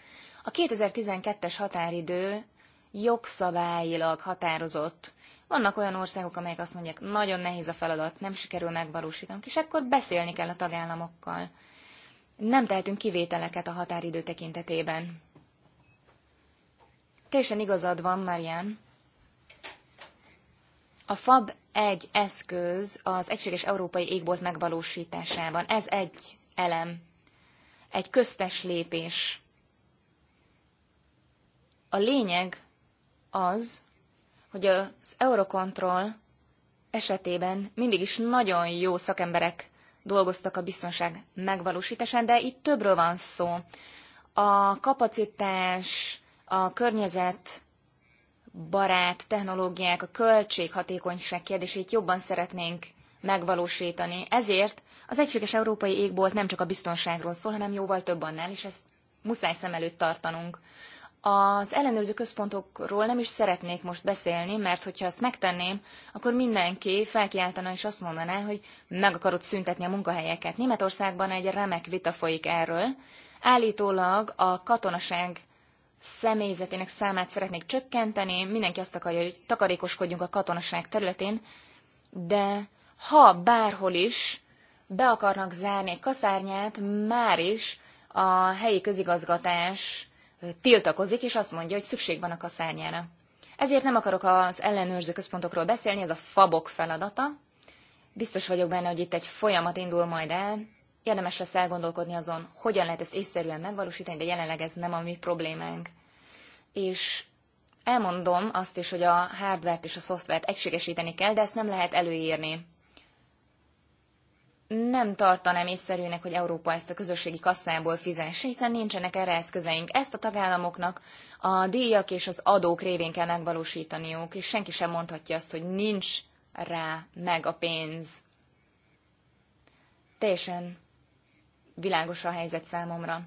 A 2012-es határidő jogszabályilag határozott vannak olyan országok, amelyek azt mondják, nagyon nehéz a feladat, nem sikerül megvalósítanunk, és akkor beszélni kell a tagállamokkal. Nem tehetünk kivételeket a határidő tekintetében. Teljesen igazad van, Marian. A FAB egy eszköz az egységes európai égbolt megvalósításában. Ez egy elem, egy köztes lépés. A lényeg az, hogy az Eurocontrol esetében mindig is nagyon jó szakemberek dolgoztak a biztonság megvalósításán, de itt többről van szó. A kapacitás, a környezet barát technológiák, a költséghatékonyság kérdését jobban szeretnénk megvalósítani. Ezért az egységes európai égbolt nem csak a biztonságról szól, hanem jóval több annál, és ezt muszáj szem előtt tartanunk. Az ellenőrző központokról nem is szeretnék most beszélni, mert hogyha ezt megtenném, akkor mindenki felkiáltana és azt mondaná, hogy meg akarod szüntetni a munkahelyeket. Németországban egy remek vita folyik erről. Állítólag a katonaság személyzetének számát szeretnék csökkenteni, mindenki azt akarja, hogy takarékoskodjunk a katonaság területén, de ha bárhol is be akarnak zárni egy kaszárnyát, már is a helyi közigazgatás tiltakozik, és azt mondja, hogy szükség van a kaszárnyára. Ezért nem akarok az ellenőrző központokról beszélni, ez a fabok feladata. Biztos vagyok benne, hogy itt egy folyamat indul majd el. Érdemes lesz elgondolkodni azon, hogyan lehet ezt észszerűen megvalósítani, de jelenleg ez nem a mi problémánk. És elmondom azt is, hogy a hardvert és a szoftvert egységesíteni kell, de ezt nem lehet előírni nem tartanám észszerűnek, hogy Európa ezt a közösségi kasszából fizesse, hiszen nincsenek erre eszközeink. Ezt a tagállamoknak a díjak és az adók révén kell megvalósítaniuk, és senki sem mondhatja azt, hogy nincs rá meg a pénz. Teljesen világos a helyzet számomra.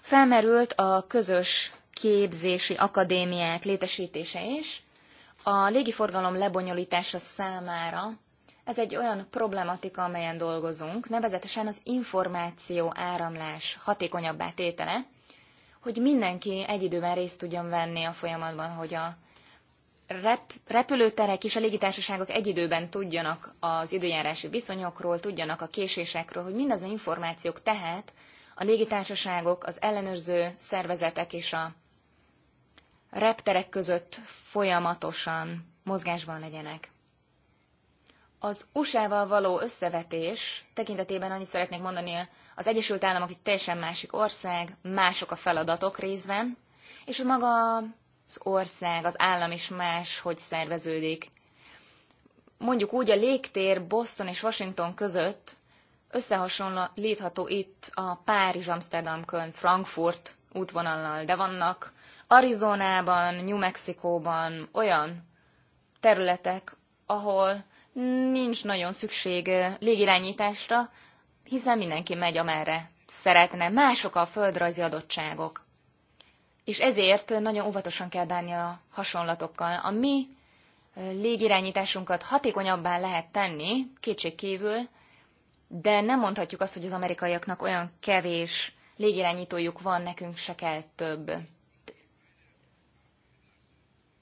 Felmerült a közös képzési akadémiák létesítése is, a légiforgalom lebonyolítása számára ez egy olyan problematika, amelyen dolgozunk, nevezetesen az információ áramlás hatékonyabbá tétele, hogy mindenki egy időben részt tudjon venni a folyamatban, hogy a rep- repülőterek és a légitársaságok egy időben tudjanak az időjárási viszonyokról, tudjanak a késésekről, hogy mindaz az információk tehát a légitársaságok, az ellenőrző szervezetek és a repterek között folyamatosan mozgásban legyenek. Az USA-val való összevetés tekintetében annyit szeretnék mondani, az Egyesült Államok egy teljesen másik ország, mások a feladatok részben, és maga az ország, az állam is más, hogy szerveződik. Mondjuk úgy a légtér Boston és Washington között összehasonlítható itt a Párizs, Amsterdam, Köln, Frankfurt útvonallal, de vannak Arizonában, New Mexikóban olyan területek, ahol nincs nagyon szükség légirányításra, hiszen mindenki megy amerre szeretne. Mások a földrajzi adottságok. És ezért nagyon óvatosan kell bánni a hasonlatokkal. A mi légirányításunkat hatékonyabbá lehet tenni, kétség kívül, de nem mondhatjuk azt, hogy az amerikaiaknak olyan kevés légirányítójuk van, nekünk se kell több.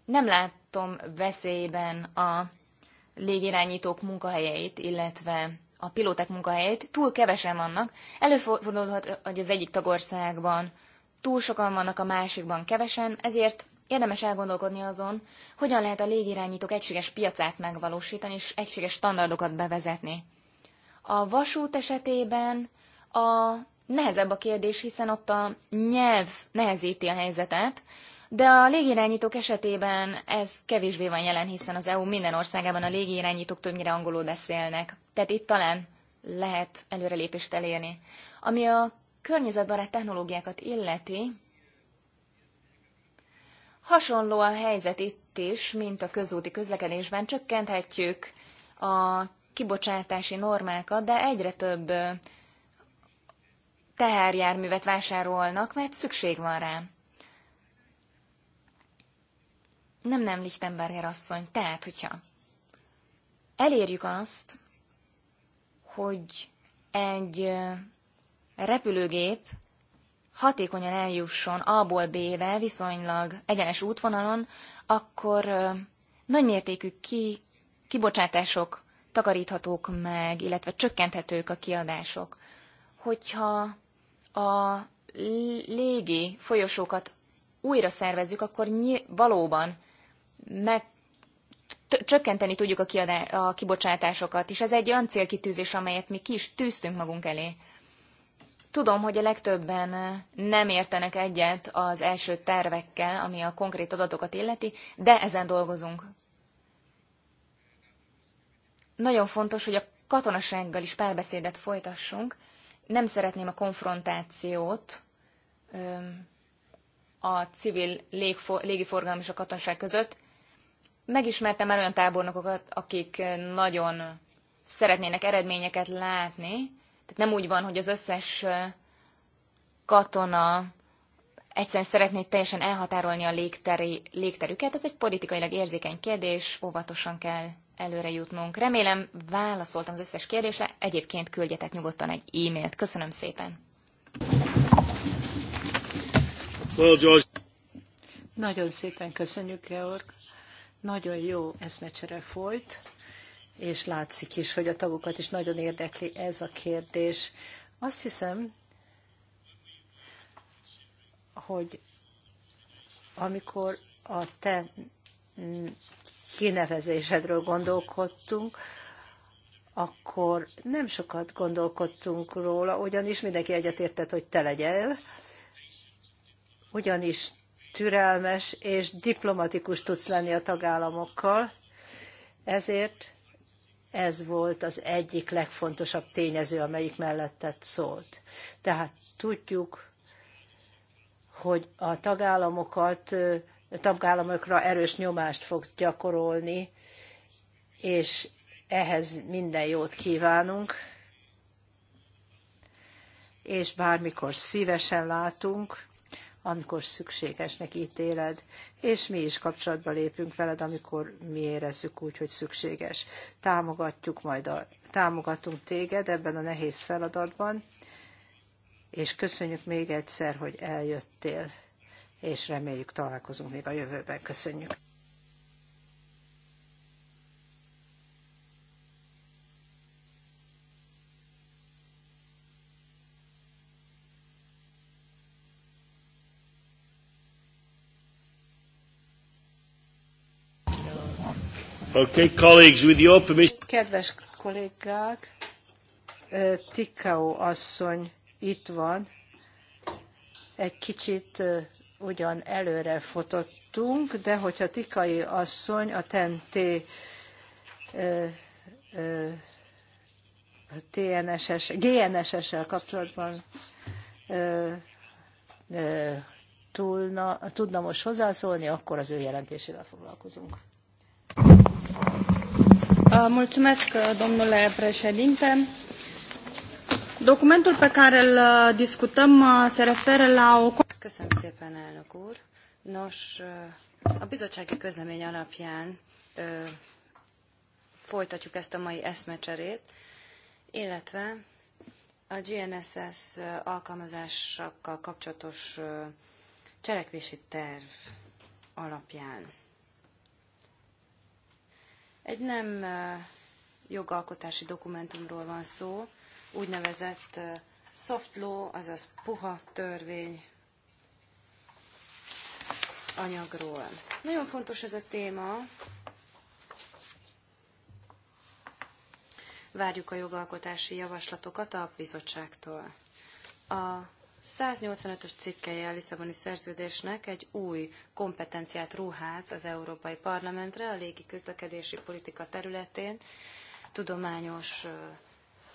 Nem látom veszélyben a légirányítók munkahelyeit, illetve a pilóták munkahelyeit, túl kevesen vannak. Előfordulhat, hogy az egyik tagországban túl sokan vannak, a másikban kevesen, ezért érdemes elgondolkodni azon, hogyan lehet a légirányítók egységes piacát megvalósítani és egységes standardokat bevezetni. A vasút esetében a nehezebb a kérdés, hiszen ott a nyelv nehezíti a helyzetet, de a légirányítók esetében ez kevésbé van jelen, hiszen az EU minden országában a légirányítók többnyire angolul beszélnek. Tehát itt talán lehet előrelépést elérni. Ami a környezetbarát technológiákat illeti, hasonló a helyzet itt is, mint a közúti közlekedésben, csökkenthetjük a kibocsátási normákat, de egyre több teherjárművet vásárolnak, mert szükség van rá. Nem, nem, Lichtenberger asszony. Tehát, hogyha elérjük azt, hogy egy repülőgép hatékonyan eljusson A-ból B-be viszonylag egyenes útvonalon, akkor nagymértékű ki, kibocsátások takaríthatók meg, illetve csökkenthetők a kiadások. Hogyha a légi folyosókat újra szervezzük, akkor valóban meg csökkenteni tudjuk a, a kibocsátásokat, és ez egy olyan célkitűzés, amelyet mi ki is tűztünk magunk elé. Tudom, hogy a legtöbben nem értenek egyet az első tervekkel, ami a konkrét adatokat illeti, de ezen dolgozunk. Nagyon fontos, hogy a katonasággal is párbeszédet folytassunk. Nem szeretném a konfrontációt a civil légiforgalom és a katonaság között, megismertem már olyan tábornokokat, akik nagyon szeretnének eredményeket látni. Tehát nem úgy van, hogy az összes katona egyszerűen szeretné teljesen elhatárolni a légteri, légterüket. Ez egy politikailag érzékeny kérdés, óvatosan kell előre jutnunk. Remélem válaszoltam az összes kérdésre, egyébként küldjetek nyugodtan egy e-mailt. Köszönöm szépen! Well, George. Nagyon szépen köszönjük, Georg. Nagyon jó eszmecsere folyt, és látszik is, hogy a tagokat is nagyon érdekli ez a kérdés. Azt hiszem, hogy amikor a te kinevezésedről gondolkodtunk, akkor nem sokat gondolkodtunk róla, ugyanis mindenki egyetértett, hogy te legyél, ugyanis türelmes és diplomatikus tudsz lenni a tagállamokkal, ezért ez volt az egyik legfontosabb tényező, amelyik mellettet szólt. Tehát tudjuk, hogy a tagállamokat, a tagállamokra erős nyomást fog gyakorolni, és ehhez minden jót kívánunk, és bármikor szívesen látunk, amikor szükségesnek ítéled, és mi is kapcsolatba lépünk veled, amikor mi érezzük úgy, hogy szükséges. Támogatjuk majd a, támogatunk téged ebben a nehéz feladatban, és köszönjük még egyszer, hogy eljöttél, és reméljük találkozunk még a jövőben. Köszönjük. Okay, colleagues, with your permission... Kedves kollégák, Tikau asszony itt van. Egy kicsit ugyan előre fotottunk, de hogyha Tikai asszony a TNT TNSS, GNSS-sel kapcsolatban ö, ö, tudna, tudna most hozzászólni, akkor az ő jelentésével foglalkozunk. Uh, mulțumesc, uh, domnule președinte. Documentul pe care îl uh, discutăm se referă la o... Köszönöm szépen, elnök úr. Nos, a bizottsági közlemény alapján ö, folytatjuk ezt a mai eszmecserét, illetve a GNSS alkalmazásokkal kapcsolatos cselekvési terv alapján. Egy nem jogalkotási dokumentumról van szó, úgynevezett soft law, azaz puha törvény anyagról. Nagyon fontos ez a téma. Várjuk a jogalkotási javaslatokat a bizottságtól. A 185-ös cikkelje a Lisszaboni szerződésnek egy új kompetenciát ruház az Európai Parlamentre a légi közlekedési politika területén, tudományos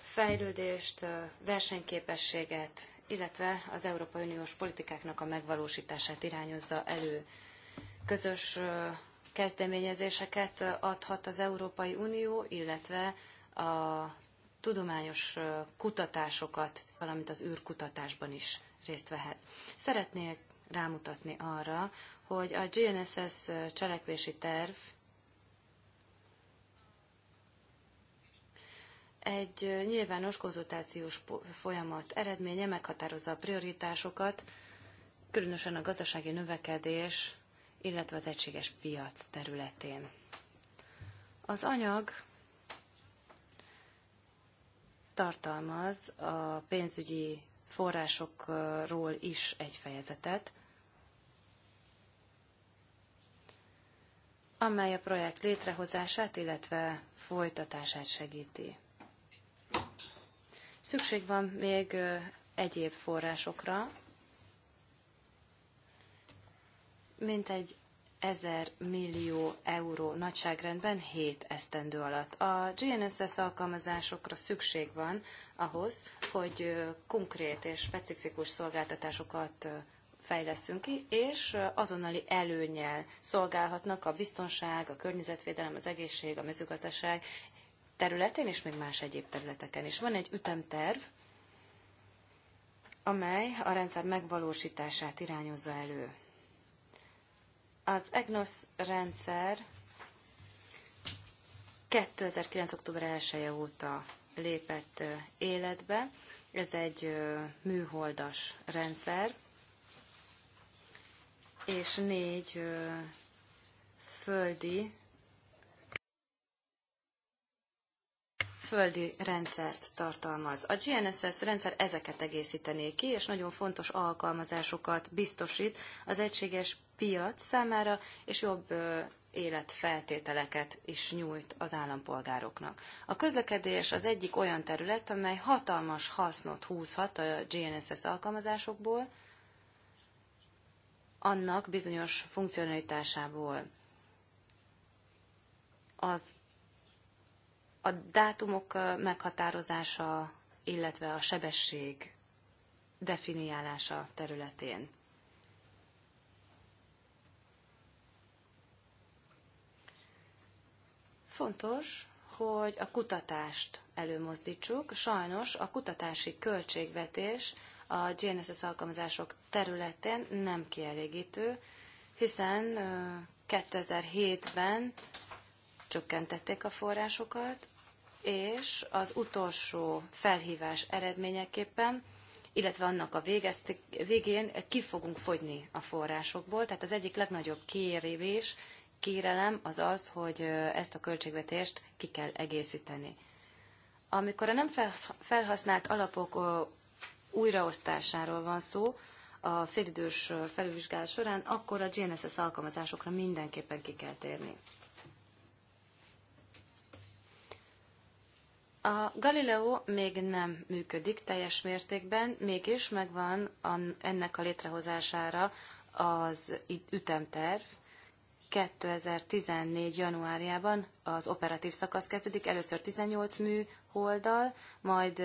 fejlődést, versenyképességet, illetve az Európai Uniós politikáknak a megvalósítását irányozza elő. Közös kezdeményezéseket adhat az Európai Unió, illetve a tudományos kutatásokat valamint az űrkutatásban is részt vehet. Szeretnék rámutatni arra, hogy a GNSS cselekvési terv egy nyilvános konzultációs folyamat eredménye meghatározza a prioritásokat, különösen a gazdasági növekedés, illetve az egységes piac területén. Az anyag tartalmaz a pénzügyi forrásokról is egy fejezetet, amely a projekt létrehozását, illetve folytatását segíti. Szükség van még egyéb forrásokra, mint egy 1000 millió euró nagyságrendben 7 esztendő alatt. A GNSS alkalmazásokra szükség van ahhoz, hogy konkrét és specifikus szolgáltatásokat fejleszünk ki, és azonnali előnyel szolgálhatnak a biztonság, a környezetvédelem, az egészség, a mezőgazdaság területén, és még más egyéb területeken is. Van egy ütemterv, amely a rendszer megvalósítását irányozza elő. Az EGNOS rendszer 2009. október 1 -e óta lépett életbe. Ez egy műholdas rendszer, és négy földi földi rendszert tartalmaz. A GNSS rendszer ezeket egészítené ki, és nagyon fontos alkalmazásokat biztosít az egységes piac számára, és jobb életfeltételeket is nyújt az állampolgároknak. A közlekedés az egyik olyan terület, amely hatalmas hasznot húzhat a GNSS alkalmazásokból, annak bizonyos funkcionalitásából. Az a dátumok meghatározása, illetve a sebesség definiálása területén. Fontos, hogy a kutatást előmozdítsuk. Sajnos a kutatási költségvetés a GNSS alkalmazások területén nem kielégítő, hiszen 2007-ben csökkentették a forrásokat, és az utolsó felhívás eredményeképpen, illetve annak a végezt, végén ki fogunk fogyni a forrásokból. Tehát az egyik legnagyobb kérés, kérelem az az, hogy ezt a költségvetést ki kell egészíteni. Amikor a nem felhasznált alapok újraosztásáról van szó, a félidős felülvizsgálat során, akkor a GNSS alkalmazásokra mindenképpen ki kell térni. A Galileo még nem működik teljes mértékben, mégis megvan ennek a létrehozására az ütemterv, 2014. januárjában az operatív szakasz kezdődik, először 18 mű holdal, majd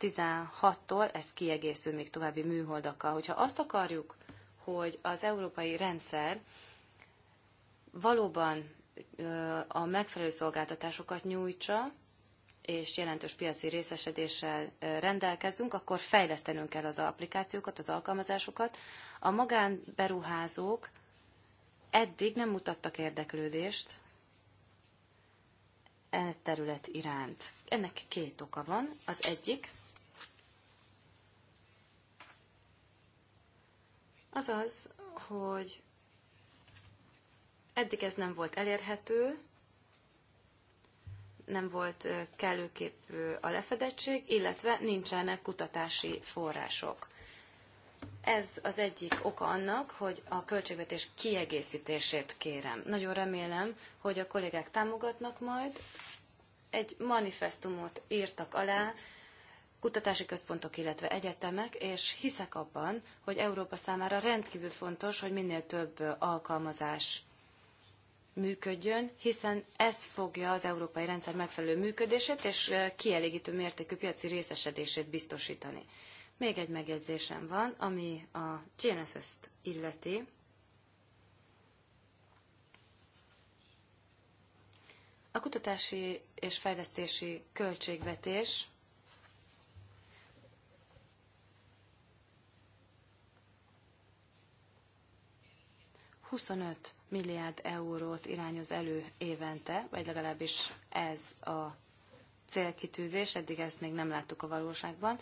16-tól ez kiegészül még további műholdakkal. Hogyha azt akarjuk, hogy az európai rendszer valóban a megfelelő szolgáltatásokat nyújtsa, és jelentős piaci részesedéssel rendelkezünk, akkor fejlesztenünk kell az applikációkat, az alkalmazásokat. A magánberuházók eddig nem mutattak érdeklődést e terület iránt. Ennek két oka van. Az egyik az az, hogy eddig ez nem volt elérhető, nem volt kellőképp a lefedettség, illetve nincsenek kutatási források. Ez az egyik oka annak, hogy a költségvetés kiegészítését kérem. Nagyon remélem, hogy a kollégák támogatnak majd. Egy manifestumot írtak alá, kutatási központok, illetve egyetemek, és hiszek abban, hogy Európa számára rendkívül fontos, hogy minél több alkalmazás működjön, hiszen ez fogja az európai rendszer megfelelő működését és kielégítő mértékű piaci részesedését biztosítani. Még egy megjegyzésem van, ami a GNSS-t illeti. A kutatási és fejlesztési költségvetés ...25 milliárd eurót irányoz elő évente, vagy legalábbis ez a célkitűzés, eddig ezt még nem láttuk a valóságban.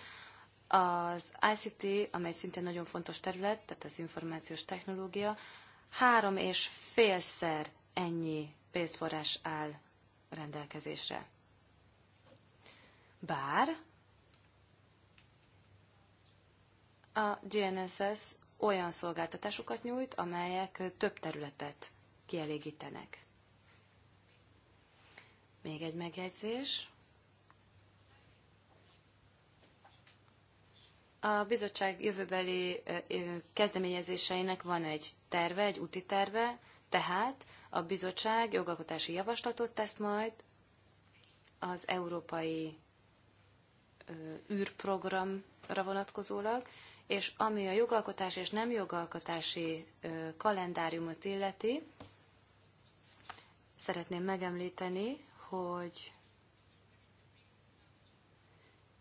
Az ICT, amely szintén nagyon fontos terület, tehát az információs technológia, három és félszer ennyi pénzforrás áll rendelkezésre. Bár a GNSS olyan szolgáltatásokat nyújt, amelyek több területet kielégítenek. Még egy megjegyzés. A bizottság jövőbeli kezdeményezéseinek van egy terve, egy úti terve, tehát a bizottság jogalkotási javaslatot tesz majd az európai űrprogramra vonatkozólag, és ami a jogalkotás és nem jogalkotási kalendáriumot illeti, szeretném megemlíteni, hogy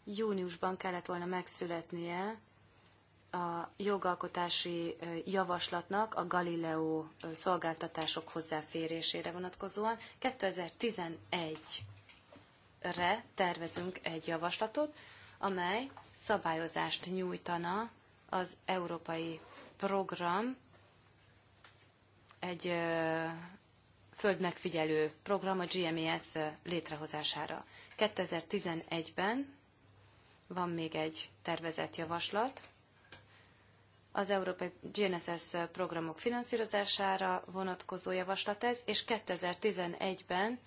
júniusban kellett volna megszületnie a jogalkotási javaslatnak a Galileo szolgáltatások hozzáférésére vonatkozóan. 2011-re tervezünk egy javaslatot, amely szabályozást nyújtana az európai program egy földmegfigyelő program a GMES létrehozására. 2011-ben van még egy javaslat az Európai GNSS programok finanszírozására vonatkozó javaslat ez, és 2011-ben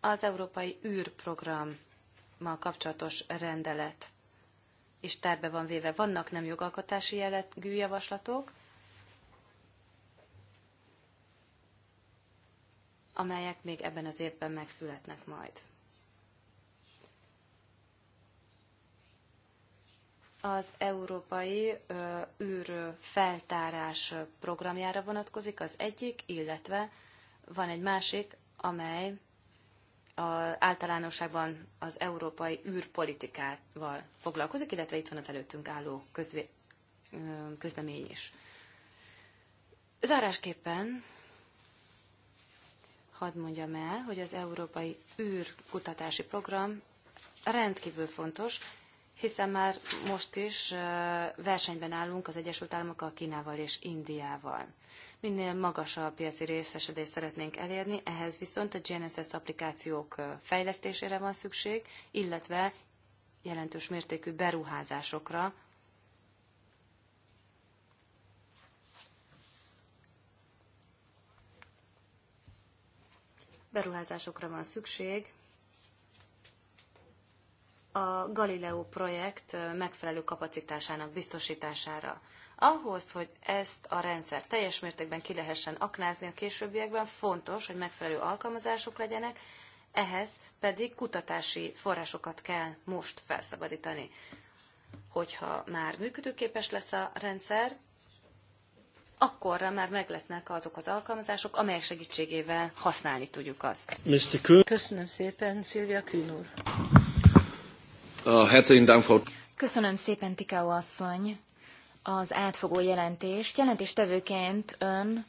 az Európai űrprogrammal kapcsolatos rendelet is terve van véve. Vannak nem jogalkotási jellegű javaslatok, amelyek még ebben az évben megszületnek majd. az európai űr feltárás programjára vonatkozik az egyik, illetve van egy másik, amely a, általánosságban az európai űrpolitikával foglalkozik, illetve itt van az előttünk álló közvé, közlemény is. Zárásképpen hadd mondjam el, hogy az Európai űrkutatási program rendkívül fontos, hiszen már most is versenyben állunk az Egyesült Államokkal, Kínával és Indiával. Minél magasabb piaci részesedést szeretnénk elérni, ehhez viszont a GNSS applikációk fejlesztésére van szükség, illetve jelentős mértékű beruházásokra, beruházásokra van szükség, a Galileo projekt megfelelő kapacitásának biztosítására. Ahhoz, hogy ezt a rendszer teljes mértékben ki lehessen aknázni a későbbiekben, fontos, hogy megfelelő alkalmazások legyenek, ehhez pedig kutatási forrásokat kell most felszabadítani. Hogyha már működőképes lesz a rendszer, akkorra már meg lesznek azok az alkalmazások, amelyek segítségével használni tudjuk azt. Köszönöm szépen, Szilvia Kühn úr. Köszönöm szépen, Tikau asszony, az átfogó jelentést. Jelentéstevőként ön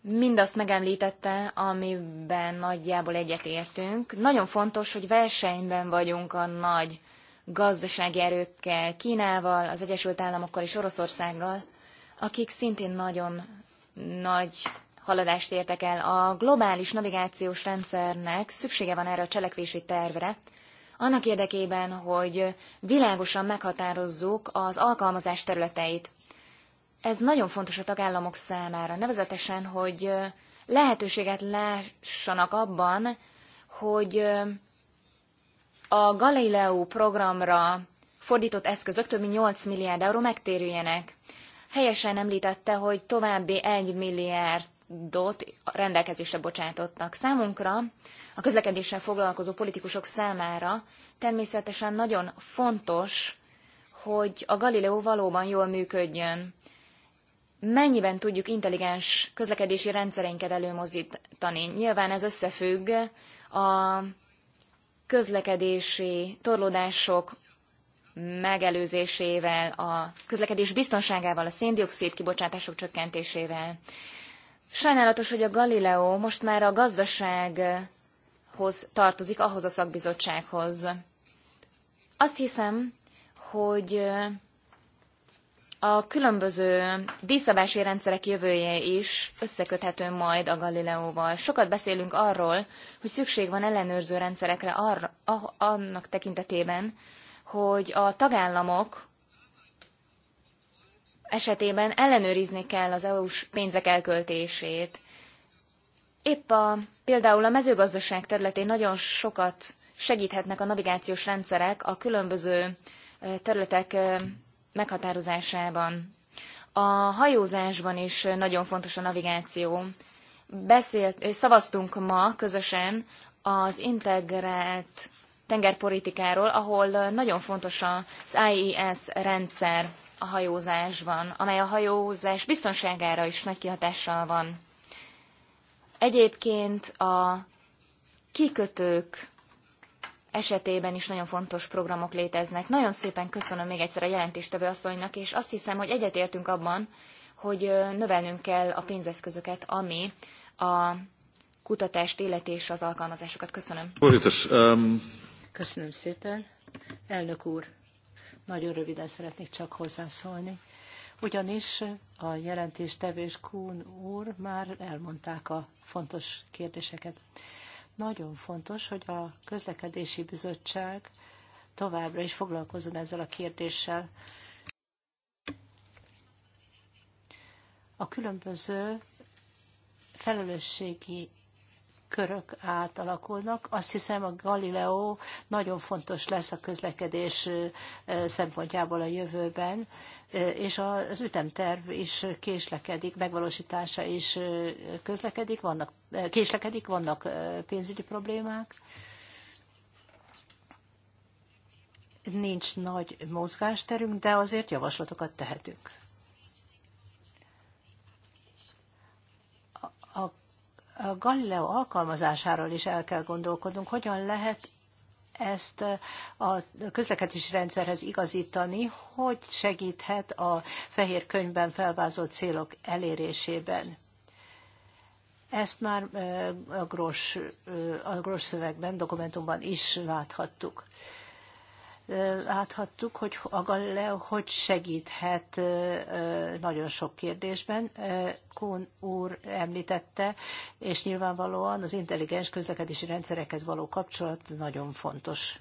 mindazt megemlítette, amiben nagyjából egyetértünk. Nagyon fontos, hogy versenyben vagyunk a nagy gazdasági erőkkel, Kínával, az Egyesült Államokkal és Oroszországgal, akik szintén nagyon nagy haladást értek el. A globális navigációs rendszernek szüksége van erre a cselekvési tervre, annak érdekében, hogy világosan meghatározzuk az alkalmazás területeit. Ez nagyon fontos a tagállamok számára, nevezetesen, hogy lehetőséget lássanak abban, hogy a Galileo programra fordított eszközök több mint 8 milliárd euró megtérüljenek. Helyesen említette, hogy további 1 milliárd milliárdot rendelkezésre bocsátottak. Számunkra, a közlekedéssel foglalkozó politikusok számára természetesen nagyon fontos, hogy a Galileo valóban jól működjön. Mennyiben tudjuk intelligens közlekedési rendszereinket előmozdítani? Nyilván ez összefügg a közlekedési torlódások megelőzésével, a közlekedés biztonságával, a széndiokszid kibocsátások csökkentésével. Sajnálatos, hogy a Galileo most már a gazdasághoz tartozik, ahhoz a szakbizottsághoz. Azt hiszem, hogy a különböző díszabási rendszerek jövője is összeköthető majd a Galileóval. Sokat beszélünk arról, hogy szükség van ellenőrző rendszerekre arra, annak tekintetében, hogy a tagállamok esetében ellenőrizni kell az EU-s pénzek elköltését. Épp a, például a mezőgazdaság területén nagyon sokat segíthetnek a navigációs rendszerek a különböző területek meghatározásában. A hajózásban is nagyon fontos a navigáció. Beszélt, szavaztunk ma közösen az integrált tengerpolitikáról, ahol nagyon fontos az IES rendszer a hajózásban, amely a hajózás biztonságára is nagy kihatással van. Egyébként a kikötők esetében is nagyon fontos programok léteznek. Nagyon szépen köszönöm még egyszer a jelentéstevő asszonynak, és azt hiszem, hogy egyetértünk abban, hogy növelnünk kell a pénzeszközöket, ami a kutatást, élet és az alkalmazásokat. Köszönöm. Um, köszönöm szépen. Elnök úr, nagyon röviden szeretnék csak hozzászólni, ugyanis a jelentéstevés Kuhn úr már elmondták a fontos kérdéseket. Nagyon fontos, hogy a közlekedési bizottság továbbra is foglalkozzon ezzel a kérdéssel. A különböző felelősségi körök átalakulnak. Azt hiszem, a Galileo nagyon fontos lesz a közlekedés szempontjából a jövőben, és az ütemterv is késlekedik, megvalósítása is közlekedik, vannak, késlekedik, vannak pénzügyi problémák. Nincs nagy mozgásterünk, de azért javaslatokat tehetünk. a Galileo alkalmazásáról is el kell gondolkodnunk, hogyan lehet ezt a közlekedési rendszerhez igazítani, hogy segíthet a fehér könyvben felvázolt célok elérésében. Ezt már a Gross, a szövegben, dokumentumban is láthattuk láthattuk, hogy a Galileo hogy segíthet nagyon sok kérdésben. Kuhn úr említette, és nyilvánvalóan az intelligens közlekedési rendszerekhez való kapcsolat nagyon fontos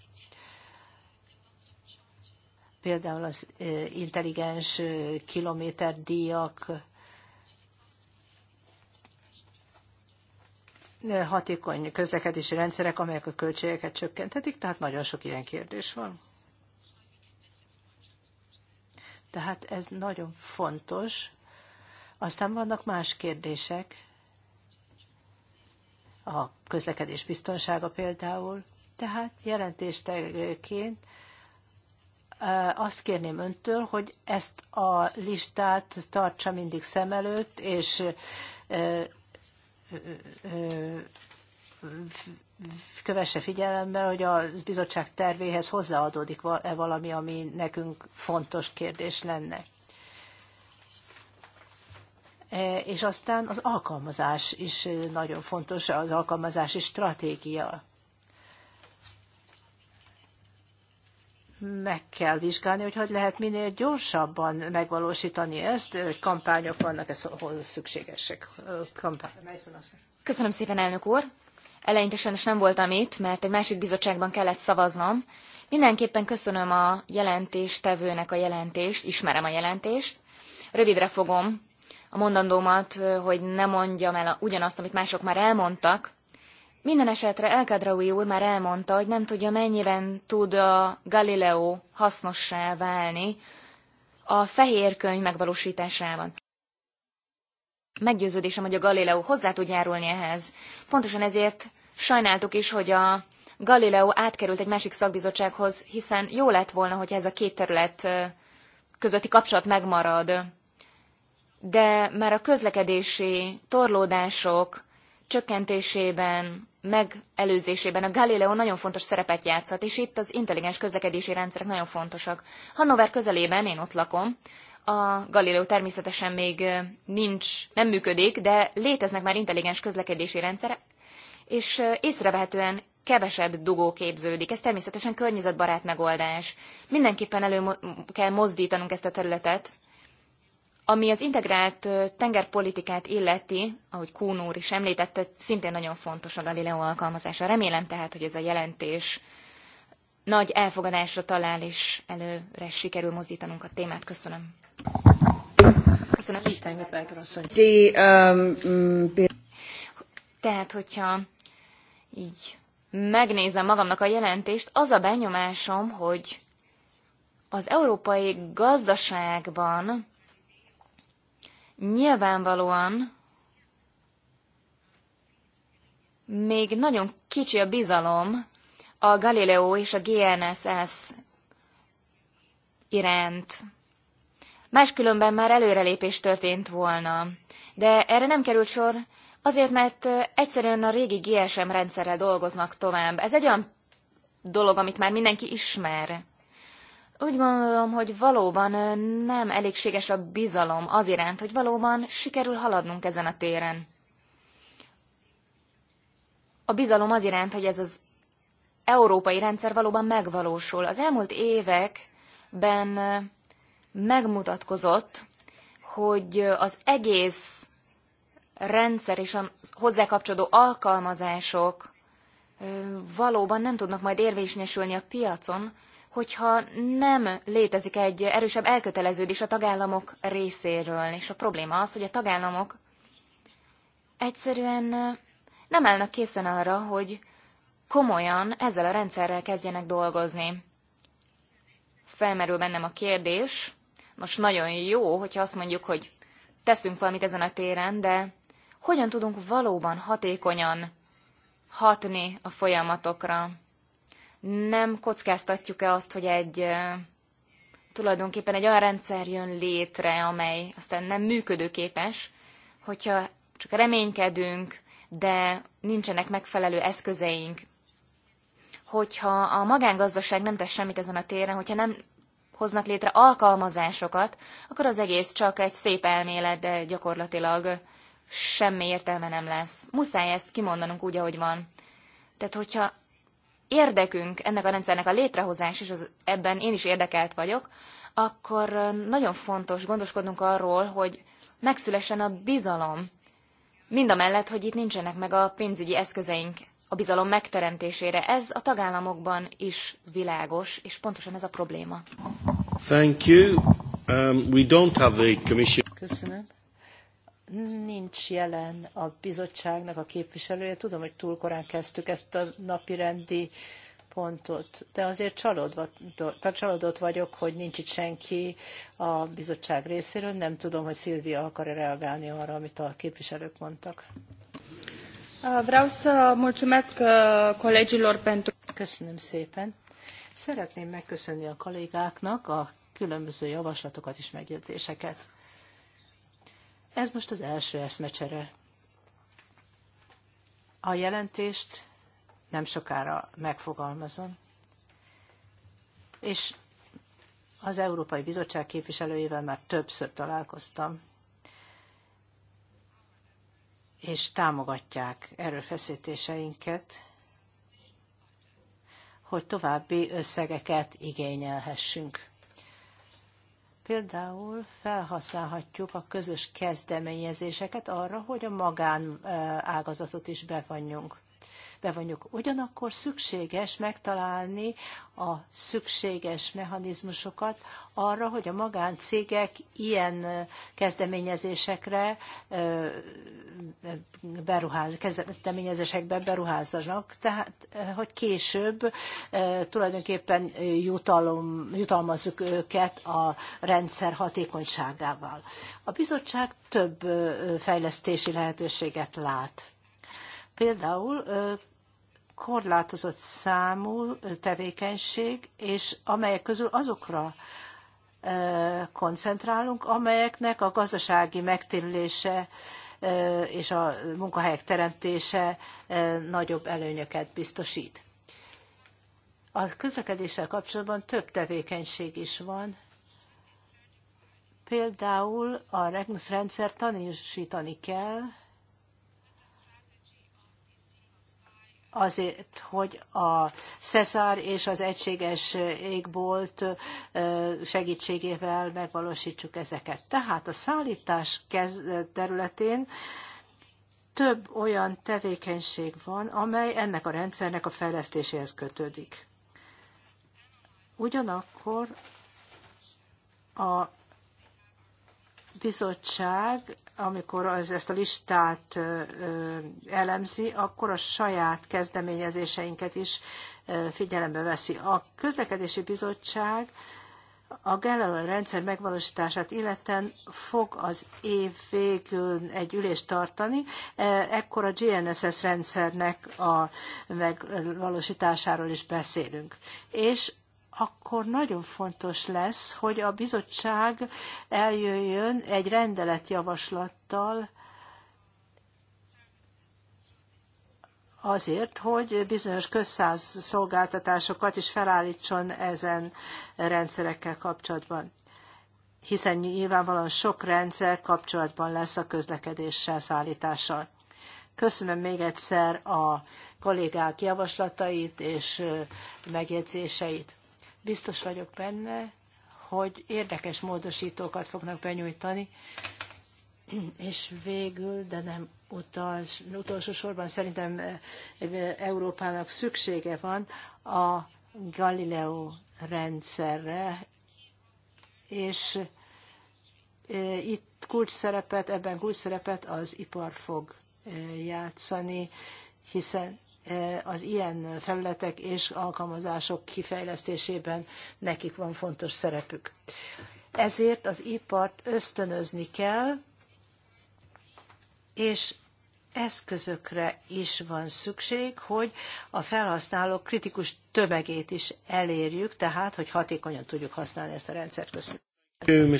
például az intelligens kilométerdíjak, hatékony közlekedési rendszerek, amelyek a költségeket csökkenthetik, tehát nagyon sok ilyen kérdés van. Tehát ez nagyon fontos. Aztán vannak más kérdések, a közlekedés biztonsága például. Tehát jelentéstegőként azt kérném öntől, hogy ezt a listát tartsa mindig szem előtt, és kövesse figyelembe, hogy a bizottság tervéhez hozzáadódik-e valami, ami nekünk fontos kérdés lenne. E, és aztán az alkalmazás is nagyon fontos, az alkalmazási stratégia. Meg kell vizsgálni, hogy hogy lehet minél gyorsabban megvalósítani ezt, hogy kampányok vannak, ez szükségesek. Kampány. Köszönöm szépen, elnök úr! Eleinte sajnos nem voltam itt, mert egy másik bizottságban kellett szavaznom. Mindenképpen köszönöm a jelentéstevőnek a jelentést, ismerem a jelentést. Rövidre fogom a mondandómat, hogy ne mondjam el ugyanazt, amit mások már elmondtak. Minden esetre Elkadraui úr már elmondta, hogy nem tudja, mennyiben tud a Galileo hasznossá válni a fehér könyv megvalósításában. Meggyőződésem, hogy a Galileo hozzá tud járulni ehhez. Pontosan ezért Sajnáltuk is, hogy a Galileo átkerült egy másik szakbizottsághoz, hiszen jó lett volna, hogy ez a két terület közötti kapcsolat megmarad. De már a közlekedési torlódások csökkentésében, megelőzésében a Galileo nagyon fontos szerepet játszhat, és itt az intelligens közlekedési rendszerek nagyon fontosak. Hannover közelében, én ott lakom, a Galileo természetesen még nincs, nem működik, de léteznek már intelligens közlekedési rendszerek, és észrevehetően kevesebb dugó képződik. Ez természetesen környezetbarát megoldás. Mindenképpen elő kell mozdítanunk ezt a területet. Ami az integrált tengerpolitikát illeti, ahogy Kuhn úr is említette, szintén nagyon fontos a Galileo alkalmazása. Remélem tehát, hogy ez a jelentés nagy elfogadásra talál, és előre sikerül mozdítanunk a témát. Köszönöm. Köszönöm. Um, mm, tehát, hogyha így megnézem magamnak a jelentést, az a benyomásom, hogy az európai gazdaságban nyilvánvalóan még nagyon kicsi a bizalom a Galileo és a GNSS iránt. Máskülönben már előrelépés történt volna, de erre nem került sor, Azért, mert egyszerűen a régi GSM rendszerrel dolgoznak tovább. Ez egy olyan dolog, amit már mindenki ismer. Úgy gondolom, hogy valóban nem elégséges a bizalom az iránt, hogy valóban sikerül haladnunk ezen a téren. A bizalom az iránt, hogy ez az európai rendszer valóban megvalósul. Az elmúlt években megmutatkozott, hogy az egész rendszer és a hozzá kapcsolódó alkalmazások valóban nem tudnak majd érvényesülni a piacon, hogyha nem létezik egy erősebb elköteleződés a tagállamok részéről. És a probléma az, hogy a tagállamok egyszerűen nem állnak készen arra, hogy komolyan ezzel a rendszerrel kezdjenek dolgozni. Felmerül bennem a kérdés, most nagyon jó, hogyha azt mondjuk, hogy teszünk valamit ezen a téren, de hogyan tudunk valóban hatékonyan hatni a folyamatokra. Nem kockáztatjuk-e azt, hogy egy tulajdonképpen egy olyan rendszer jön létre, amely aztán nem működőképes, hogyha csak reménykedünk, de nincsenek megfelelő eszközeink, hogyha a magángazdaság nem tesz semmit ezen a téren, hogyha nem hoznak létre alkalmazásokat, akkor az egész csak egy szép elmélet, de gyakorlatilag semmi értelme nem lesz. Muszáj ezt kimondanunk úgy, ahogy van. Tehát, hogyha érdekünk ennek a rendszernek a létrehozás, és az, ebben én is érdekelt vagyok, akkor nagyon fontos gondoskodnunk arról, hogy megszülessen a bizalom. Mind a mellett, hogy itt nincsenek meg a pénzügyi eszközeink a bizalom megteremtésére. Ez a tagállamokban is világos, és pontosan ez a probléma. Thank you. Um, we don't have the commission. Köszönöm nincs jelen a bizottságnak a képviselője. Tudom, hogy túl korán kezdtük ezt a napi rendi pontot, de azért csalódva, csalódott vagyok, hogy nincs itt senki a bizottság részéről. Nem tudom, hogy Szilvia akar-e reagálni arra, amit a képviselők mondtak. Vreau să mulțumesc uh, colegilor pentru... Köszönöm szépen. Szeretném megköszönni a kollégáknak a különböző javaslatokat és megjegyzéseket. Ez most az első eszmecsere. A jelentést nem sokára megfogalmazom, és az Európai Bizottság képviselőjével már többször találkoztam, és támogatják erőfeszítéseinket, hogy további összegeket igényelhessünk. Például felhasználhatjuk a közös kezdeményezéseket arra, hogy a magánágazatot is bevonjunk vagyunk. Ugyanakkor szükséges megtalálni a szükséges mechanizmusokat arra, hogy a magáncégek ilyen kezdeményezésekre beruház, kezdeményezésekbe beruházzanak, tehát hogy később tulajdonképpen jutalom, jutalmazzuk őket a rendszer hatékonyságával. A bizottság több fejlesztési lehetőséget lát. Például korlátozott számú tevékenység, és amelyek közül azokra koncentrálunk, amelyeknek a gazdasági megtérülése és a munkahelyek teremtése nagyobb előnyöket biztosít. A közlekedéssel kapcsolatban több tevékenység is van. Például a Regnus rendszer tanúsítani kell, azért, hogy a Cezár és az egységes égbolt segítségével megvalósítsuk ezeket. Tehát a szállítás területén több olyan tevékenység van, amely ennek a rendszernek a fejlesztéséhez kötődik. Ugyanakkor a bizottság amikor az, ezt a listát elemzi, akkor a saját kezdeményezéseinket is figyelembe veszi. A közlekedési bizottság a Galileo rendszer megvalósítását illeten fog az év végén egy ülést tartani, ekkor a GNSS rendszernek a megvalósításáról is beszélünk. És akkor nagyon fontos lesz, hogy a bizottság eljöjjön egy rendeletjavaslattal azért, hogy bizonyos közszolgáltatásokat is felállítson ezen rendszerekkel kapcsolatban hiszen nyilvánvalóan sok rendszer kapcsolatban lesz a közlekedéssel, szállítással. Köszönöm még egyszer a kollégák javaslatait és megjegyzéseit. Biztos vagyok benne, hogy érdekes módosítókat fognak benyújtani, és végül, de nem utals, utolsó sorban szerintem eh, Európának szüksége van a Galileo rendszerre, és eh, itt kulcs szerepet, ebben kulcs szerepet az ipar fog eh, játszani, hiszen Eh, az ilyen felületek és alkalmazások kifejlesztésében nekik van fontos szerepük. Ezért az ipart ösztönözni kell, és eszközökre is van szükség, hogy a felhasználók kritikus tömegét is elérjük, tehát hogy hatékonyan tudjuk használni ezt a rendszert. Köszönöm.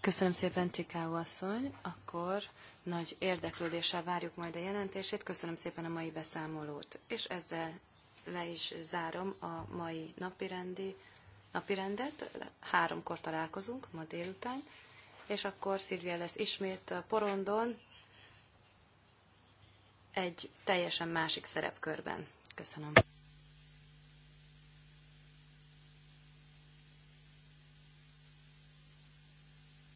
Köszönöm szépen, Tikau asszony. Akkor nagy érdeklődéssel várjuk majd a jelentését. Köszönöm szépen a mai beszámolót. És ezzel le is zárom a mai napirendi, napirendet. Háromkor találkozunk ma délután, és akkor Szilvia lesz ismét a porondon egy teljesen másik szerepkörben. Köszönöm.